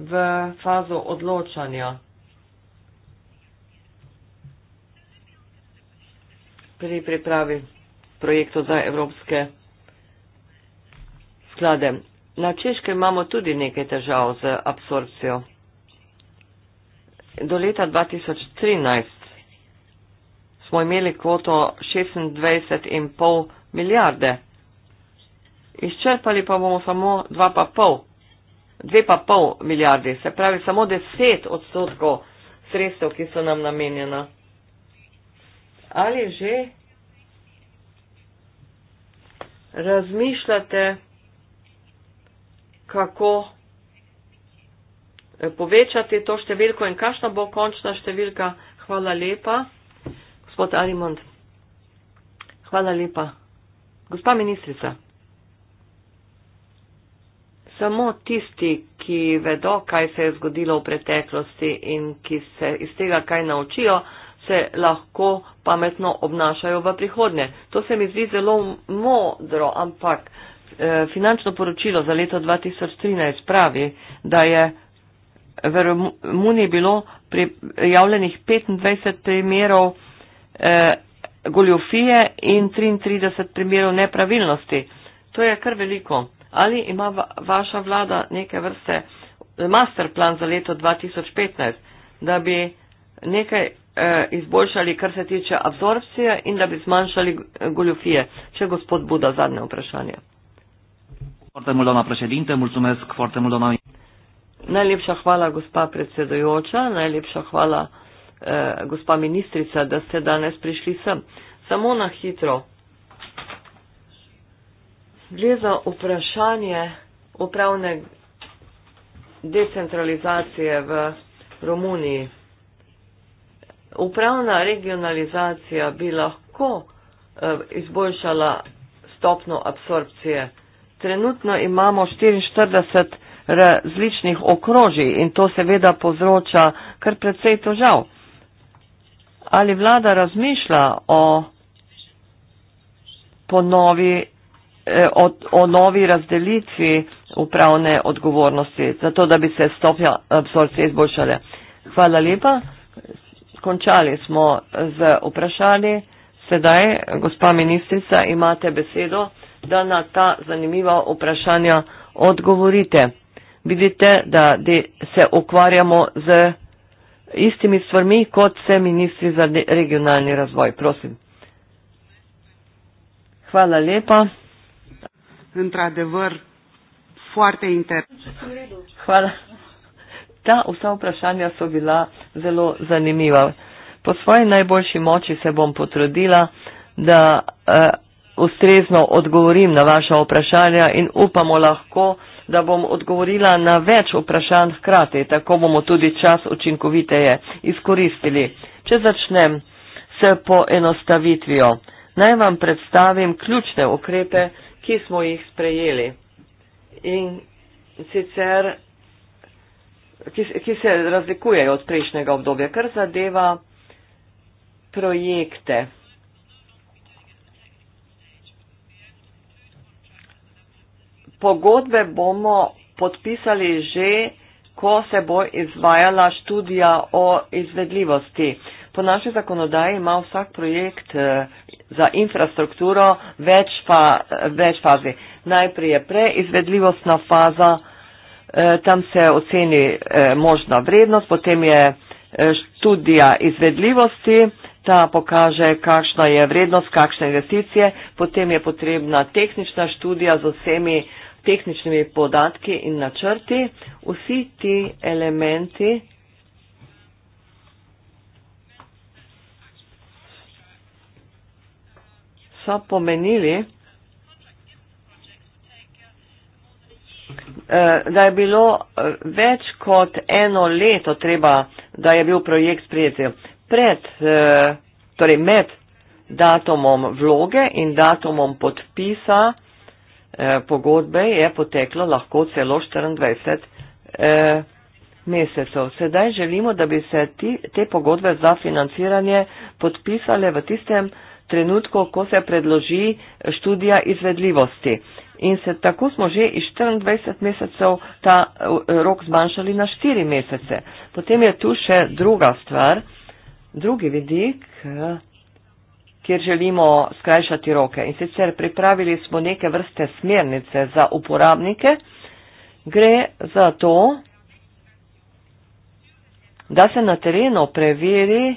v fazo odločanja. Pri pripravi projektov za evropske sklade. Na Češkem imamo tudi nekaj težav z absorpcijo. Do leta 2013 smo imeli kvoto 26,5 milijarde. Izčrpali pa bomo samo 2,5 milijarde dve pa pol milijardi, se pravi samo deset odstotkov sredstev, ki so nam namenjena. Ali že razmišljate, kako povečati to številko in kakšna bo končna številka? Hvala lepa. Gospod Arimond, hvala lepa. Gospa ministrica samo tisti, ki vedo, kaj se je zgodilo v preteklosti in ki se iz tega kaj naučijo, se lahko pametno obnašajo v prihodnje. To se mi zdi zelo modro, ampak eh, finančno poročilo za leto 2013 pravi, da je v Romuniji bilo prijavljenih 25 primerov eh, goljofije in 33 primerov nepravilnosti. To je kar veliko ali ima va vaša vlada neke vrste master plan za leto 2015, da bi nekaj eh, izboljšali, kar se tiče absorpcije in da bi zmanjšali goljofije. Če gospod Buda, zadnje vprašanje. Najlepša hvala, gospa predsedojoča, najlepša hvala, eh, gospa ministrica, da ste danes prišli sem. Samo na hitro, gre za vprašanje upravne decentralizacije v Romuniji. Upravna regionalizacija bi lahko eh, izboljšala stopno absorpcije. Trenutno imamo 44 različnih okrožij in to seveda povzroča kar precej težav. Ali vlada razmišlja o ponovi Eh, o, o novi razdelitvi upravne odgovornosti, zato da bi se stopnja absorpcije izboljšale. Hvala lepa. Končali smo z vprašanji. Sedaj, gospa ministrica, imate besedo, da na ta zanimiva vprašanja odgovorite. Vidite, da se ukvarjamo z istimi stvarmi, kot se ministri za regionalni razvoj. Prosim. Hvala lepa într-adevăr foarte interesant. Hvala. Ta vsa vprašanja so bila zelo zanimiva. Po svoji najboljši moči se bom potrudila, da uh, ustrezno odgovorim na vaša vprašanja in upamo lahko, da bom odgovorila na več vprašanj hkrati, tako bomo tudi čas učinkoviteje izkoristili. Če začnem se poenostavitvijo, naj vam predstavim ključne ukrepe, ki smo jih sprejeli in sicer, ki, ki se razlikujejo od prejšnjega obdobja, kar zadeva projekte. Pogodbe bomo podpisali že, ko se bo izvajala študija o izvedljivosti. Po naši zakonodaji ima vsak projekt eh, za infrastrukturo več, fa, več fazi. Najprej je preizvedljivostna faza, eh, tam se oceni eh, možna vrednost, potem je eh, študija izvedljivosti, ta pokaže, kakšna je vrednost, kakšne investicije, potem je potrebna tehnična študija z vsemi tehničnimi podatki in načrti. Vsi ti elementi so pomenili, eh, da je bilo več kot eno leto treba, da je bil projekt sprejet. Pred, eh, torej med datumom vloge in datumom podpisa eh, pogodbe je poteklo lahko celo 24 mesecev. Sedaj želimo, da bi se ti, te pogodbe za financiranje podpisale v tistem času, trenutku, ko se predloži študija izvedljivosti. In se tako smo že iz 24 mesecev ta eh, rok zmanjšali na 4 mesece. Potem je tu še druga stvar, drugi vidik, eh, kjer želimo skrajšati roke. In sicer pripravili smo neke vrste smernice za uporabnike. Gre za to, da se na terenu preveri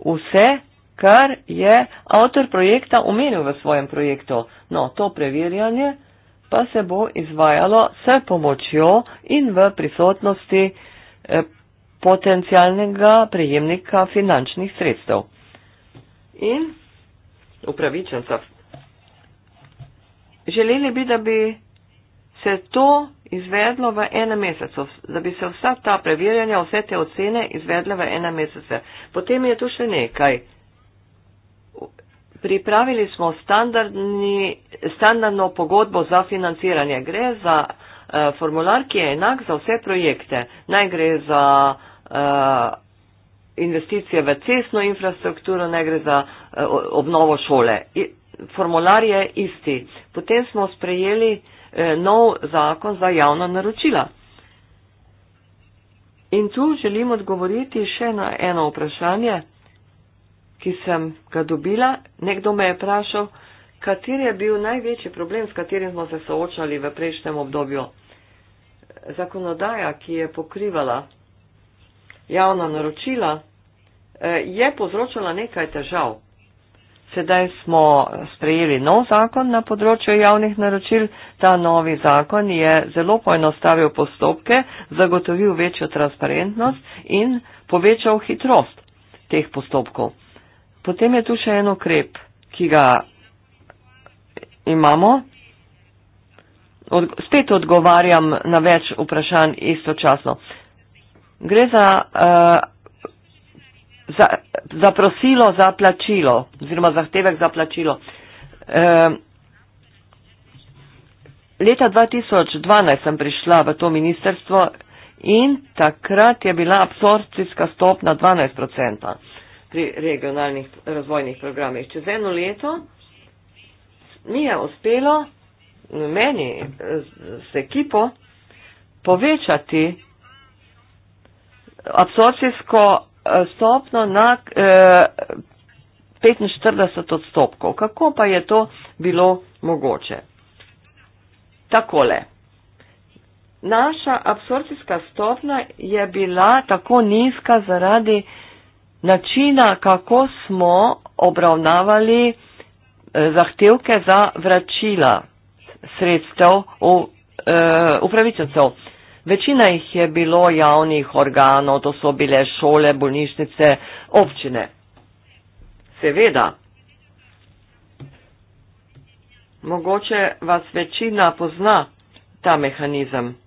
vse kar je avtor projekta omenil v svojem projektu. No, to preverjanje pa se bo izvajalo s pomočjo in v prisotnosti eh, potencialnega prejemnika finančnih sredstev. In upravičenca. Želeli bi, da bi se to izvedlo v enem mesecu, da bi se vsa ta preverjanja, vse te ocene izvedle v enem mesecu. Potem je tu še nekaj. Pripravili smo standardno pogodbo za financiranje. Gre za eh, formular, ki je enak za vse projekte. Naj gre za eh, investicije v cestno infrastrukturo, naj gre za eh, obnovo šole. I, formular je isti. Potem smo sprejeli eh, nov zakon za javna naročila. In tu želim odgovoriti še na eno vprašanje ki sem ga dobila, nekdo me je vprašal, kater je bil največji problem, s katerim smo se soočali v prejšnjem obdobju. Zakonodaja, ki je pokrivala javna naročila, eh, je povzročala nekaj težav. Sedaj smo sprejeli nov zakon na področju javnih naročil. Ta novi zakon je zelo poenostavil postopke, zagotovil večjo transparentnost in povečal hitrost teh postopkov. Potem je tu še en ukrep, ki ga imamo. Od, spet odgovarjam na več vprašanj istočasno. Gre za, uh, za, za prosilo za plačilo oziroma zahtevek za plačilo. Uh, leta 2012 sem prišla v to ministerstvo in takrat je bila absorpcijska stopna 12 odstotkov pri regionalnih razvojnih programih. Čez eno leto mi je uspelo meni s ekipo povečati absorpcijsko eh, stopno na eh, 45 odstotkov. Kako pa je to bilo mogoče? Takole. Naša absorpcijska stopna je bila tako nizka zaradi eh, načina, kako smo obravnavali eh, zahtevke za vračila sredstev eh, upravičencev. Večina jih je bilo javnih organov, to so bile šole, bolnišnice, občine. Seveda, mogoče vas večina pozna ta mehanizem.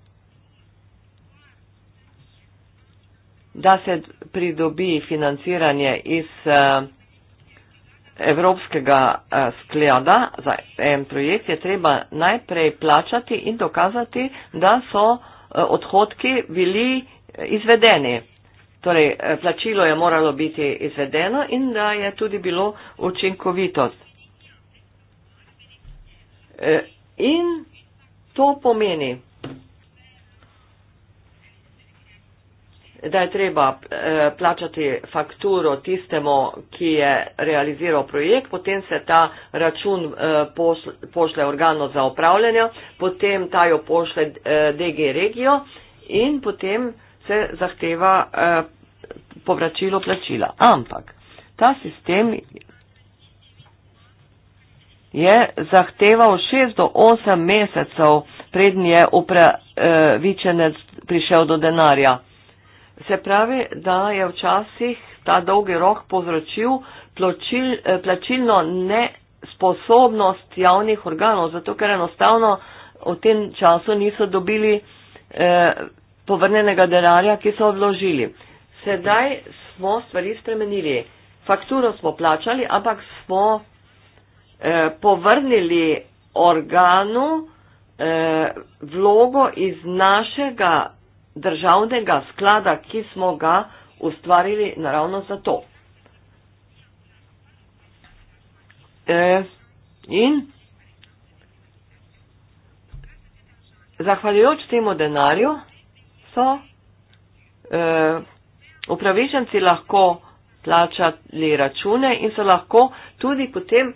da se pridobi financiranje iz eh, Evropskega eh, sklada za en projekt, je treba najprej plačati in dokazati, da so eh, odhodki bili izvedeni. Torej, plačilo je moralo biti izvedeno in da je tudi bilo učinkovitost. In to pomeni, da je treba eh, plačati fakturo tistemu, ki je realiziral projekt, potem se ta račun eh, pošle organu za upravljanje, potem ta jo pošle eh, DG regijo in potem se zahteva povračilo plačila. Ampak ta sistem je zahteval 6 do 8 mesecev, prednje upravičenec prišel do denarja. Se pravi, da je včasih ta dolgi rok povzročil pločil, eh, plačilno nesposobnost javnih organov, zato ker enostavno v tem času niso dobili eh, povrnenega denarja, ki so odložili. Sedaj smo stvari spremenili. Fakturo smo plačali, ampak smo eh, povrnili organu eh, vlogo iz našega državnega sklada, ki smo ga ustvarili naravno za to. E, in zahvaljujoč temu denarju so e, upravičenci lahko plačali račune in so lahko tudi potem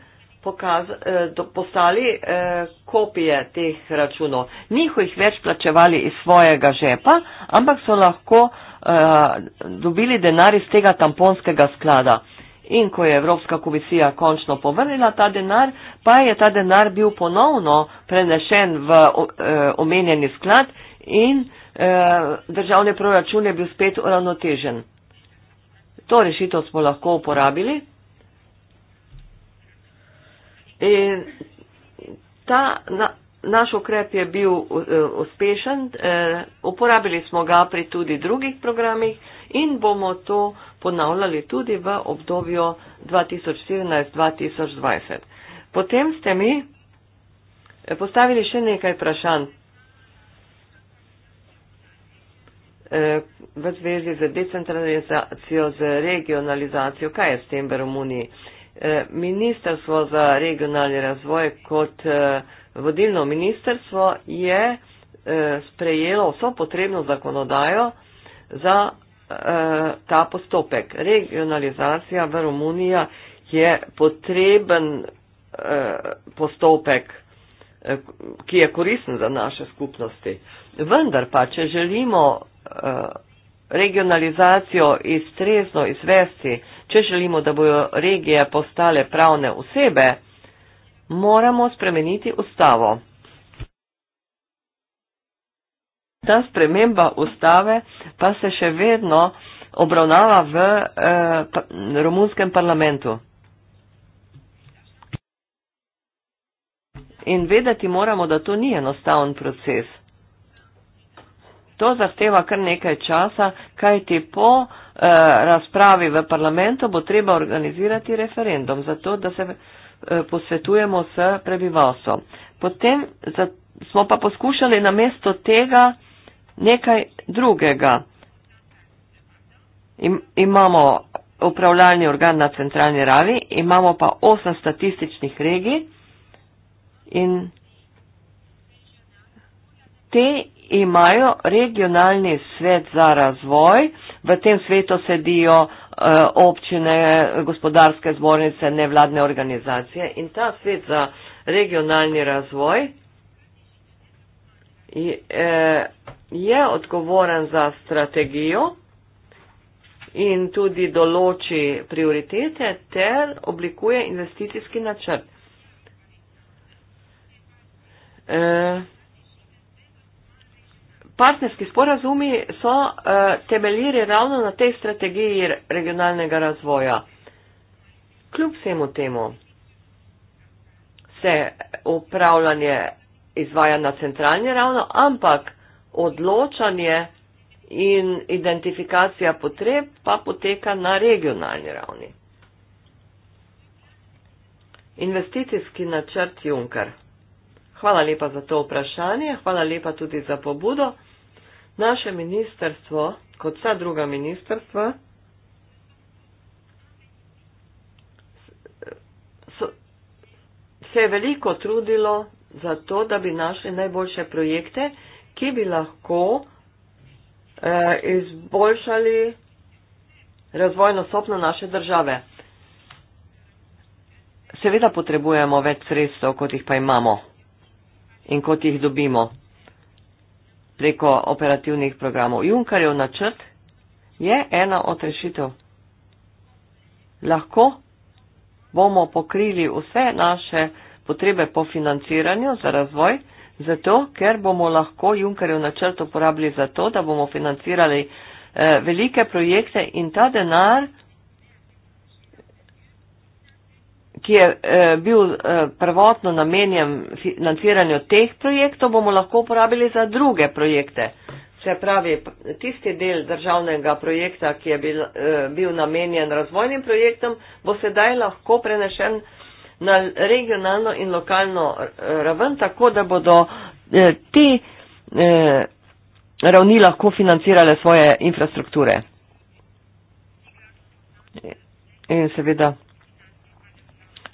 pokaz, eh, do, postali eh, kopije teh računov. Niho jih več plačevali iz svojega žepa, ampak so lahko eh, dobili denar iz tega tamponskega sklada. In ko je Evropska komisija končno povrnila ta denar, pa je ta denar bil ponovno prenešen v eh, omenjeni sklad in eh, državni proračun je bil spet uravnotežen. To rešitev smo lahko uporabili. In ta na, naš ukrep je bil uh, uspešen, uh, uporabili smo ga pri tudi drugih programih in bomo to ponavljali tudi v obdobju 2014-2020. Potem ste mi e, postavili še nekaj vprašanj. v zvezi z decentralizacijo, z regionalizacijo, kaj je s tem v Romuniji. Eh, ministrstvo za regionalni razvoj kot eh, vodilno ministrstvo je eh, sprejelo vso potrebno zakonodajo za ta postopek. Regionalizacija v Romunija je potreben postopek, ki je koristen za naše skupnosti. Vendar pa, če želimo regionalizacijo iztresno izvesti, Če želimo, da bojo regije postale pravne osebe, moramo spremeniti ustavo. Ta sprememba ustave pa se še vedno obravnava v eh, pa, romunskem parlamentu. In vedeti moramo, da to ni enostaven proces. To zahteva kar nekaj časa, kajti po Eh, razpravi v parlamentu, bo treba organizirati referendum, zato da se eh, posvetujemo s prebivalstvom. Potem smo pa poskušali namesto tega nekaj drugega. Imamo upravljalni organ na centralni ravi, imamo pa osem statističnih regij in te imajo regionalni svet za razvoj, v tem svetu sedijo eh, občine, gospodarske zbornice, nevladne organizacije in ta svet za regionalni razvoj je eh, odgovoren za strategijo in tudi določi prioritete ter oblikuje investicijski načrt. Eh, partnerski sporazumi so uh, temeljili ravno na tej strategiji regionalnega razvoja. Kljub vsemu temu se upravljanje izvaja na centralni ravno, ampak odločanje in identifikacija potreb pa poteka na regionalni ravni. Investicijski načrt Junker. Hvala lepa za to vprašanje, hvala lepa tudi za pobudo. Naše ministerstvo, kot vsa druga ministerstva, so, se je veliko trudilo za to, da bi našli najboljše projekte, ki bi lahko eh, izboljšali razvojno stopno naše države. Seveda potrebujemo več sredstev, kot jih pa imamo in kot jih dobimo preko operativnih programov. Junkarjev načrt je ena od rešitev. Lahko bomo pokrili vse naše potrebe po financiranju za razvoj, zato ker bomo lahko Junkarjev načrt uporabili za to, da bomo financirali eh, velike projekte in ta denar ki je eh, bil eh, prvotno namenjen financiranju teh projektov, bomo lahko uporabili za druge projekte. Se pravi, tisti del državnega projekta, ki je bil, eh, bil namenjen razvojnim projektom, bo sedaj lahko prenešen na regionalno in lokalno raven, tako da bodo ti ravni lahko financirale svoje infrastrukture. In seveda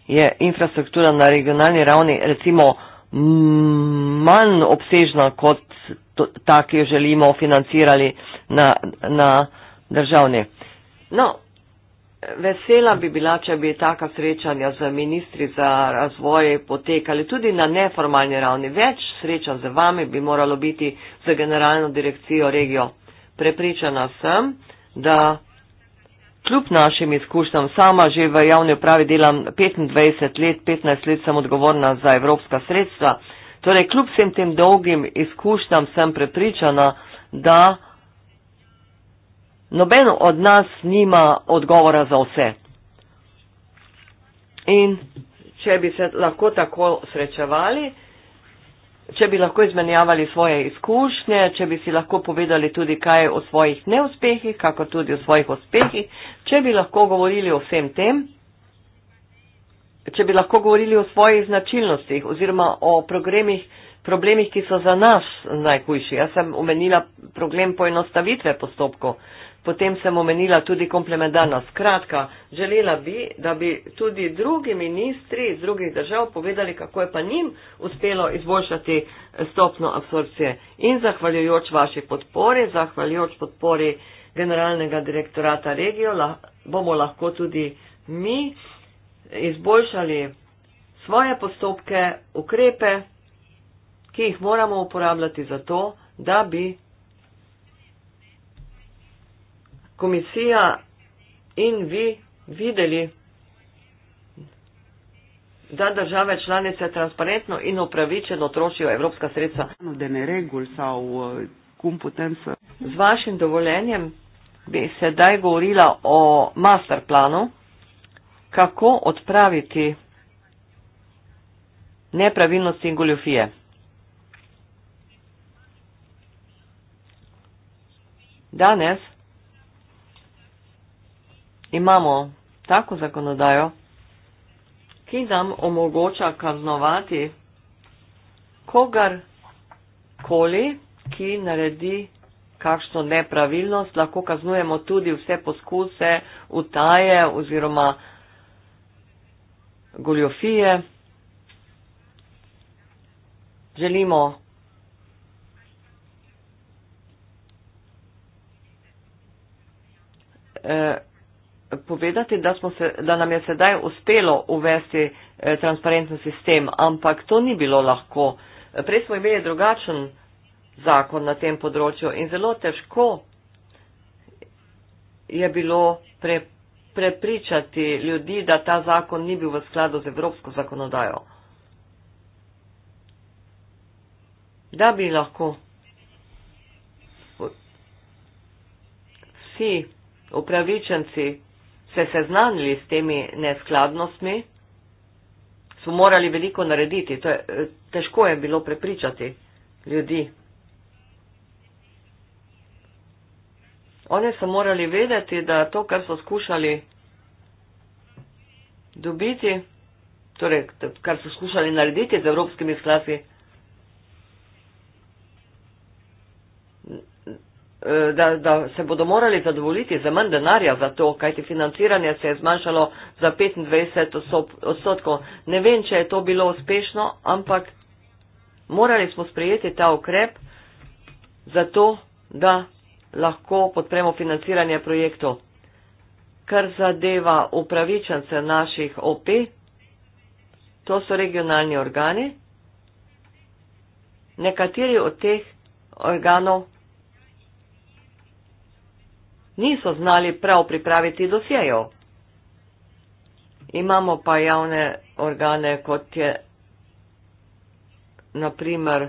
je infrastruktura na regionalni ravni recimo manj obsežna kot ta, ki jo želimo financirali na, na državni. No, vesela bi bila, če bi taka srečanja z ministri za razvoj potekali tudi na neformalni ravni. Več srečanj z vami bi moralo biti za generalno direkcijo regijo. Prepričana sem, da Kljub našim izkušnjam, sama že v javni upravi delam 25 let, 15 let sem odgovorna za evropska sredstva, torej kljub vsem tem dolgim izkušnjam sem prepričana, da noben od nas nima odgovora za vse. In če bi se lahko tako srečevali, če bi lahko izmenjavali svoje izkušnje, če bi si lahko povedali tudi kaj o svojih neuspehih, kako tudi o svojih uspehih, če bi lahko govorili o vsem tem, če bi lahko govorili o svojih značilnostih oziroma o programih, problemih, ki so za nas najhujši. Jaz sem omenila problem poenostavitve postopkov. Potem sem omenila tudi komplementarnost. Skratka, želela bi, da bi tudi drugi ministri iz drugih držav povedali, kako je pa njim uspelo izboljšati stopno absorpcije. In zahvaljujoč vaši podpori, zahvaljujoč podpori generalnega direktorata regijo, bomo lahko tudi mi izboljšali svoje postopke, ukrepe, ki jih moramo uporabljati za to, da bi komisija in vi videli, da države članice transparentno in upravičeno trošijo evropska sredstva. Z vašim dovoljenjem bi sedaj govorila o master planu, kako odpraviti nepravilnosti in goljofije. Danes imamo tako zakonodajo, ki nam omogoča kaznovati kogar koli, ki naredi kakšno nepravilnost, lahko kaznujemo tudi vse poskuse, utaje oziroma goljofije. Želimo eh, povedati, da, se, da nam je sedaj uspelo uvesti eh, transparenten sistem, ampak to ni bilo lahko. Prej smo imeli drugačen zakon na tem področju in zelo težko je bilo pre, prepričati ljudi, da ta zakon ni bil v skladu z evropsko zakonodajo. Da bi lahko vsi upravičenci se seznanili s temi neskladnostmi, so morali veliko narediti. Je, eh, težko je bilo prepričati ljudi. Oni so morali vedeti, da to, kar so skušali dobiti, torej, kar so skušali narediti z evropskimi sklasi, Eh, da, da se bodo morali zadovoljiti za manj denarja za to, kajti financiranje se je zmanjšalo za 25 odstotkov. Ne vem, če je to bilo uspešno, ampak morali smo sprejeti ta ukrep za to, da lahko podpremo financiranje projektov. Kar zadeva upravičence naših OP, to so regionalni organi, nekateri od teh organov niso znali prav pripraviti dosjejev. Imamo pa javne organe, kot je naprimer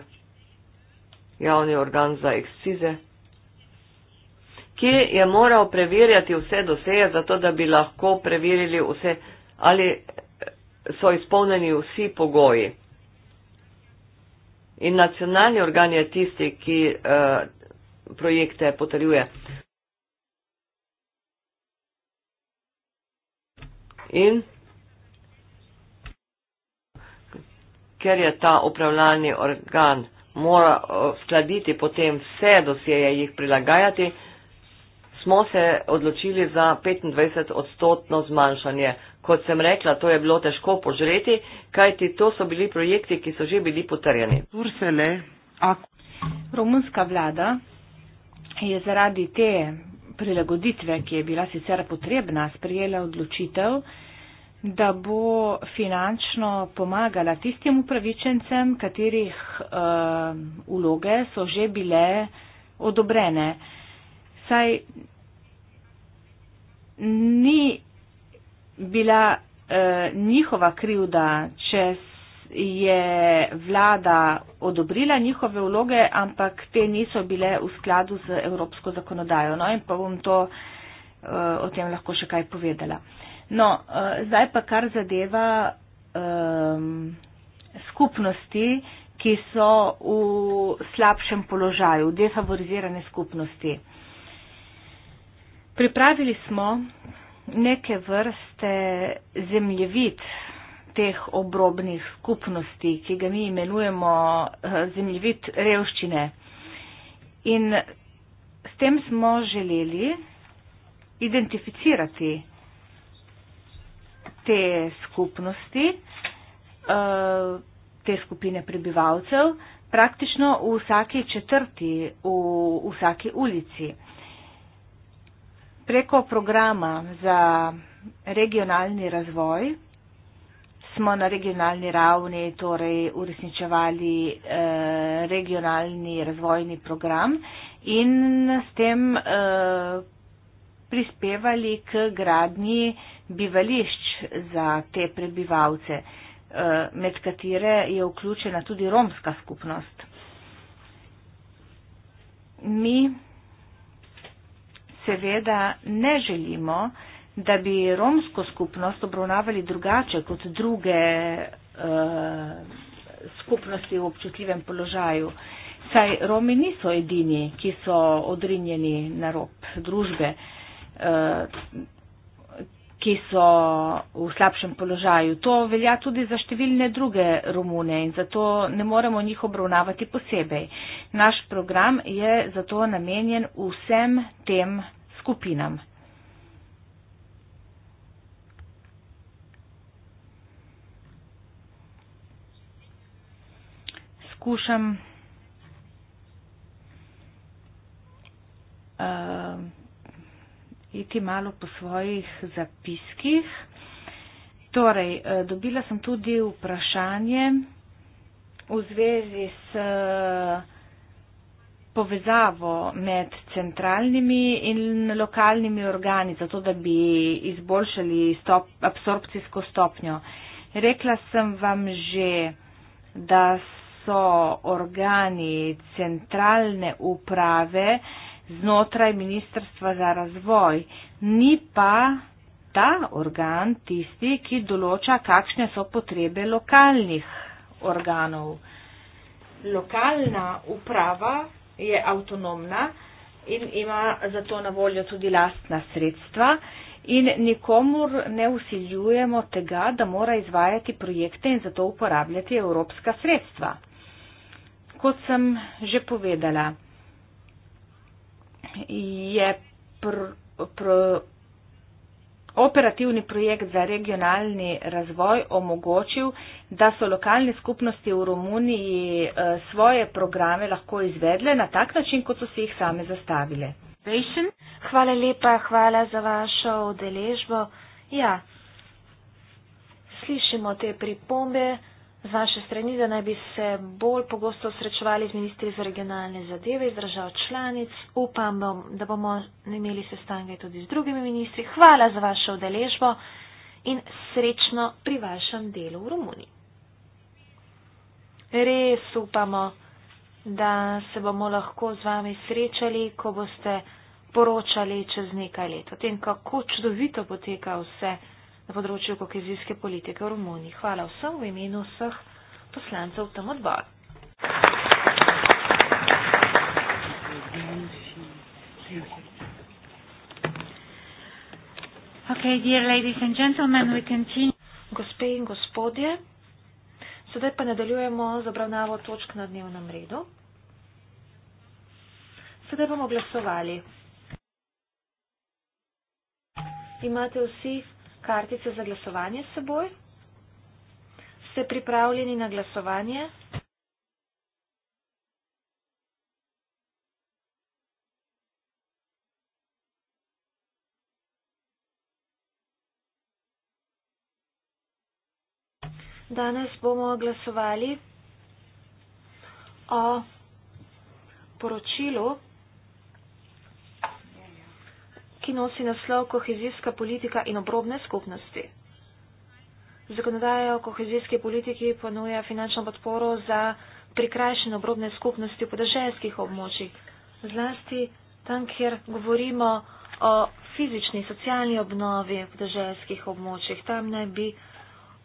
javni organ za ekscize, ki je moral preverjati vse doseje, zato da bi lahko preverili vse, ali so izpolneni vsi pogoji. In nacionalni organ je tisti, ki uh, projekte potrjuje. In ker je ta upravljalni organ mora eh, skladiti potem vse dosjeje, jih prilagajati, smo se odločili za 25 odstotno zmanjšanje. Kot sem rekla, to je bilo težko požreti, kajti to so bili projekti, ki so že bili potrjeni. Romunska vlada je zaradi te prilagoditve, ki je bila sicer potrebna, sprijela odločitev, da bo finančno pomagala tistim upravičencem, katerih uh, vloge so že bile odobrene. Saj ni bila uh, njihova krivda, če je vlada odobrila njihove vloge, ampak te niso bile v skladu z evropsko zakonodajo. No in pa bom to uh, o tem lahko še kaj povedala. No, uh, zdaj pa kar zadeva um, skupnosti, ki so v slabšem položaju, defavorizirane skupnosti. Pripravili smo neke vrste zemljevid teh obrobnih skupnosti, ki ga mi imenujemo eh, zemljevid revščine. In s tem smo želeli identificirati te skupnosti, eh, te skupine prebivalcev, praktično v vsaki četrti, v vsaki ulici. Preko programa za regionalni razvoj smo na regionalni ravni torej uresničevali eh, regionalni razvojni program in s tem eh, prispevali k gradnji bivališč za te prebivalce, eh, med katere je vključena tudi romska skupnost. Mi seveda ne želimo, da bi romsko skupnost obravnavali drugače kot druge uh, skupnosti v občutljivem položaju, saj Romi niso edini, ki so odrinjeni na rob družbe. Uh, Eh, ki so v slabšem položaju. To velja tudi za številne druge Romune in zato ne moremo njih obravnavati posebej. Naš program je zato namenjen vsem tem skupinam. Skušam. Uh, iti malo po svojih zapiskih. Torej, eh, dobila sem tudi vprašanje v zvezi s eh, povezavo med centralnimi in lokalnimi organi, zato da bi izboljšali stop, absorpcijsko stopnjo. Rekla sem vam že, da so organi centralne uprave eh, znotraj Ministrstva za razvoj. Ni pa ta organ tisti, ki določa, kakšne so potrebe lokalnih organov. Lokalna uprava je avtonomna in ima zato na voljo tudi lastna sredstva in nikomur ne usiljujemo tega, da mora izvajati projekte in zato uporabljati evropska sredstva. Kot sem že povedala, je pr, pr, operativni projekt za regionalni razvoj omogočil, da so lokalne skupnosti v Romuniji eh, svoje programe lahko izvedle na tak način, kot so si jih same zastavile. Hvala lepa, hvala za vašo udeležbo. Ja, slišimo te pripombe z vaše strani, da naj bi se bolj pogosto srečevali z ministri za regionalne zadeve iz držav članic. Upam, da bomo imeli sestanke tudi z drugimi ministri. Hvala za vašo udeležbo in srečno pri vašem delu v Romuniji. Res upamo, da se bomo lahko z vami srečali, ko boste poročali čez nekaj let o tem, kako čudovito poteka vse na področju kohezijske politike v Romuniji. Hvala vsem v imenu vseh poslancev v tem odboru. Okay, dear ladies and gentlemen, we continue. Gospe in gospodje, sedaj pa nadaljujemo z obravnavo točk na dnevnem redu. Sedaj bomo glasovali. Imate vsi kartice za glasovanje s seboj. Ste pripravljeni na glasovanje? Danes bomo glasovali o poročilu ki nosi naslov kohezijska politika in obrobne skupnosti. Zakonodaja o kohezijski politiki ponuja finančno podporo za prikrajšene obrobne skupnosti v podeželskih območjih, zlasti tam, kjer govorimo o fizični, socialni obnovi v podeželskih območjih. Tam naj bi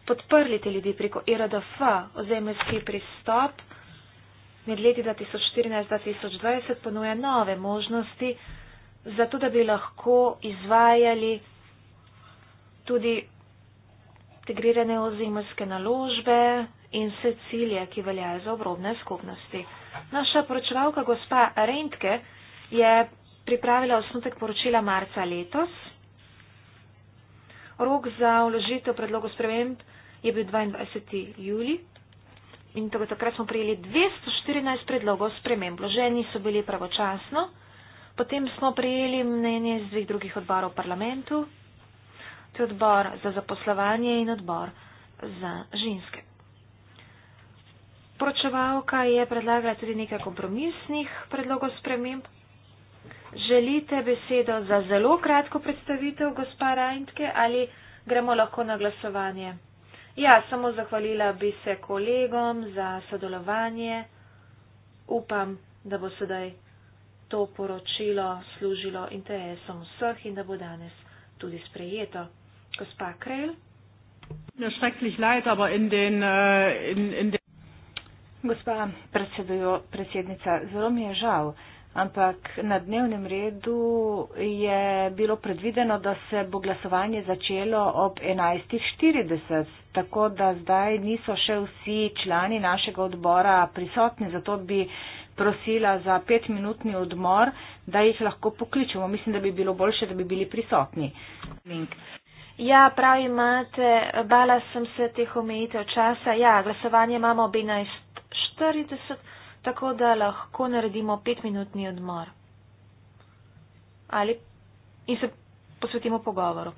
podprli te ljudi preko IRDF, ozemljski pristop med leti 2014-2020 ponuja nove možnosti zato da bi lahko izvajali tudi integrirane ozemljske naložbe in vse cilje, ki veljajo za obrobne skupnosti. Naša poročevalka gospa Rentke je pripravila osnutek poročila marca letos. Rok za vložitev predlogo sprememb je bil 22. juli in tako takrat smo prijeli 214 predlogov sprememb. Vloženi so bili pravočasno. Potem smo prijeli mnenje z dveh drugih odborov v parlamentu, to je odbor za zaposlovanje in odbor za ženske. Poročevalka je predlagala tudi nekaj kompromisnih predlogov sprememb. Želite besedo za zelo kratko predstavitev, gospa Rajntke, ali gremo lahko na glasovanje? Ja, samo zahvalila bi se kolegom za sodelovanje. Upam, da bo sedaj to poročilo služilo interesom vseh in da bo danes tudi sprejeto. Gospa Krel. Äh, Gospa predsednica, zelo mi je žal, ampak na dnevnem redu je bilo predvideno, da se bo glasovanje začelo ob 11.40, tako da zdaj niso še vsi člani našega odbora prisotni, zato bi uh, prosila za petminutni odmor, da jih lahko pokličemo. Mislim, da bi bilo boljše, da bi bili prisotni. Link. Ja, prav imate, bala sem se teh omejitev časa. Ja, glasovanje imamo ob 11.40, tako da lahko naredimo petminutni odmor. Ali in se posvetimo pogovoru.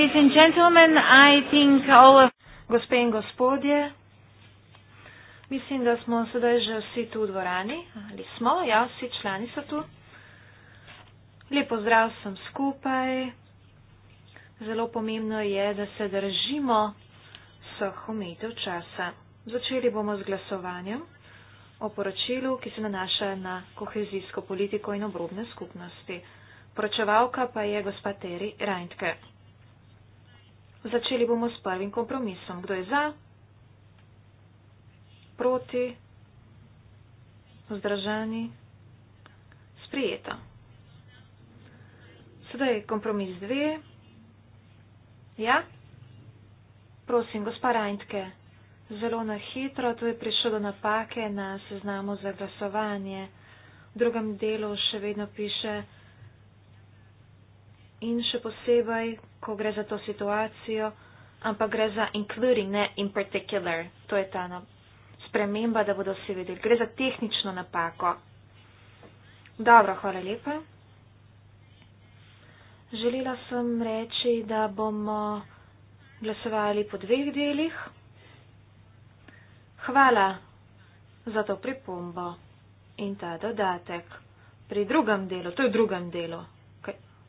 Ladies and gentlemen, I think all of... Gospe in gospodje, mislim, da smo sedaj že vsi tu v dvorani, ali smo, ja, vsi člani so tu. Lepo zdrav sem skupaj. Zelo pomembno je, da se držimo vseh omejitev časa. Začeli bomo z glasovanjem o poročilu, ki se nanaša na kohezijsko politiko in obrobne skupnosti. Poročevalka pa je gospa Teri Reintke. Začeli bomo s prvim kompromisom. Kdo je za? Proti? Vzdržani? Sprijeto. Sedaj kompromis dve. Ja? Prosim, gospa Rajntke, zelo na hitro, tu je prišlo do napake na seznamu za glasovanje. V drugem delu še vedno piše in še posebej ko gre za to situacijo, ampak gre za including, ne in particular. To je ta no, sprememba, da bodo vsi vedeli. Gre za tehnično napako. Dobro, hvala lepa. Želela sem reči, da bomo glasovali po dveh delih. Hvala za to pripombo in ta dodatek pri drugem delu. To je v drugem delu.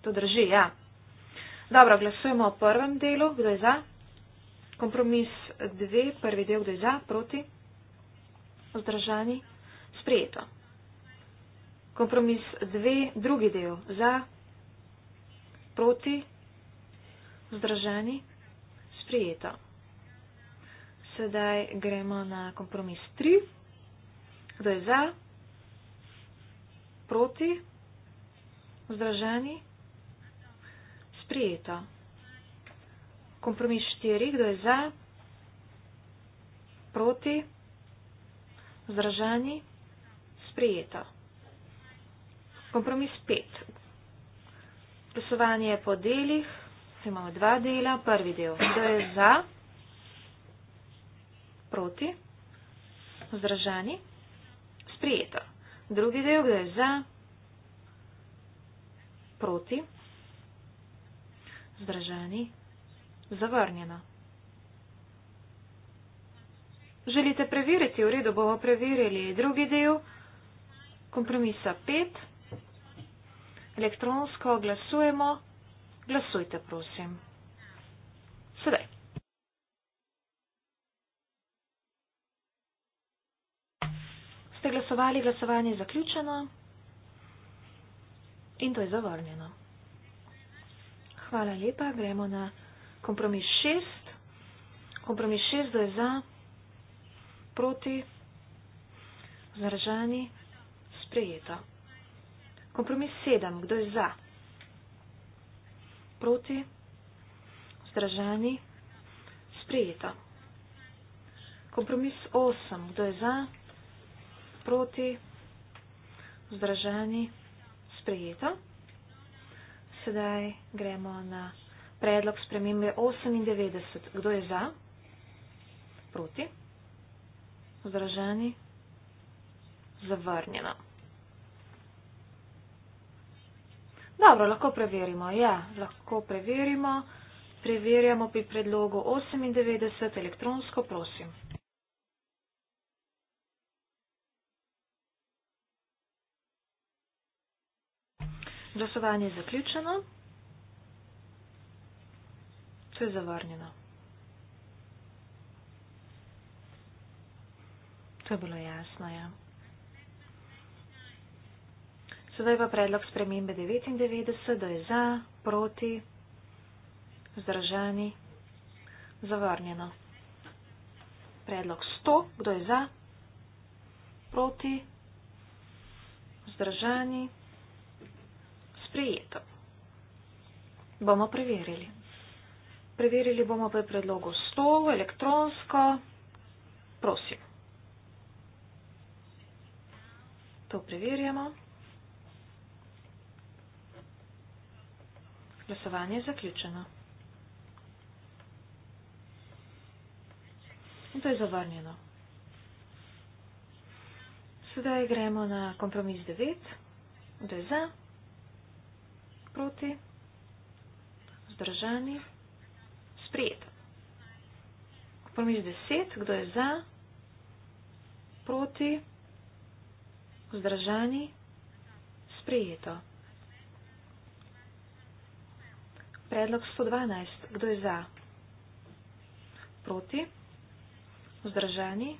To drži, ja. Dobro, glasujemo o prvem delu, kdo je za. Kompromis 2, prvi del, kdo je za, proti, vzdržani, sprijeto. Kompromis 2, drugi del, za, proti, vzdržani, sprijeto. Sedaj gremo na kompromis 3, kdo je za, proti, vzdržani, sprijeto sprijeta. Kompromis štiri, kdo je za, proti, zdržani, sprijeta. Kompromis pet. Glasovanje je po delih, imamo dva dela, prvi del, kdo je za, proti, zdržani, sprijeta. Drugi del, kdo je za, proti, zdrženi, zavrnjena. Želite preveriti, v redu bomo preverili drugi del kompromisa 5. Elektronsko glasujemo. Glasujte, prosim. Sedaj. Ste glasovali, glasovanje je zaključeno in to je zavrnjeno. Hvala lepa. Gremo na kompromis 6. Kompromis 6 je za, proti, zdržani, sprejeto. Kompromis 7. Kdo je za? Proti, zdržani, sprejeto. Kompromis 8. Kdo je za? Proti, zdržani, sprejeto. Sedaj gremo na predlog spremembe 98. Kdo je za? Proti? Zdraženi? Zavrnjeno. Dobro, lahko preverimo. Ja, lahko preverimo. Preverjamo pri predlogu 98 elektronsko, prosim. Glasovanje je zaključeno. Vse je zavrnjeno. To je bilo jasno, ja. Sedaj pa predlog spremembe 99, da je za, proti, zdržani, zavrnjeno. Predlog 100, kdo je za, proti, zdržani, zavrnjeno sprejeto. Bomo preverili. Preverili bomo v predlogu 100 elektronsko. Prosim. To preverjamo. Glasovanje je zaključeno. In to je zavrnjeno. Sedaj gremo na kompromis 9. Kdo je za? proti, vzdržani, sprijeto. Prvič deset, kdo je za, proti, vzdržani, sprijeto. Predlog 112, kdo je za, proti, vzdržani,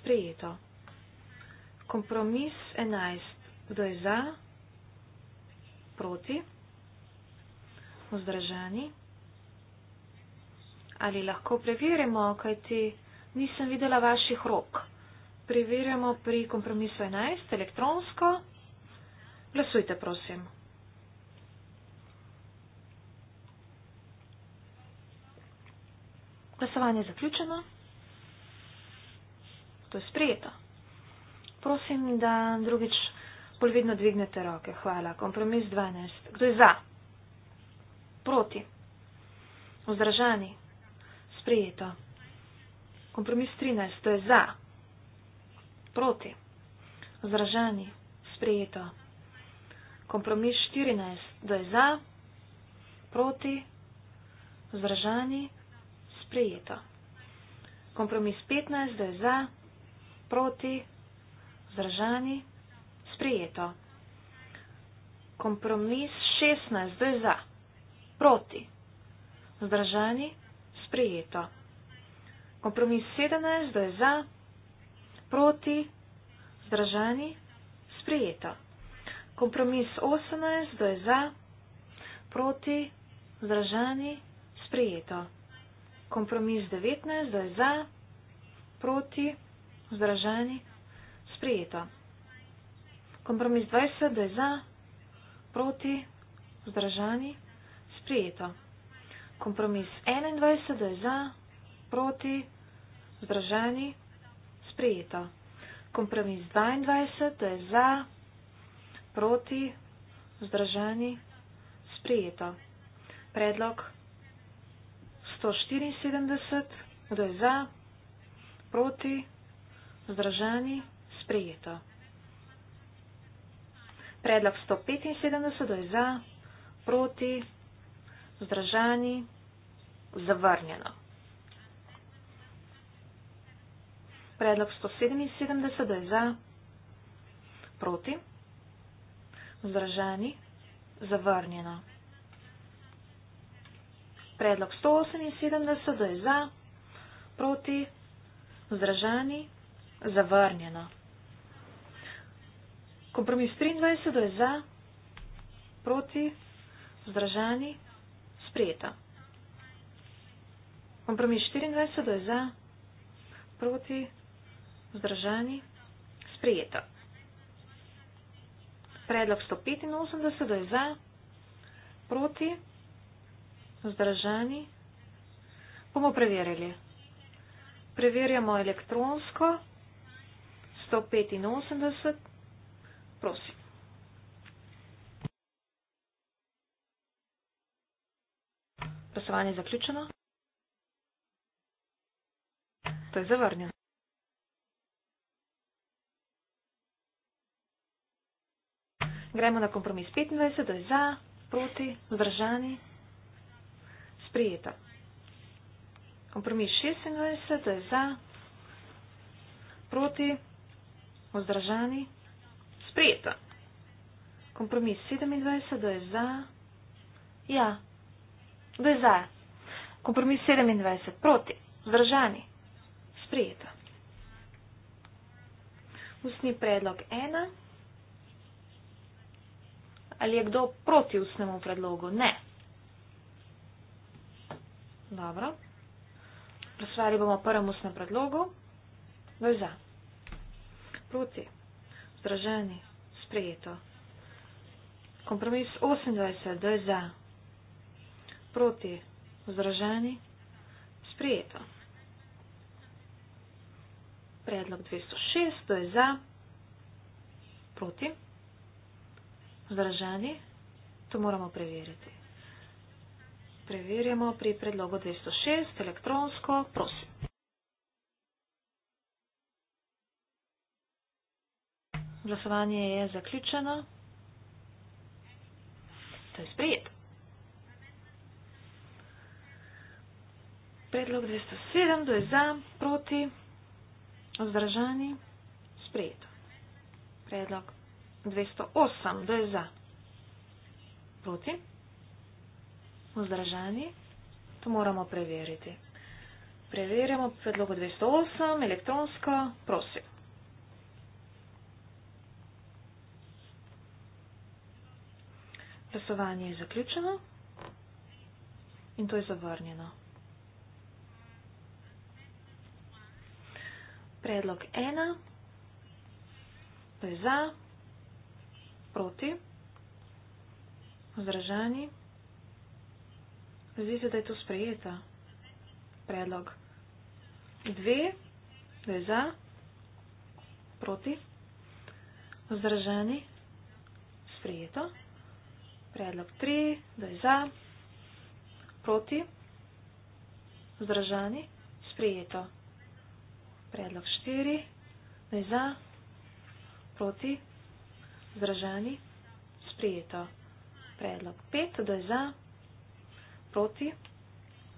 sprijeto. Kompromis 11, kdo je za, proti, vzdržani, sprijeto smo zdržani. Ali lahko preverimo, kajti nisem videla vaših rok. Preverjamo pri kompromisu 11 elektronsko. Glasujte, prosim. Glasovanje je zaključeno. To je sprejeto. Prosim, da drugič polvedno dvignete roke. Hvala. Kompromis 12. Kdo je za? proti. Vzdržani, sprejeto. Kompromis 13, to je za, proti. Vzdržani, sprejeto. Kompromis 14, to je za, proti. Vzdržani, sprejeto. Kompromis 15, to je za, proti. Vzdržani, sprejeto. Kompromis 16, to je za proti. Zdržani, sprijeto. Kompromis 17, da je za, proti, zdržani, sprijeto. Kompromis 18, da je za, proti, zdržani, sprijeto. Kompromis 19, da je za, proti, zdržani, sprijeto. Kompromis 20, da je za, proti, zdržani, sprijeto sprejeto. Kompromis 21, da je za, proti, zdržani, sprejeto. Kompromis 22, da je za, proti, zdržani, sprejeto. Predlog 174, da je za, proti, zdržani, sprejeto. Predlog 175, da je za, proti, zdržani. Vzdržani, zavrnjeno. Predlog 177, da je za, proti, vzdržani, zavrnjeno. Predlog 178, da je za, proti, vzdržani, zavrnjeno. Kompromis 23, da je za, proti, vzdržani, zavrnjeno sprejeta. Kompromis 24 je za, proti, vzdržani, sprejeta. Predlog 185 je za, proti, vzdržani, bomo preverili. Preverjamo elektronsko 185, prosim. Glasovanje je zaključeno. To je zavrnjeno. Gremo na kompromis 25, to je za, proti, vzdržani, sprijeta. Kompromis 26, to je za, proti, vzdržani, sprijeta. Kompromis 27, to je za, ja, proti. Dve za. Kompromis 27. Proti. Zdržani. Sprijeto. Usni predlog 1. Ali je kdo proti usnemu predlogu? Ne. Dobro. Prosvali bomo prvem usnem predlogu. Dve za. Proti. Zdržani. Sprijeto. Kompromis 28. Dve za. Dve za proti, vzraženi, sprijeto. Predlog 206, to je za, proti, vzraženi, to moramo preveriti. Preverjamo pri predlogu 206, elektronsko, prosim. Glasovanje je zaključeno. To je sprijeto. predlog 207, kdo je za, proti, vzdržani, sprejet. Predlog 208, kdo je za, proti, vzdržani, to moramo preveriti. Preverjamo predlog 208, elektronsko, prosim. Glasovanje je zaključeno in to je zavrnjeno. Predlog ena, to je za, proti, vzdržani. Zdi se, da je to sprejeta. Predlog dve, to je za, proti, vzdržani, sprejeto. Predlog tri, to je za, proti, vzdržani, sprejeto predlog 4, naj za, proti, zdržani, sprijeto. Predlog 5, da je za, proti,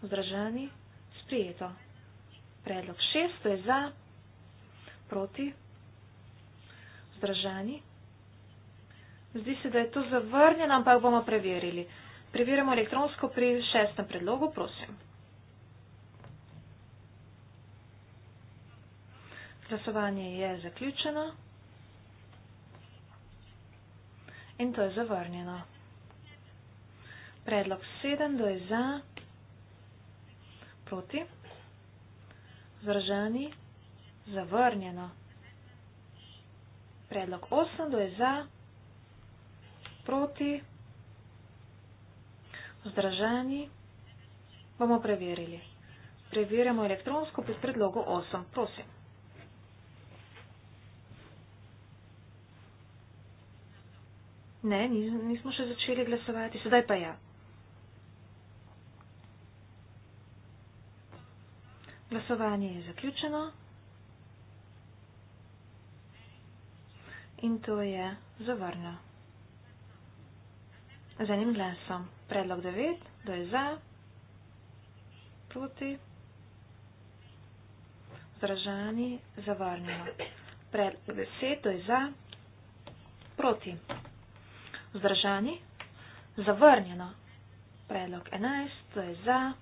zdržani, sprijeto. Predlog 6, da je za, proti, zdržani. Zdi se, da je to zavrnjeno, ampak bomo preverili. Preverimo elektronsko pri šestem predlogu, prosim. Glasovanje je zaključeno in to je zavrnjeno. Predlog 7, to je za, proti, zdržani, zavrnjeno. Predlog 8, to je za, proti, zdržani, bomo preverili. Preverjamo elektronsko pri predlogu 8, prosim. Ne, nismo še začeli glasovati, sedaj pa ja. Glasovanje je zaključeno. In to je zavrno. Z enim glasom. Predlog 9, to je za, proti, zdržani, zavrnjeno. Predlog 10, to je za, proti. Vzdržani? Zavrnjeno. Predlog 11, to je za,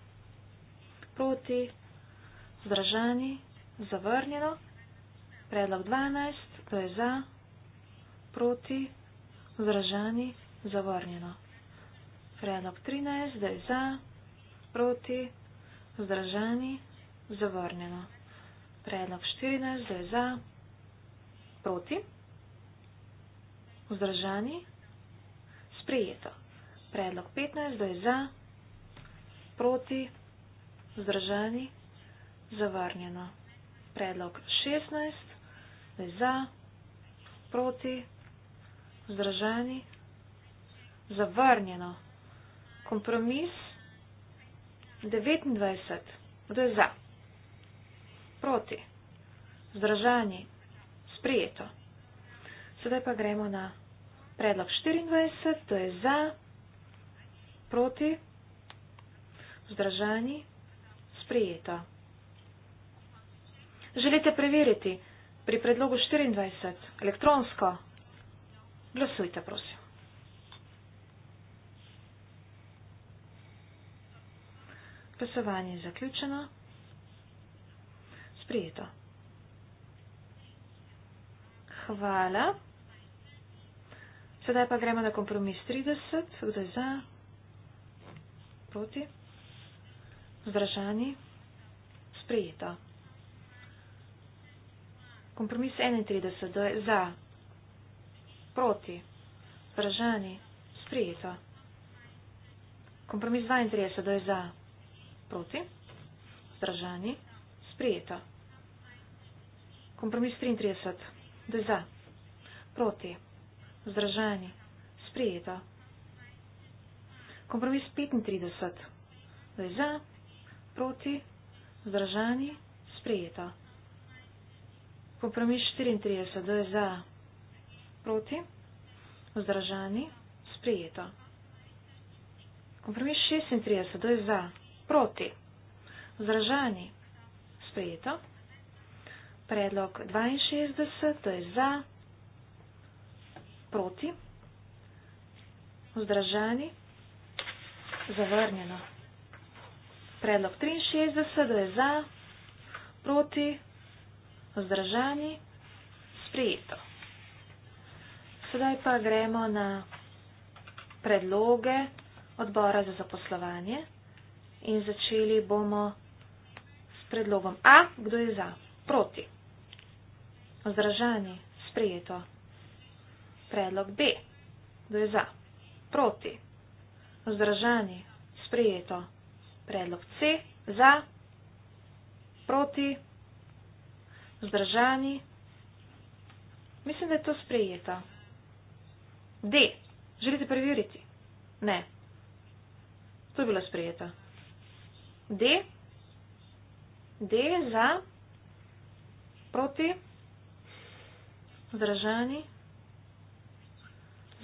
proti, vzdržani, zavrnjeno. Predlog 12, to je za, proti, vzdržani, zavrnjeno. Predlog 13, da je za, proti, vzdržani, zavrnjeno. Predlog 14, da je za, proti, vzdržani, zavrnjeno sprejeto. Predlog 15, da je za, proti, vzdržani, zavrnjeno. Predlog 16, da je za, proti, vzdržani, zavrnjeno. Kompromis 29, da je za, proti, vzdržani, sprejeto. Sedaj pa gremo na Predlog 24, to je za, proti, vzdržani, sprijeto. Želite preveriti pri predlogu 24 elektronsko? Glasujte, prosim. Glasovanje je zaključeno. Sprijeto. Hvala. Sedaj pa gremo na kompromis 30, kdo je za, proti, vzdržani, sprejeto. Kompromis 31, kdo je za, proti, vzdržani, sprejeto. Kompromis 32, kdo je za, proti, vzdržani, sprejeto. Kompromis 33, kdo je za, proti, vzdržani, sprejeto vzdraženi, sprijeta. Kompromis 35. Da je za, proti, vzdraženi, sprijeta. Kompromis 34. Da je za, proti, vzdraženi, sprijeta. Kompromis 36. Da je za, proti, vzdraženi, sprijeta. Predlog 62. Da je za, proti, vzdraženi, sprijeta proti, vzdržani, zavrnjeno. Predlog 63, da je za, proti, vzdržani, sprijeto. Sedaj pa gremo na predloge odbora za zaposlovanje in začeli bomo s predlogom A, kdo je za, proti, vzdržani, sprijeto. Predlog B. Kdo je za? Proti. Vzdržani. Sprijeto. Predlog C. Za. Proti. Vzdržani. Mislim, da je to sprijeto. D. Želite preveriti? Ne. To je bilo sprijeto. D. D je za. Proti. Vzdržani. Vzdržani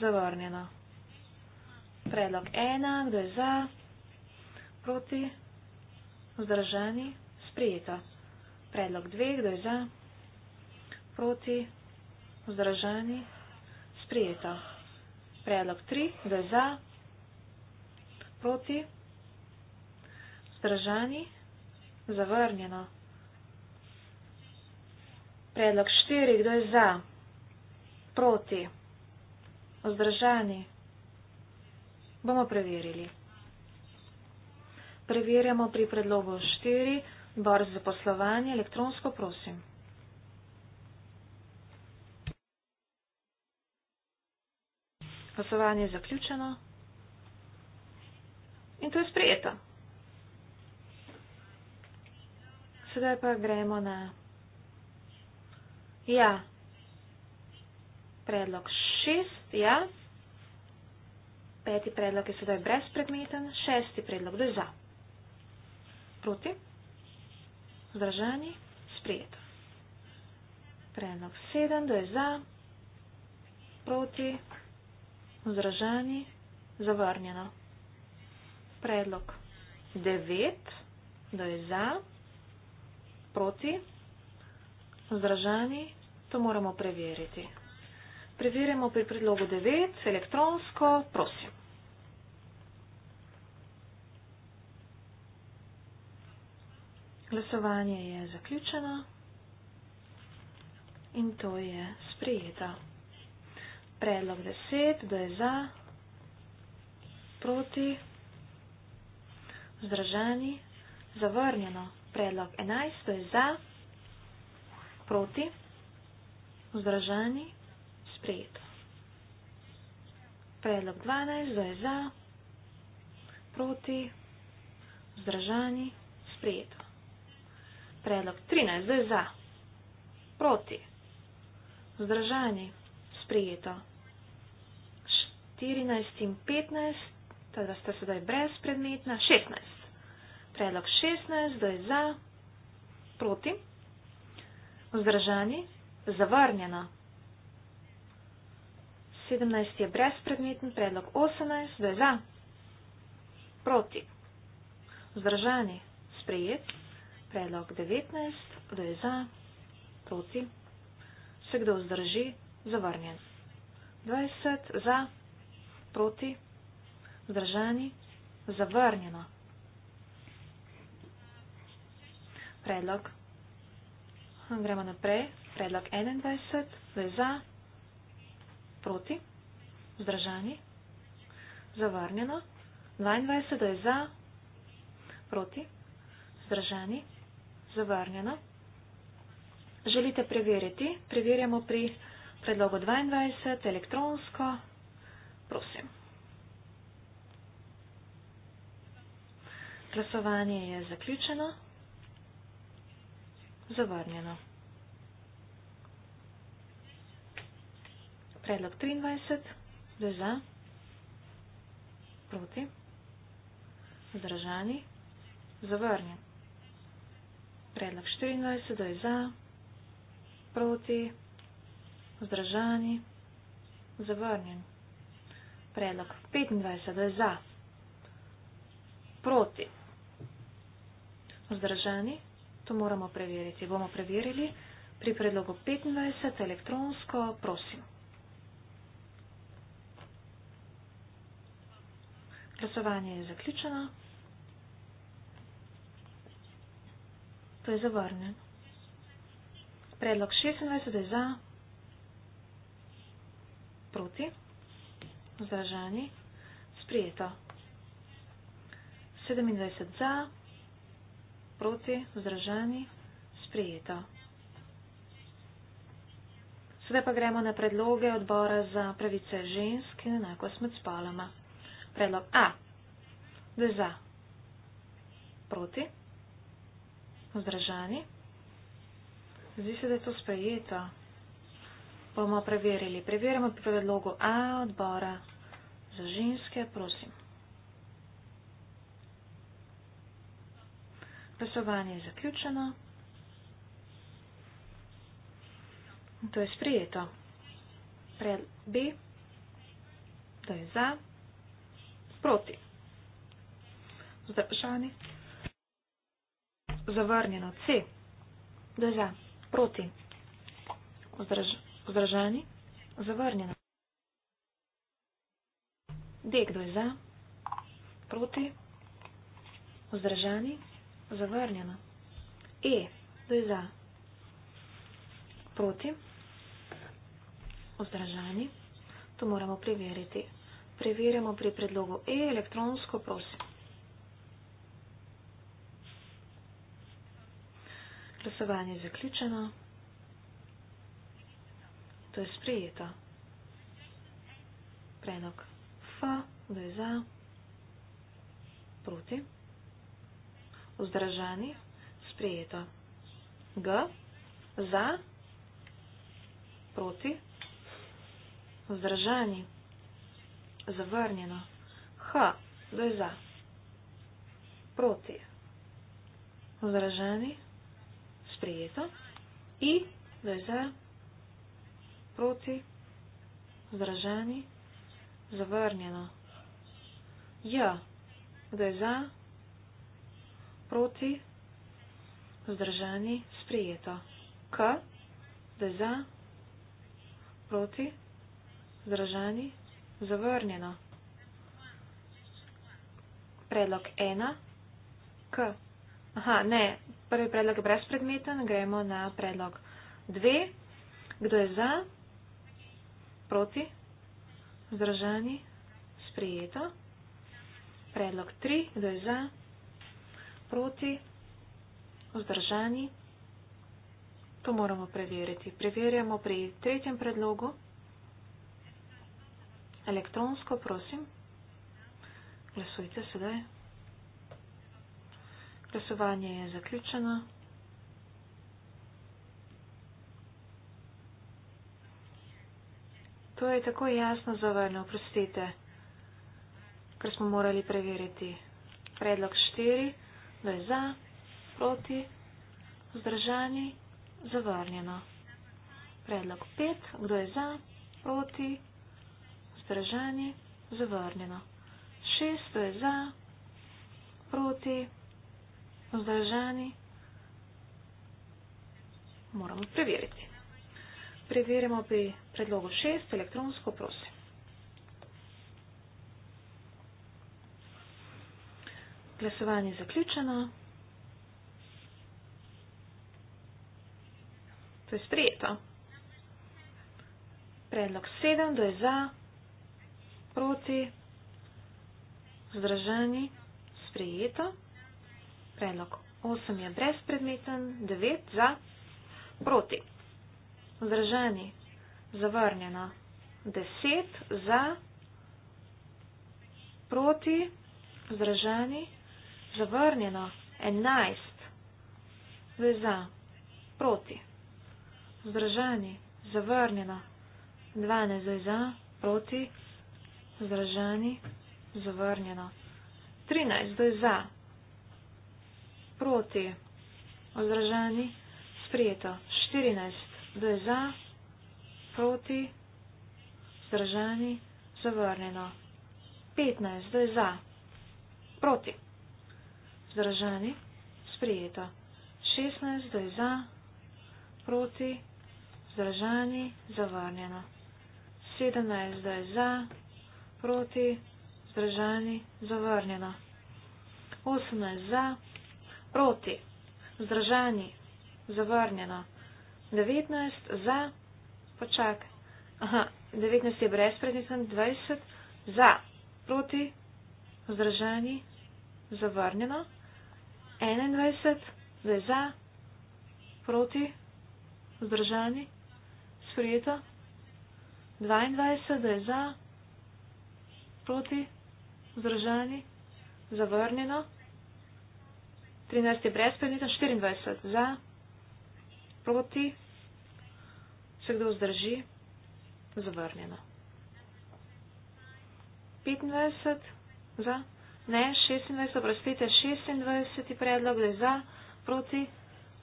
zavrnjeno. Predlog ena, kdo je za, proti, vzdržani, sprijeto. Predlog dve, kdo je za, proti, vzdržani, sprijeto. Predlog tri, kdo je za, proti, vzdržani, zavrnjeno. Predlog štiri, kdo je za, proti, vzdržani, sprijeto vzdržani? Bomo preverili. Preverjamo pri predlogu 4, bar za poslovanje, elektronsko prosim. Poslovanje je zaključeno in to je sprejeto. Sedaj pa gremo na ja, predlog šest, ja. Peti predlog je sedaj brezpredmeten, šesti predlog, da je za. Proti, zdržani, sprijeto. Predlog sedem, da je za, proti, zdržani, zavrnjeno. Predlog devet, da je za, proti, zdržani, to moramo preveriti. Preverjamo pri predlogu 9 elektronsko. Prosim. Glasovanje je zaključeno in to je sprijeta. Predlog 10, kdo je za, proti, zdražani, zavrnjeno. Predlog 11, kdo je za, proti, zdražani, zavrnjeno sprejeto. Predlog 12, zdaj za, proti, vzdržani, sprejeto. Predlog 13, zdaj za, proti, vzdržani, sprejeto. 14 in 15, teda ste sedaj brezpredmetna, 16. Predlog 16, zdaj za, proti, vzdržani, zavrnjeno. 17 je brezpredmeten, predlog 18, da je za, proti, vzdržani, sprejet, predlog 19, da je za, proti, se kdo vzdrži, zavrnjen, 20, za, proti, vzdržani, zavrnjeno, predlog, gremo naprej, predlog 21, da je za, proti, Proti. Zdržani. Zavrnjeno. 22 je za. Proti. Zdržani. Zavrnjeno. Želite preveriti? Preverjamo pri predlogu 22, elektronsko. Prosim. Glasovanje je zaključeno. Zavrnjeno. predlog 23, da je za, proti, zdržani, zavrnjen. Predlog 24, da je za, proti, zdržani, zavrnjen. Predlog 25, da je za, proti, zdržani, to moramo preveriti. Bomo preverili pri predlogu 25 elektronsko, prosim. Glasovanje je zaključeno. To je zavrnjen. Predlog 26 je za, proti, vzdržani, sprijeto. 27 za, proti, vzdržani, sprijeto. Sedaj pa gremo na predloge odbora za pravice žensk in enako smet spalama. Predlog A. Deza. Proti. Vzdržani. Zdi se, da je to sprejeto. Bomo preverili. Preverimo pri predlogu A odbora za ženske. Prosim. Glasovanje je zaključeno. To je sprijeto. Pred B. To je za proti. Zdaj vprašanje. Zavrnjeno. C. Da za. Proti. Vzdržani. Zavrnjeno. D. Kdo je za? Proti. Vzdržani. Zavrnjeno. E. Kdo je za? Proti. Vzdržani. To moramo preveriti preverjamo pri predlogu E elektronsko, prosim. Glasovanje je zaključeno. To je sprejeto. Predlog F, da je za, proti, vzdržani, sprejeto. G, za, proti, vzdržani, proti. Zavrnjeno. Ha, kdo je za? Proti. Zraženi. Sprijeto. I, kdo je za? Proti. Zraženi. Zavrnjeno. J, kdo je za? Proti. Zdržani, sprijeto. K, da je za, proti, zdržani, Zavrnjeno. Predlog 1. K. Aha, ne. Prvi predlog je brezpredmeten. Gremo na predlog 2. Kdo je za? Proti? Zdržani? Sprijeto. Predlog 3. Kdo je za? Proti? Zdržani? To moramo preveriti. Preverjamo pri tretjem predlogu elektronsko, prosim. Glasujte sedaj. Glasovanje je zaključeno. To je tako jasno zavrno, prostite, ker smo morali preveriti. Predlog štiri, da je za, proti, vzdržani, zavrnjeno. Predlog pet, kdo je za, proti, vzdržani vzdrženi, zavrnjeno. Šesto je za, proti, vzdrženi. Moramo preveriti. Preverimo pri predlogu šest, elektronsko, prosim. Glasovanje je zaključeno. To je sprejeto. Predlog sedem, da je za proti, vzdržani, sprejeto. Predlog 8 je brezpredmeten, 9 za, proti. Vzdržani, zavrnjeno, 10 za, proti, vzdržani, zavrnjeno, 11 za, proti. Vzdržani, zavrnjeno, 12 za, proti, vzdržani. Zdraženi. Zavrnjeno. 13. Kdo je za? Proti. Vzdraženi. Sprijeto. 14. Kdo je za? Proti. Zdraženi. Zavrnjeno. 15. Kdo je za? Proti. Zdraženi. Sprijeto. 16. Kdo je za? Proti. Zdraženi. Zavrnjeno. 17. Kdo je za? Proti proti, zdržani, zavrnjena. 18 za, proti, zdržani, zavrnjena. 19 za, počak, Aha, 19 je brez prednika, 20 za, proti, zdržani, zavrnjena. 21 da je za, proti, zdržani, sprijeto. 22 da je za, proti, vzdržani, zavrnjeno, 13 je brezpredmetno, 24 za, proti, vse kdo vzdrži, zavrnjeno. 25 za, ne, 26, oprostite, 26 predlog je za, proti,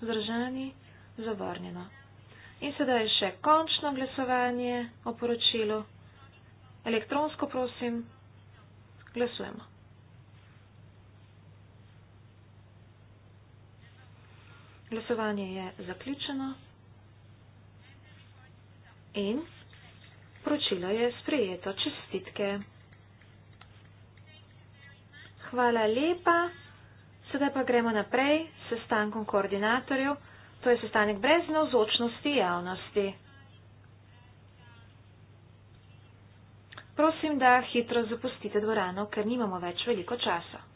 vzdržani, zavrnjeno. In sedaj je še končno glasovanje o poročilu. Elektronsko prosim. Glasujemo. Glasovanje je zaključeno in poročilo je sprejeto čestitke. Hvala lepa. Sedaj pa gremo naprej s sestankom koordinatorjev. To je sestanek brez navzočnosti javnosti. Prosim, da hitro zapustite dvorano, ker nimamo več veliko časa.